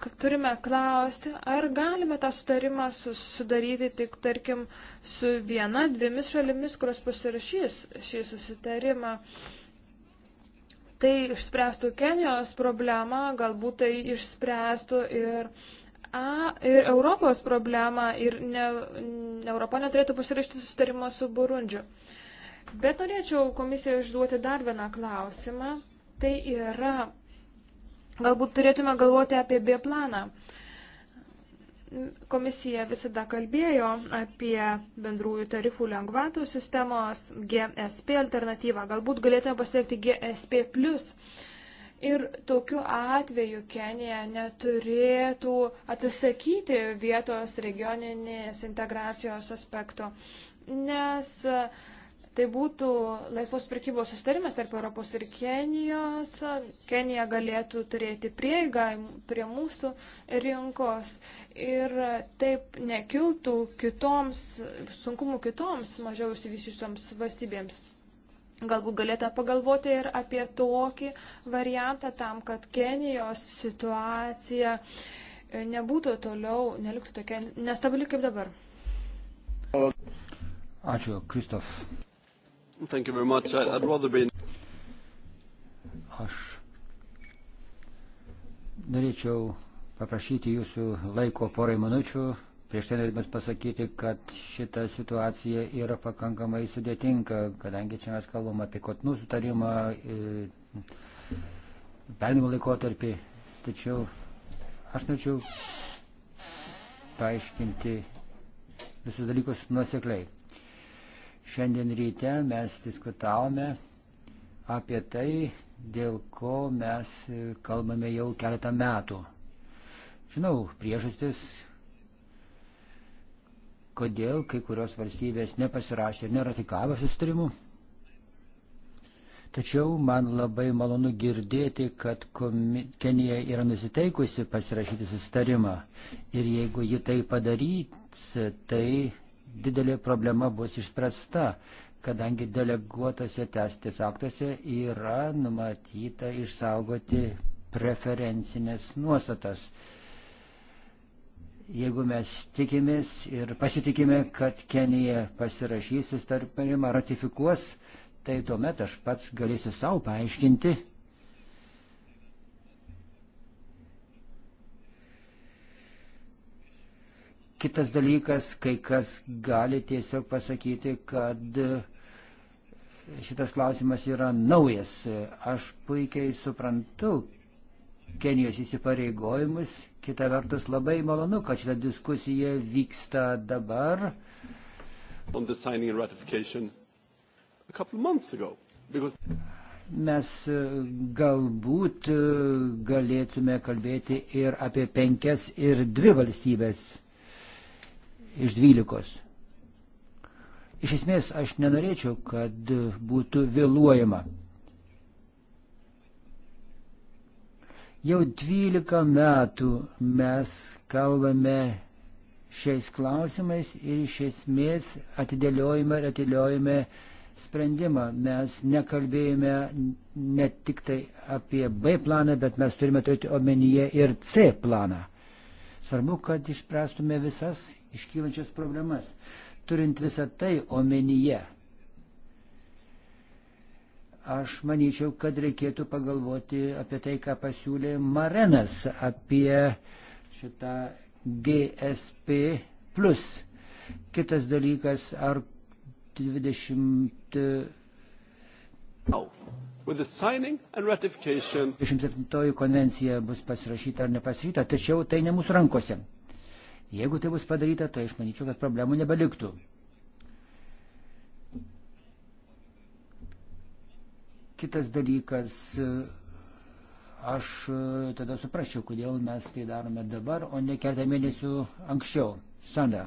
kad turime klausti, ar galime tą sutarimą sudaryti tik, tarkim, su viena, dvimis šalimis, kurios pasirašys šį susitarimą. Tai išspręstų Kenijos problemą, galbūt tai išspręstų ir, a, ir Europos problemą ir ne, Europa neturėtų pasirašyti susitarimo su Burundžiu. Bet norėčiau komisiją išduoti dar vieną klausimą. Tai yra Galbūt turėtume galvoti apie B planą. Komisija visada kalbėjo apie bendrųjų tarifų lengvatų sistemos GSP alternatyvą. Galbūt galėtume pasiekti GSP. Ir tokiu atveju Kenija neturėtų atsisakyti vietos regioninės integracijos aspekto, nes uh, tai būtų laisvos prekybos sustarimas tarp Europos ir Kenijos. Kenija galėtų turėti prieigą prie mūsų rinkos ir taip nekiltų kitoms, sunkumų kitoms mažiau išsivyščiusioms valstybėms. Galbūt galėtume pagalvoti ir apie tokį variantą tam, kad Kenijos situacija nebūtų toliau, neliks tokia nestabili kaip dabar. Ačiū, Kristof. Thank you very much. I'd rather be... Aš norėčiau paprašyti jūsų laiko porai minučių. Prieš tai norėtume pasakyti, kad šita situacija yra pakankamai sudėtinga, kadangi čia mes kalbam apie kotnų sutarimą, e, pernimo laikotarpį. Tačiau aš norėčiau paaiškinti visus dalykus nuosekliai. Šiandien ryte mes diskutavome apie tai, dėl ko mes kalbame jau keletą metų. Žinau priežastis, kodėl kai kurios valstybės nepasirašė ir neratikavo sustarimų. Tačiau man labai malonu girdėti, kad Kenija yra nusiteikusi pasirašyti sustarimą. Ir jeigu ji tai padarys, tai didelė problema bus išspręsta, kadangi deleguotose testės aktuose yra numatyta išsaugoti preferencinės nuostatas. Jeigu mes tikimės ir pasitikime, kad Kenija pasirašys susitarimą, ratifikuos, tai tuomet aš pats galėsiu savo paaiškinti, Kitas dalykas, kai kas gali tiesiog pasakyti, kad šitas klausimas yra naujas. Aš puikiai suprantu Kenijos įsipareigojimus. Kita vertus, labai malonu, kad šita diskusija vyksta dabar. Ago, because... Mes e, galbūt e, galėtume kalbėti ir apie penkias ir dvi valstybės iš 12. Iš esmės, aš nenorėčiau, kad būtų vėluojama. Jau 12 metų mes kalbame šiais klausimais ir iš esmės atidėliojame ir atidėliojame sprendimą. Mes nekalbėjome ne tik tai apie B planą, bet mes turime turėti omenyje ir C planą. Svarbu, kad išspręstume visas iškylančias problemas. Turint visą tai omenyje, aš manyčiau, kad reikėtų pagalvoti apie tai, ką pasiūlė Marenas apie šitą GSP. Kitas dalykas, ar 20. No. 27 konvencija bus pasirašyta ar nepasirašyta, tačiau tai ne mūsų rankose. Jeigu tai bus padaryta, tai aš manyčiau, kad problemų nebeliktų. Kitas dalykas, aš tada suprasčiau, kodėl mes tai darome dabar, o ne keletą mėnesių anksčiau. Sanda,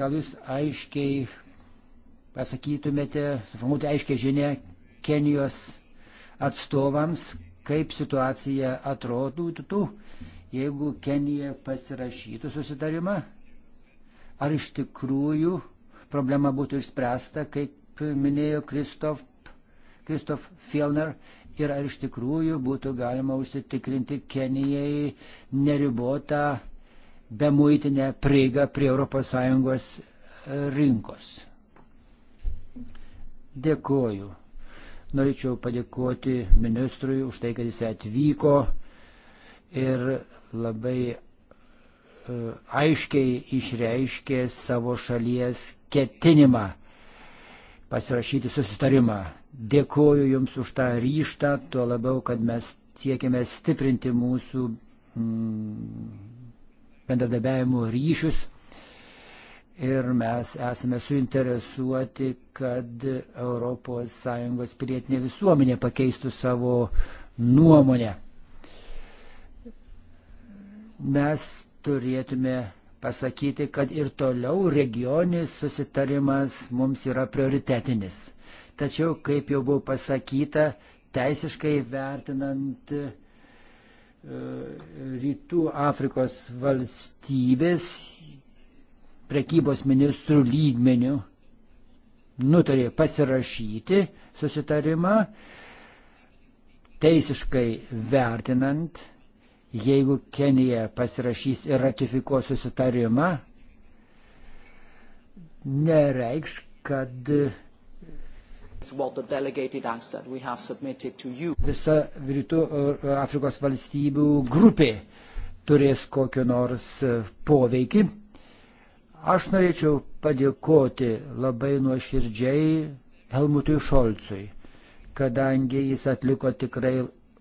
gal jūs aiškiai pasakytumėte, suformuoti aiškiai žinę Kenijos atstovams, kaip situacija atrodytų jeigu Kenija pasirašytų susitarimą, ar iš tikrųjų problema būtų išspręsta, kaip minėjo Kristof, Kristof Fielner, ir ar iš tikrųjų būtų galima užsitikrinti Kenijai neribotą bemuitinę prieigą prie ES e, rinkos. Dėkuoju. Norėčiau padėkoti ministrui už tai, kad jis atvyko ir labai e, aiškiai išreiškė savo šalies ketinimą pasirašyti susitarimą. Dėkuoju Jums už tą ryštą, tuo labiau, kad mes siekiame stiprinti mūsų mm, bendradarbiavimo ryšius ir mes esame suinteresuoti, kad ES pilietinė visuomenė pakeistų savo nuomonę mes turėtume pasakyti, kad ir toliau regioninis susitarimas mums yra prioritetinis. Tačiau, kaip jau buvo pasakyta, teisiškai vertinant e, rytų Afrikos valstybės prekybos ministrų lygmenių nutarė pasirašyti susitarimą, teisiškai vertinant Jeigu Kenija pasirašys ir ratifikuos susitarimą, nereikš, kad visa Rytų e, Afrikos valstybių grupė turės kokio nors e, poveikį. Aš norėčiau padėkoti labai nuoširdžiai Helmutui Šolcui, kadangi jis atliko tikrai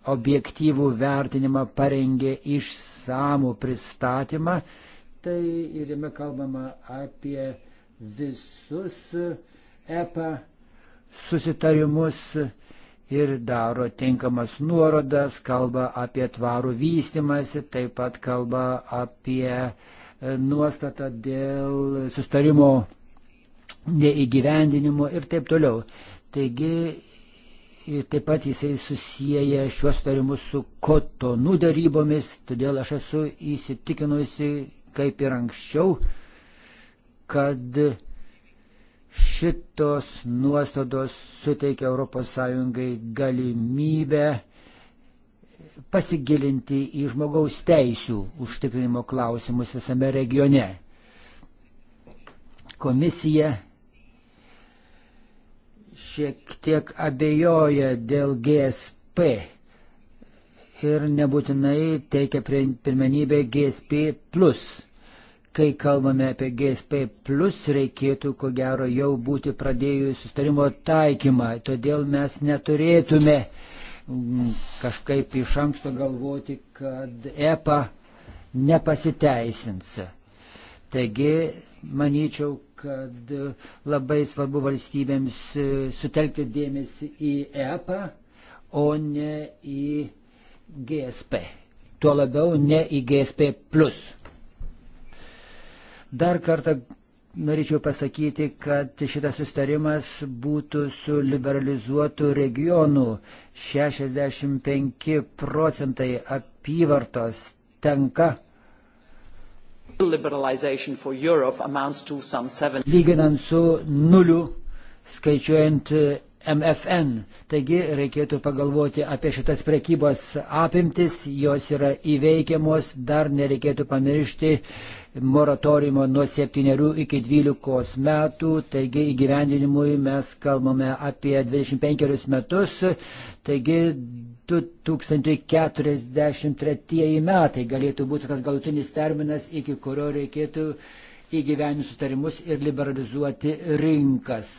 objektyvų vertinimą, parengė išsamų pristatymą. Tai ir jame kalbama apie visus EPA susitarimus ir daro tinkamas nuorodas, kalba apie tvarų vystimąsi, taip pat kalba apie e, nuostatą dėl sustarimo neįgyvendinimo ir taip toliau. Taigi Ir taip pat jisai susiję šiuos tarimus su kotonų darybomis, todėl aš esu įsitikinusi, kaip ir anksčiau, kad šitos nuostados suteikia ES galimybę pasigilinti į žmogaus teisų užtikrinimo klausimus visame regione. Komisija šiek tiek abejoja dėl GSP ir nebūtinai teikia pirmenybę GSP. Plus. Kai kalbame apie GSP, plus, reikėtų ko gero jau būti pradėjus sustarimo taikymą, todėl mes neturėtume mm, kažkaip iš anksto galvoti, kad EPA nepasiteisins. Taigi, manyčiau, kad labai svarbu valstybėms e, sutelkti dėmesį į EPA, o ne į GSP. Tuo labiau ne į GSP. Dar kartą norėčiau pasakyti, kad šitas sustarimas būtų su liberalizuotų regionų. 65 procentai apyvartos tenka lyginant su nuliu skaičiuojant e, MFN. Taigi reikėtų pagalvoti apie šitas prekybos apimtis, jos yra įveikiamos, dar nereikėtų pamiršti moratoriumo nuo 7 iki 12 metų, taigi įgyvendinimui mes kalbame apie 25 metus, taigi 2043 metai galėtų būti tas galutinis terminas, iki kurio reikėtų įgyvenimus sustarimus ir liberalizuoti rinkas.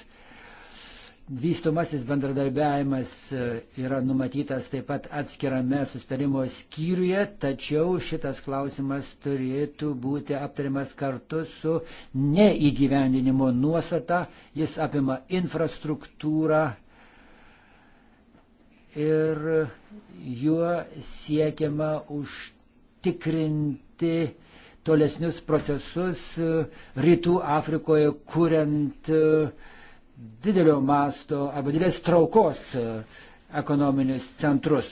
Vystomasis bendradarbiavimas e, yra numatytas taip pat atskirame sustarimo skyriuje, tačiau šitas klausimas turėtų būti aptariamas kartu su neįgyvendinimo nuostata. Jis apima infrastruktūrą, ir juo siekiama užtikrinti tolesnius procesus Rytų Afrikoje, kuriant e, didelio masto arba didelės traukos e, ekonominius centrus.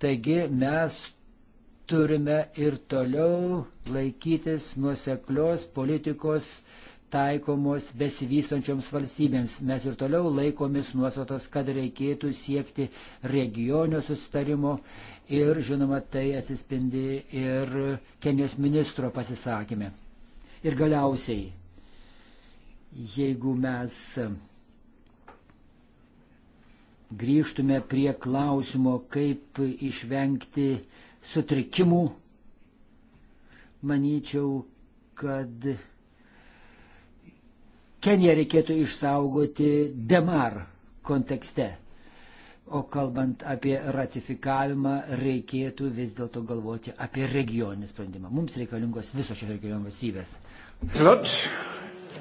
Taigi mes turime ir toliau laikytis nuoseklios politikos taikomos besivystančioms valstybėms. Mes ir toliau laikomis nuostatos, kad reikėtų siekti regionio susitarimo ir, žinoma, tai atsispindi ir Kenijos ministro pasisakymė. Ir galiausiai, jeigu mes grįžtume prie klausimo, kaip išvengti sutrikimų, manyčiau, kad Keniją reikėtų išsaugoti DEMAR kontekste. O kalbant apie ratifikavimą, reikėtų vis dėlto galvoti apie regioninį sprendimą. Mums reikalingos visos šios regionų valstybės. Slot,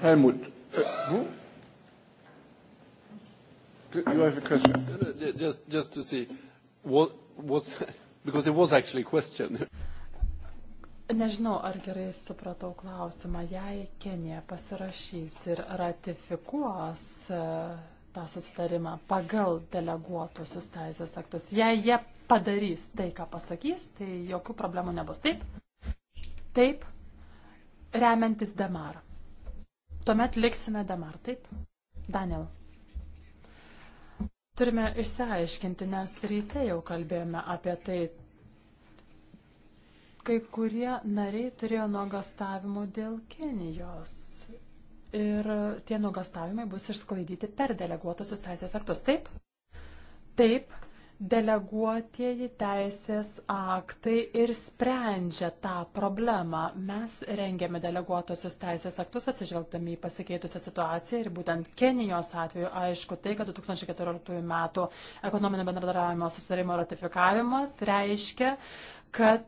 Helmut. Uh, you have a question? Uh, just, just to see, what, what's, because it was actually a question. Nežinau, ar gerai supratau klausimą. Jei Kenija pasirašys ir ratifikuos e, tą susitarimą pagal deleguotusius teisės aktus, jei jie padarys tai, ką pasakys, tai jokių problemų nebus. Taip? Taip, remiantis Demar. Tuomet liksime Demar, taip? Daniel. Turime išsiaiškinti, nes ryte jau kalbėjome apie tai, kai kurie nariai turėjo nuogastavimų dėl Kenijos. Ir tie nuogastavimai bus išsklaidyti per deleguotusius teisės aktus. Taip? Taip, deleguotieji teisės aktai ir sprendžia tą problemą. Mes rengėme deleguotusius teisės aktus atsižvelgdami į pasikeitusią situaciją ir būtent Kenijos atveju aišku tai, kad 2014 metų ekonominio bendradarbiavimo susitarimo ratifikavimas reiškia, kad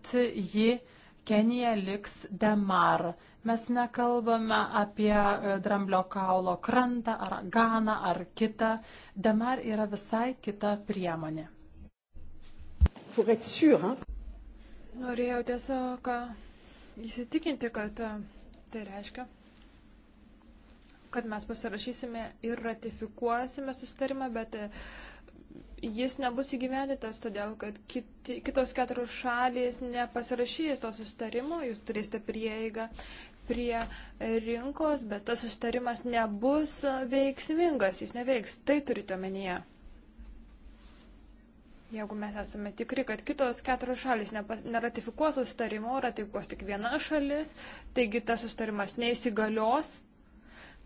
ji Kenija liks demar. Mes nekalbame apie e, dramblio kaulo krantą ar ganą ar kitą. Demar yra visai kita priemonė. Norėjau tiesiog e, įsitikinti, kad e, tai reiškia, kad mes pasirašysime ir ratifikuosime sustarimą, bet jis nebus įgyvendintas, todėl kad kiti, kitos keturios šalys nepasirašys to sustarimo, jūs turėsite prieigą prie rinkos, bet tas sustarimas nebus veiksmingas, jis neveiks. Tai turite omenyje. Jeigu mes esame tikri, kad kitos keturios šalis neratifikuos sustarimo, ratifikuos tik viena šalis, taigi tas sustarimas neįsigalios.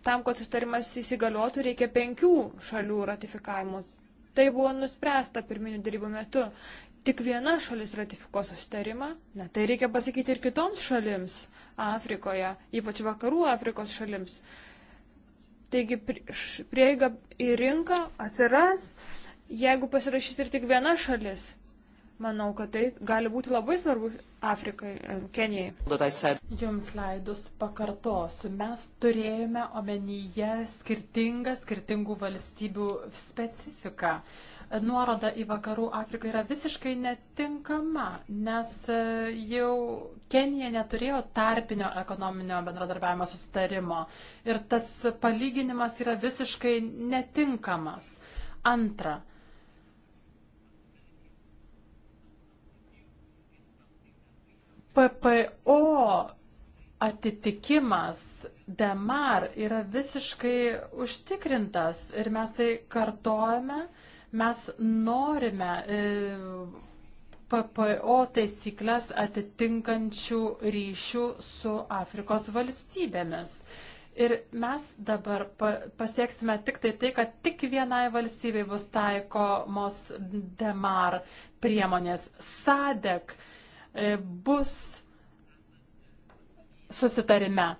Tam, kad sustarimas įsigaliotų, reikia penkių šalių ratifikavimo Tai buvo nuspręsta pirminių darybų metu. Tik viena šalis ratifikuos susitarimą, na tai reikia pasakyti ir kitoms šalims Afrikoje, ypač vakarų Afrikos šalims. Taigi prieiga į rinką atsiras, jeigu pasirašys ir tik viena šalis. Manau, kad tai gali būti labai svarbu Afrikai, e, Kenijai. Jums leidus pakartosiu, mes turėjome omenyje skirtingą skirtingų valstybių specifiką. Nuoroda į vakarų Afriką yra visiškai netinkama, nes e, jau Kenija neturėjo tarpinio ekonominio bendradarbiavimo sustarimo ir tas palyginimas yra visiškai netinkamas. Antra, PPO atitikimas DEMAR yra visiškai užtikrintas ir mes tai kartojame, mes norime e, PPO taisyklės atitinkančių ryšių su Afrikos valstybėmis. Ir mes dabar pasieksime tik tai tai, kad tik vienai valstybei bus taikomos DEMAR priemonės SADEK. Uh, E, bus susitarime.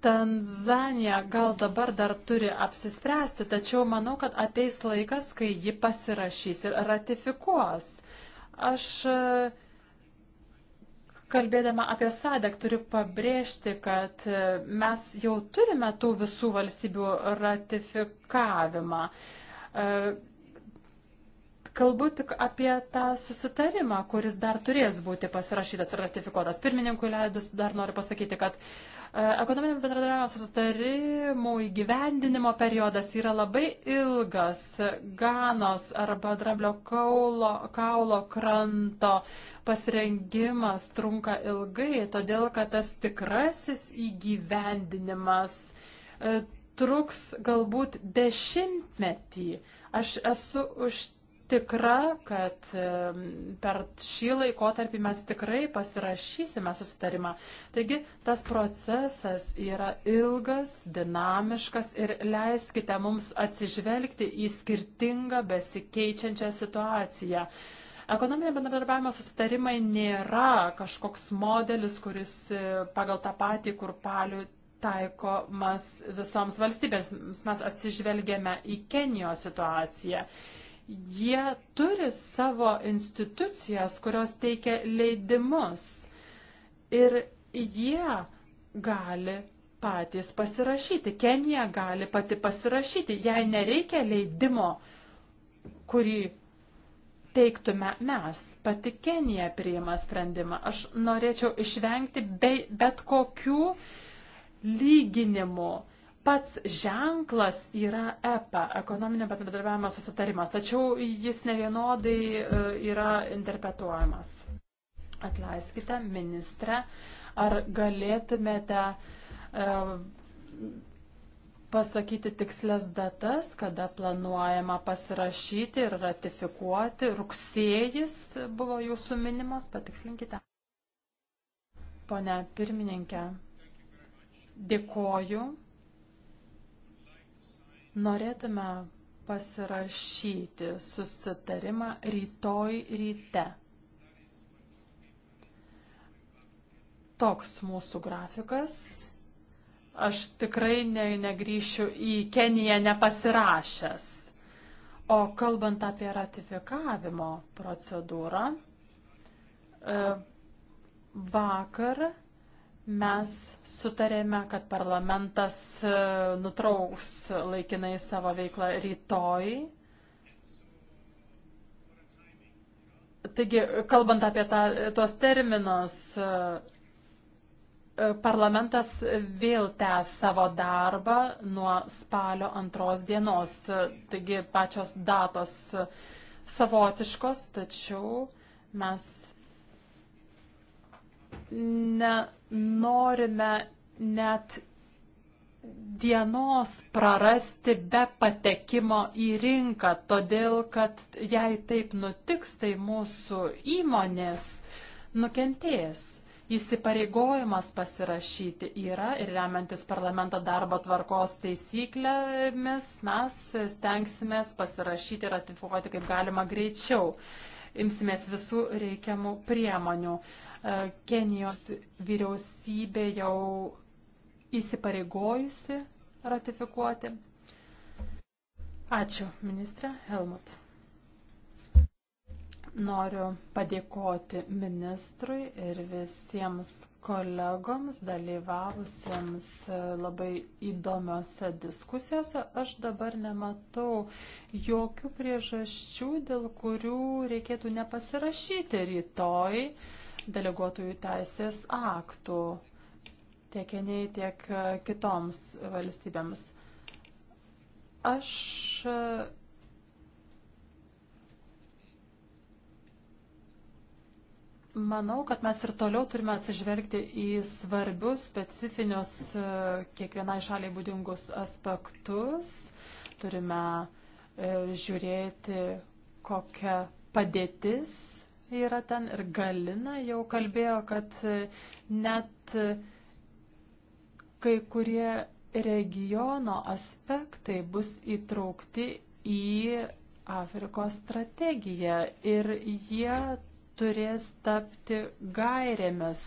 Tanzanija gal dabar dar turi apsispręsti, tačiau manau, kad ateis laikas, kai ji pasirašys ir ratifikuos. Aš e, kalbėdama apie SADEK turiu pabrėžti, kad e, mes jau turime tų visų valstybių ratifikavimą kalbu tik apie tą susitarimą, kuris dar turės būti pasirašytas ir ratifikuotas. Pirmininkui leidus dar noriu pasakyti, kad e, ekonominio bendradarbiavimo susitarimų įgyvendinimo periodas yra labai ilgas. Ganos arba dramblio kaulo, kaulo kranto pasirengimas trunka ilgai, todėl kad tas tikrasis įgyvendinimas e, truks galbūt dešimtmetį. Aš esu už tikra, kad per šį laikotarpį mes tikrai pasirašysime susitarimą. Taigi tas procesas yra ilgas, dinamiškas ir leiskite mums atsižvelgti į skirtingą besikeičiančią situaciją. Ekonominio bendradarbiavimo susitarimai nėra kažkoks modelis, kuris e, pagal tą patį kurpalių taikomas visoms valstybėms. Mes atsižvelgėme į Kenijos situaciją. Jie turi savo institucijas, kurios teikia leidimus ir jie gali patys pasirašyti. Kenija gali pati pasirašyti, jai nereikia leidimo, kurį teiktume mes. Pati Kenija priima sprendimą. Aš norėčiau išvengti be, bet kokių lyginimų pats ženklas yra EPA, ekonominio bendradarbiavimo susitarimas, tačiau jis nevienodai e, yra interpretuojamas. Atleiskite, ministre, ar galėtumėte e, pasakyti tikslės datas, kada planuojama pasirašyti ir ratifikuoti. Rugsėjis buvo jūsų minimas, patikslinkite. Pone pirmininkė, dėkoju norėtume pasirašyti susitarimą rytoj ryte. Toks mūsų grafikas. Aš tikrai ne, negryšiu į Keniją nepasirašęs. O kalbant apie ratifikavimo procedūrą, e, vakar e, mes sutarėme, kad parlamentas e, nutrauks laikinai savo veiklą rytoj. Taigi, kalbant apie tą, tuos terminus, e, e, parlamentas vėl tęs savo darbą nuo spalio antros dienos. Taigi, pačios datos savotiškos, tačiau mes ne norime net dienos prarasti be patekimo į rinką, todėl kad jei taip nutiks, tai mūsų įmonės nukentės. Įsipareigojimas pasirašyti yra ir remiantis parlamento darbo tvarkos taisyklėmis mes stengsimės pasirašyti ir ratifikuoti kaip galima greičiau imsimės visų reikiamų priemonių. E, Kenijos vyriausybė jau įsipareigojusi ratifikuoti. Ačiū, ministrė Helmut. Noriu padėkoti ministrui ir visiems kolegoms dalyvavusiems labai įdomiose diskusijose. Aš dabar nematau jokių priežasčių, dėl kurių reikėtų nepasirašyti rytoj. Uh, deleguotųjų teisės aktų tiek vieniai, tiek e, kitoms valstybėms. Aš e, manau, kad mes ir toliau turime atsižvelgti į svarbius, specifinius e, kiekvienai šaliai būdingus aspektus. Turime žiūrėti, kokia padėtis yra ten ir Galina jau kalbėjo, kad net kai kurie regiono aspektai bus įtraukti į Afrikos strategiją ir jie turės tapti gairėmis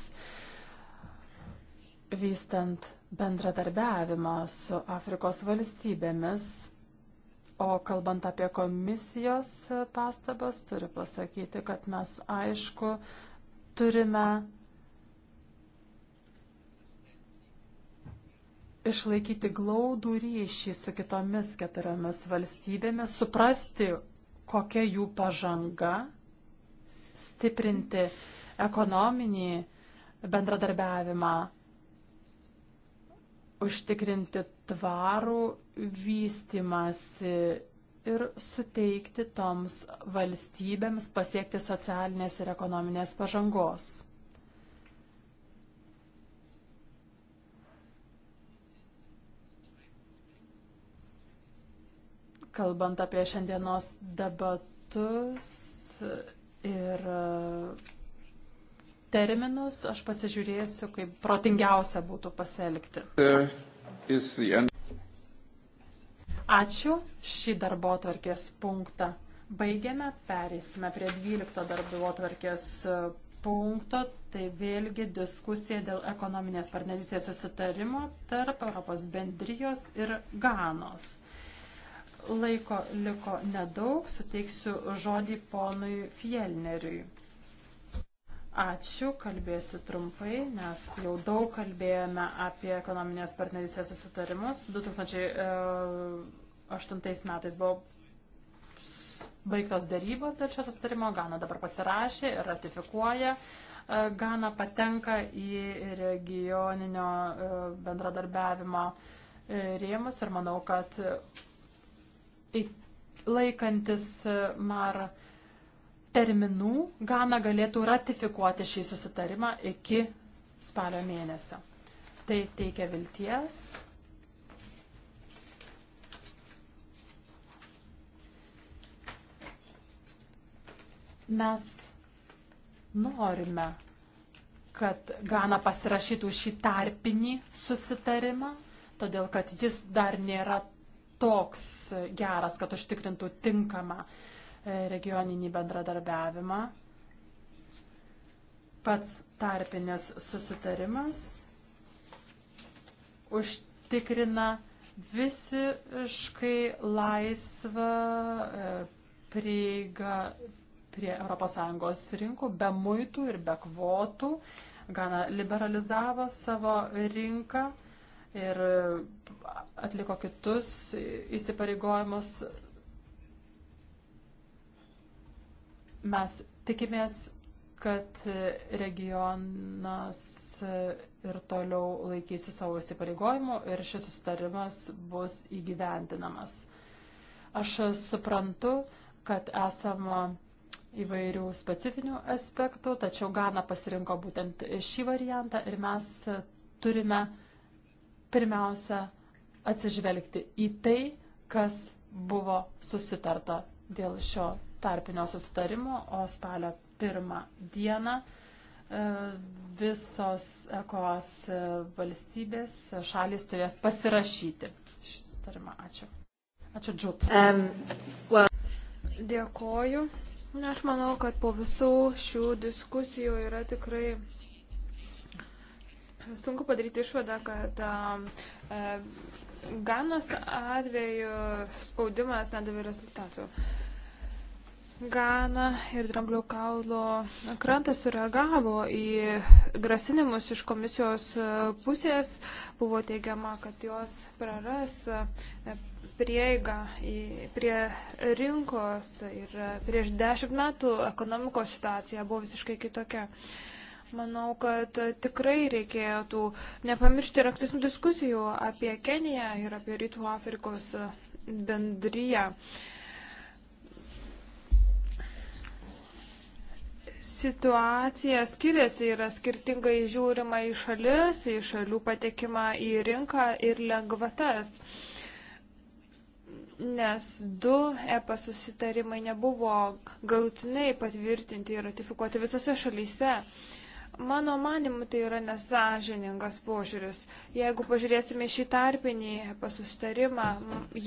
vystant bendradarbiavimą su Afrikos valstybėmis O kalbant apie komisijos pastabas, turiu pasakyti, kad mes aišku turime išlaikyti glaudų ryšį su kitomis keturiomis valstybėmis, suprasti, kokia jų pažanga, stiprinti ekonominį bendradarbiavimą, užtikrinti tvarų vystimasi ir suteikti toms valstybėms pasiekti socialinės ir ekonominės pažangos. Kalbant apie šiandienos debatus ir terminus, aš pasižiūrėsiu, kaip protingiausia būtų pasielgti. Uh, Ačiū. Šį darbo atvarkės punktą baigiame. Pereisime prie 12 darbo atvarkės e, punkto. Tai vėlgi diskusija dėl ekonominės partnerystės susitarimo tarp Europos bendrijos ir Ganos. Laiko liko nedaug, suteiksiu žodį ponui Fielneriui. Ačiū, kalbėsiu trumpai, nes jau daug kalbėjome apie ekonominės partnerystės susitarimus. 2000, 2008 metais buvo baigtos darybos dėl šio sustarimo, Gana dabar pasirašė ir ratifikuoja. E, Gana patenka į regioninio e, bendradarbiavimo e, rėmus ir manau, kad laikantis mar terminų Gana galėtų ratifikuoti šį susitarimą iki spalio mėnesio. Tai teikia vilties. Mes norime, kad Gana pasirašytų šį tarpinį susitarimą, todėl kad jis dar nėra toks geras, kad užtikrintų tinkamą e, regioninį bendradarbiavimą. Pats tarpinis susitarimas užtikrina visiškai laisvą e, prieigą prie ES rinkų be muitų ir be kvotų. Gana liberalizavo savo rinką ir atliko kitus įsipareigojimus. Mes tikimės, kad regionas ir toliau laikysi savo įsipareigojimų ir šis sustarimas bus įgyvendinamas. Aš suprantu, kad esama įvairių specifinių aspektų, tačiau Gana pasirinko būtent šį variantą ir mes turime pirmiausia atsižvelgti į tai, kas buvo susitarta dėl šio tarpinio susitarimo, o spalio pirmą dieną e, visos ECOAS valstybės šalis turės pasirašyti šį sutarimą. Ačiū. Ačiū, Džut. Um, well. Dėkoju. Na, aš manau, kad po visų šių diskusijų yra tikrai sunku padaryti išvadą, kad a, a, e, Ganos atveju spaudimas nedavė rezultatų. Gana ir Dramblio kaulo krantas sureagavo į grasinimus iš komisijos pusės. Buvo teigiama, kad jos praras prieigą prie rinkos ir prieš dešimt metų ekonomikos situacija buvo visiškai kitokia. Manau, kad tikrai reikėtų nepamiršti ir ankstesnių diskusijų apie Keniją ir apie Rytų Afrikos bendryją. Situacija skiriasi, yra skirtingai žiūrima į šalis, į šalių patekimą į rinką ir lengvatas. Uh, nes du EPA susitarimai nebuvo galutinai patvirtinti ir ratifikuoti visose šalyse. Mano manimu, tai yra nesažiningas požiūris. Jeigu pažiūrėsime šį tarpinį e pasustarimą,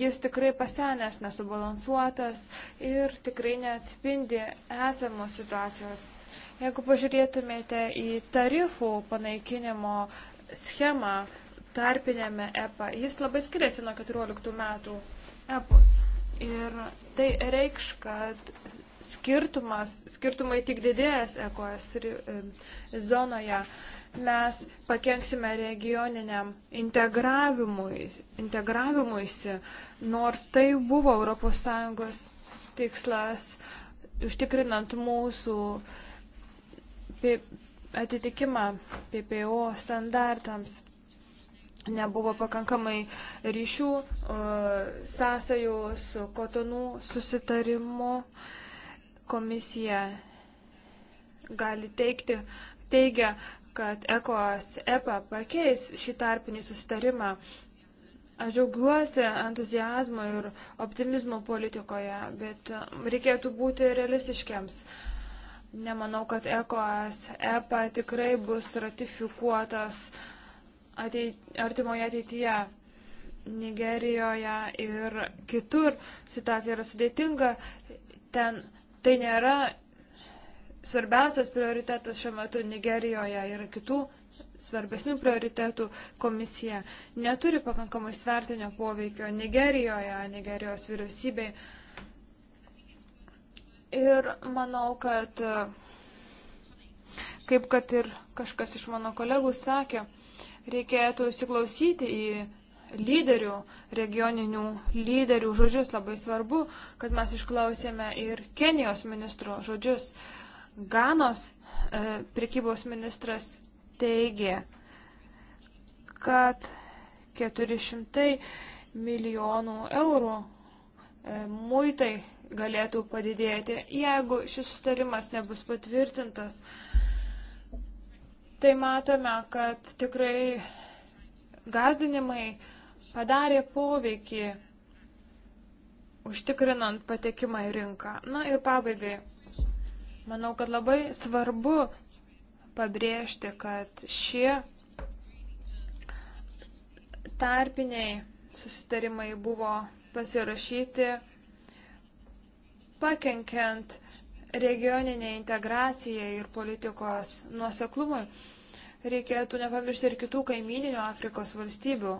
jis tikrai pasenęs, nesubalansuotas ir tikrai neatspindi esamos situacijos. Jeigu pažiūrėtumėte į tarifų panaikinimo schemą tarpinėme EPA, jis labai skiriasi nuo 14 metų epus. Ir tai reikš, kad skirtumas, skirtumai tik didėjęs ekos e, zonoje. Mes pakenksime regioniniam integravimui, integravimuisi, nors tai buvo ES tikslas, užtikrinant mūsų atitikimą PPO standartams nebuvo pakankamai ryšių, sąsajų su kotonų susitarimu. Komisija gali teikti, teigia, kad ECOAS EPA pakeis šį tarpinį susitarimą. Aš džiaugiuosi entuzijazmo ir optimizmo politikoje, bet um, reikėtų būti realistiškiams. Nemanau, kad ECOAS EPA tikrai bus ratifikuotas uh, ateit, artimoje ateityje. Nigerijoje ir kitur situacija yra sudėtinga. Ten tai nėra svarbiausias prioritetas šiuo metu Nigerijoje yra kitų svarbesnių prioritetų komisija neturi pakankamai svertinio poveikio Nigerijoje, Nigerijos vyriausybei. Ir manau, kad kaip kad ir kažkas iš mano kolegų sakė, reikėtų įsiklausyti į lyderių, regioninių lyderių žodžius. Labai svarbu, kad mes išklausėme ir Kenijos ministro žodžius. Ganos e, prekybos ministras teigė, kad 400 milijonų eurų e, muitai galėtų padidėti, jeigu šis sustarimas nebus patvirtintas. E, tai matome, kad tikrai gazdinimai padarė poveikį užtikrinant patekimą į rinką. Na ir pabaigai. Manau, kad labai svarbu pabrėžti, kad šie tarpiniai susitarimai buvo pasirašyti pakenkiant regioniniai integracijai ir politikos nuoseklumui reikėtų nepamiršti ir kitų kaimininių Afrikos valstybių.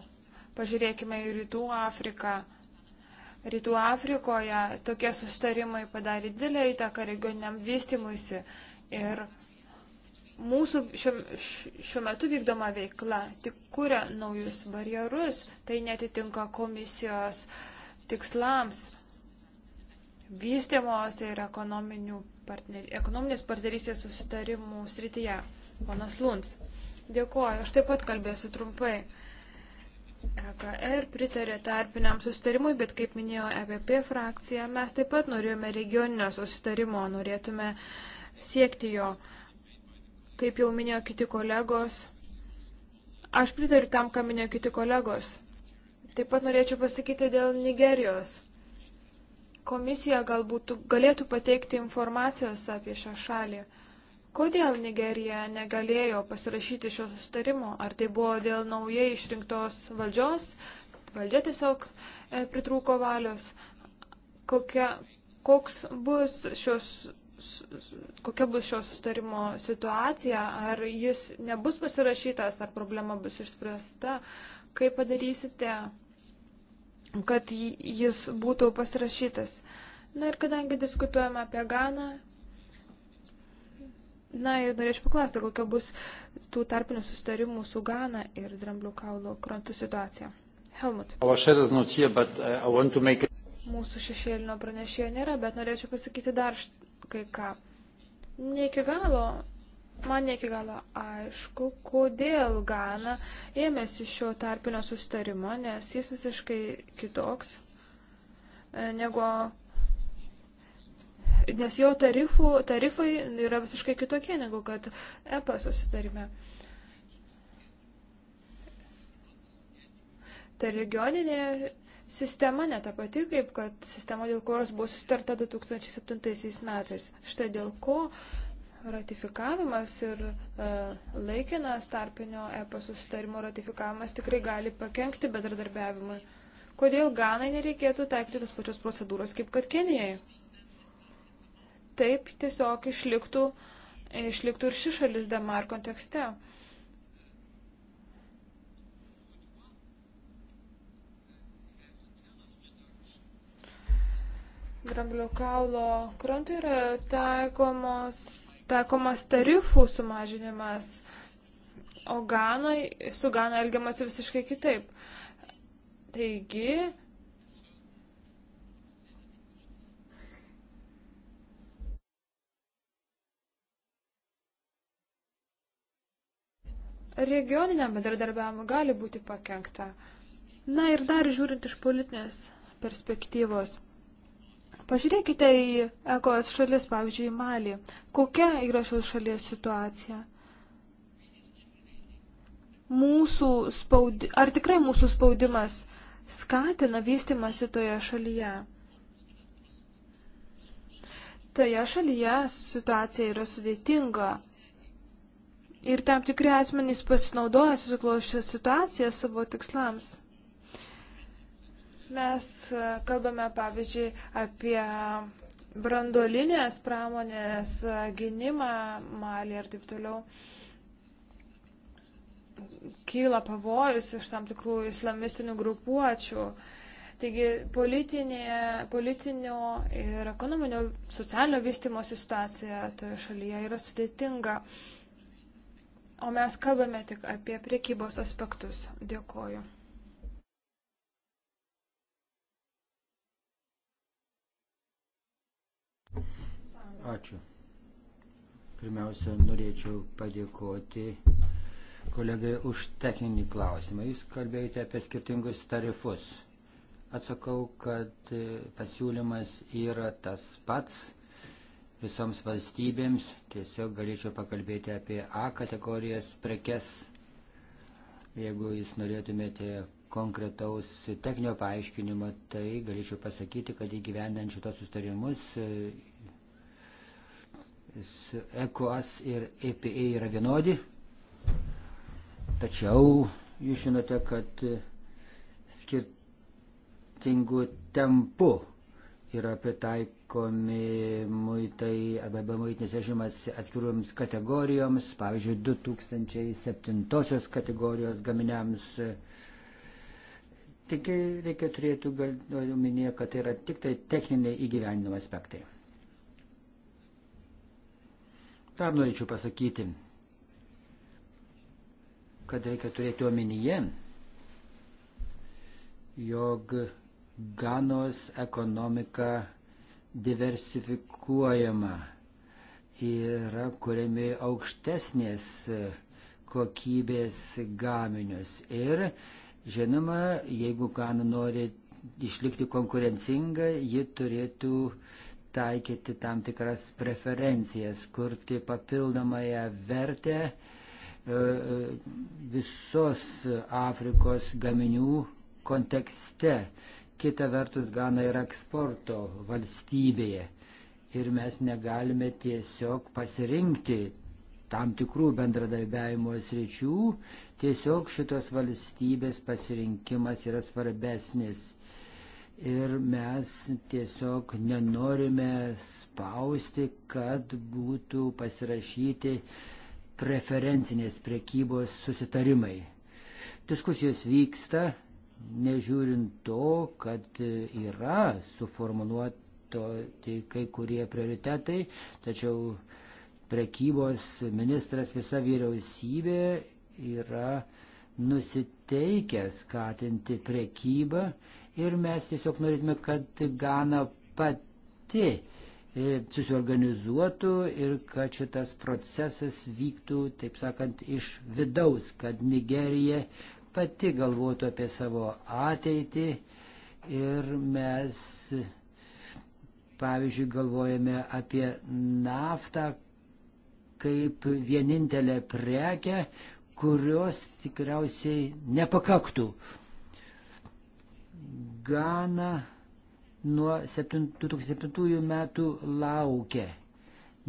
Pažiūrėkime į Rytų Afriką. Rytų Afrikoje tokie sustarimai padarė didelę įtaką regioniniam vystimuisi ir mūsų šiuo, šiuo metu vykdoma veikla tik kuria naujus barjerus, tai netitinka komisijos tikslams vystimos ir ekonominės partnerystės susitarimų srityje. Ponas Luns. Dėkuoju, aš taip pat kalbėsiu trumpai. EKR pritarė tarpiniam sustarimui, bet kaip minėjo EPP frakcija, mes taip pat norėjome regioninio sustarimo, norėtume siekti jo. Kaip jau minėjo kiti kolegos, aš pritariu tam, ką minėjo kiti kolegos. Taip pat norėčiau pasakyti dėl Nigerijos. Komisija galbūt galėtų pateikti informacijos apie šią šalį. Kodėl Nigerija negalėjo pasirašyti šio sustarimo? Ar tai buvo dėl naujai išrinktos valdžios? Valdžia tiesiog e, pritrūko valios. Kokia, koks bus šios, kokia bus šio sustarimo situacija? Ar jis nebus pasirašytas, ar problema bus išspręsta? Kaip padarysite, kad jis būtų pasirašytas? Na ir kadangi diskutuojame apie Ganą, Na ir norėčiau paklausti, kokia bus tų tarpinių sustarimų su Gana ir Dramblių kaulo krantų situacija. Helmut. Here, uh, make... Mūsų šešėlino pranešėjo nėra, bet norėčiau pasakyti dar kai ką. Ne iki galo, man ne iki galo aišku, kodėl Gana ėmėsi šio tarpinio sustarimo, nes jis visiškai kitoks e, negu nes jo tarifų, tarifai yra visiškai kitokie negu kad EPA susitarime. Ta regioninė sistema neta pati, kaip kad sistema, dėl kurios buvo sustarta 2007 metais. Štai dėl ko ratifikavimas ir e, laikinas tarpinio EPA susitarimo ratifikavimas tikrai gali pakengti bedradarbiavimui. Kodėl Ganai nereikėtų taikyti tas pačios procedūros kaip kad Kenijai? taip tiesiog išliktų, išliktų ir ši šalis Damar kontekste. Dramblio kaulo krantui yra taikomos, taikomas tarifų sumažinimas, o Ganai, su Gana elgiamas visiškai kitaip. Taigi, regioniniam bendradarbiavimui gali būti pakengta. Na ir dar žiūrint iš politinės perspektyvos. Pažiūrėkite į ekos šalis, pavyzdžiui, į Malį. Kokia yra šios šalies situacija? Mūsų spaudi... Ar tikrai mūsų spaudimas skatina vystimasi toje šalyje? Toje šalyje situacija yra sudėtinga ir tam tikri asmenys pasinaudoja susiklošę situaciją savo tikslams. Mes e, kalbame, pavyzdžiui, apie brandolinės pramonės e, gynimą Malį ir taip toliau. Kyla pavojus iš tam tikrų islamistinių grupuočių. Taigi politinė, politinio ir ekonominio socialinio vystimo situacija toje šalyje yra sudėtinga. Uh, o mes kalbame tik apie priekybos aspektus. Dėkoju. Ačiū. Pirmiausia, norėčiau padėkoti kolegai už techninį klausimą. Jūs kalbėjote apie skirtingus tarifus. Atsakau, kad e, pasiūlymas yra tas pats visoms valstybėms. Tiesiog galėčiau pakalbėti apie A kategorijos prekes. Jeigu jūs norėtumėte konkretaus techninio paaiškinimo, tai galėčiau pasakyti, kad įgyvendant šitos sustarimus ECOAS ir EPA yra vienodi. Tačiau jūs žinote, kad skirtingų tempų yra pritaikyti taikomi muitai arba be muitinis režimas atskiruoms kategorijoms, pavyzdžiui, 2007 kategorijos gaminiams. Tik reikia turėti nu, omenyje, kad tai yra tik tai techniniai įgyvendinimo aspektai. Dar norėčiau pasakyti, kad reikia turėti omenyje, jog Ganos ekonomika diversifikuojama, yra kuriami aukštesnės kokybės gaminius. Ir žinoma, jeigu Gana nu nori išlikti konkurencinga, ji turėtų taikyti tam tikras preferencijas, kurti papildomąją vertę e, e, visos Afrikos gaminių kontekste kita vertus Gana yra eksporto valstybėje ir mes negalime tiesiog pasirinkti tam tikrų bendradarbiavimo sričių, tiesiog šitos valstybės pasirinkimas yra svarbesnis. Ir mes tiesiog nenorime spausti, kad būtų pasirašyti preferencinės prekybos susitarimai. Diskusijos vyksta, nežiūrint to, kad yra suformuoluoto tai kai kurie prioritetai, tačiau prekybos ministras visa vyriausybė yra nusiteikę skatinti prekybą ir mes tiesiog norėtume, kad Gana pati e, susiorganizuotų ir kad šitas procesas vyktų, taip sakant, iš vidaus, kad Nigerija pati galvotų apie savo ateitį ir mes, pavyzdžiui, galvojame apie naftą kaip vienintelę prekę, kurios tikriausiai nepakaktų. Gana nuo 2007 metų laukia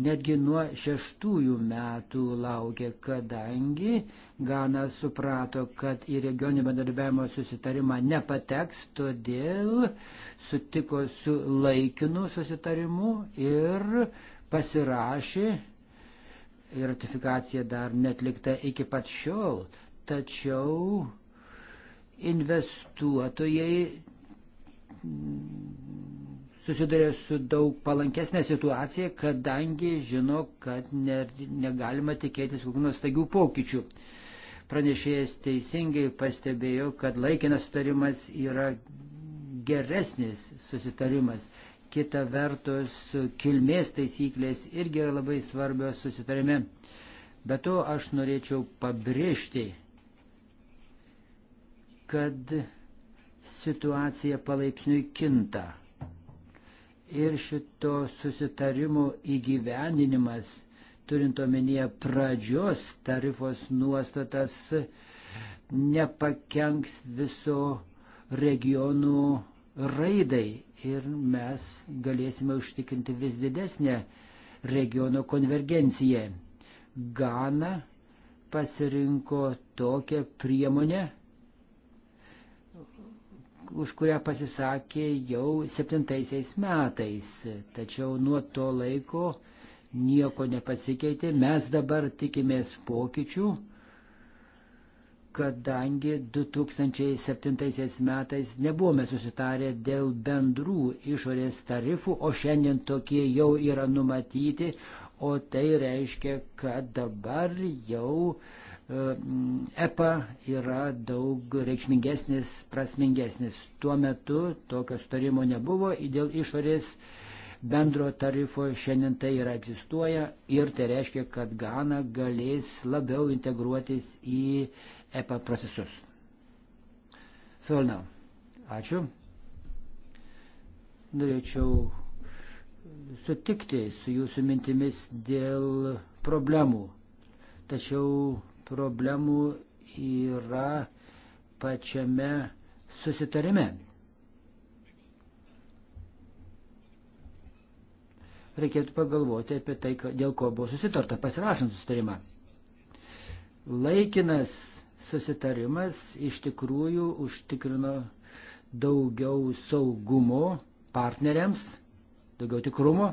netgi nuo šeštųjų metų laukia, kadangi Gana suprato, kad į regioninį bendradarbiavimo susitarimą nepateks, todėl sutiko su laikinu susitarimu ir pasirašė. Ir ratifikacija dar netlikta iki pat šiol, tačiau investuotojai susiduria su daug palankesnė situacija, kadangi žino, kad ne, negalima tikėtis kokių nors staigių pokyčių. Pranešėjas teisingai pastebėjo, kad laikinas sutarimas yra geresnis susitarimas. Kita vertus, kilmės taisyklės irgi yra labai svarbios susitarime. Be to aš norėčiau pabrėžti, kad situacija palaipsniui kinta ir šito susitarimo įgyvendinimas, turint omenyje pradžios tarifos nuostatas, nepakenks viso regionų raidai ir mes galėsime užtikrinti vis didesnę regiono konvergenciją. Gana pasirinko tokią priemonę, už kurią pasisakė jau septintaisiais metais. Tačiau nuo to laiko nieko nepasikeitė. Mes dabar tikimės pokyčių, kadangi 2007 metais nebuvome susitarę dėl bendrų išorės tarifų, o šiandien tokie jau yra numatyti, o tai reiškia, kad dabar jau uh, EPA yra daug reikšmingesnis, prasmingesnis. Tuo metu tokio sutarimo nebuvo dėl išorės bendro tarifo, šiandien tai yra egzistuoja ir tai reiškia, kad Gana galės labiau integruotis į EPA procesus. Felnau, ačiū. Norėčiau sutikti su jūsų mintimis dėl problemų. Tačiau problemų yra pačiame susitarime. Reikėtų pagalvoti apie tai, dėl ko buvo susitarta pasirašant susitarimą. Laikinas susitarimas iš tikrųjų užtikrino daugiau saugumo partneriams, daugiau tikrumo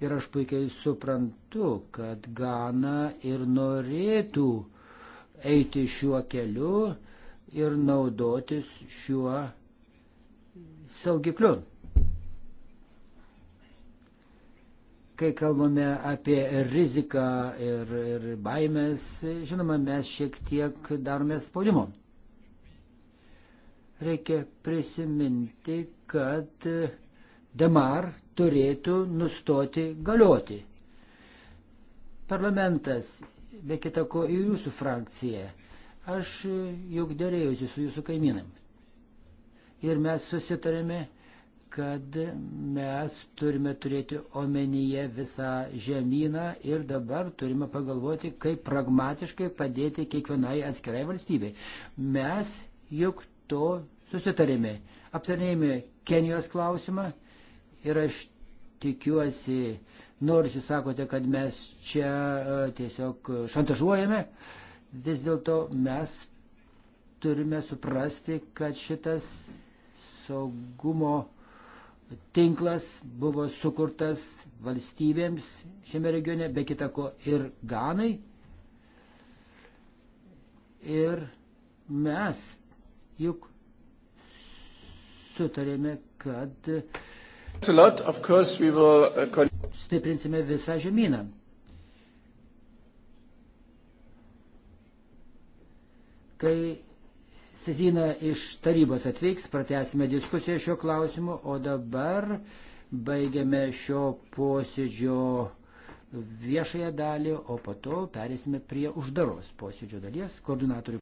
Ir aš puikiai suprantu, kad Gana ir norėtų eiti šiuo keliu ir naudotis šiuo saugikliu. Kai kalbame apie riziką ir, ir baimės, žinoma, mes šiek tiek darome spaudimo. Reikia prisiminti, kad Demar turėtų nustoti galioti. Parlamentas, be kitako ir jūsų frakcija, aš juk dėrėjusi su jūsų kaimynam. Ir mes susitarėme, kad mes turime turėti omenyje visą žemyną ir dabar turime pagalvoti, kaip pragmatiškai padėti kiekvienai atskirai valstybei. Mes juk to susitarėme. Aptarnėjome Kenijos klausimą, Ir aš tikiuosi, nors jūs sakote, kad mes čia e, tiesiog šantažuojame, vis dėlto mes turime suprasti, kad šitas saugumo tinklas buvo sukurtas valstybėms šiame regione, be kitako ir Ganai. Ir mes juk sutarėme, kad uh, Uh, Stiprinsime visą žemyną. Kai Sezina iš tarybos atvyks, pratęsime diskusiją šio klausimu, o dabar baigiame šio posėdžio viešąją dalį, o po to perėsime prie uždaros posėdžio dalies koordinatorių.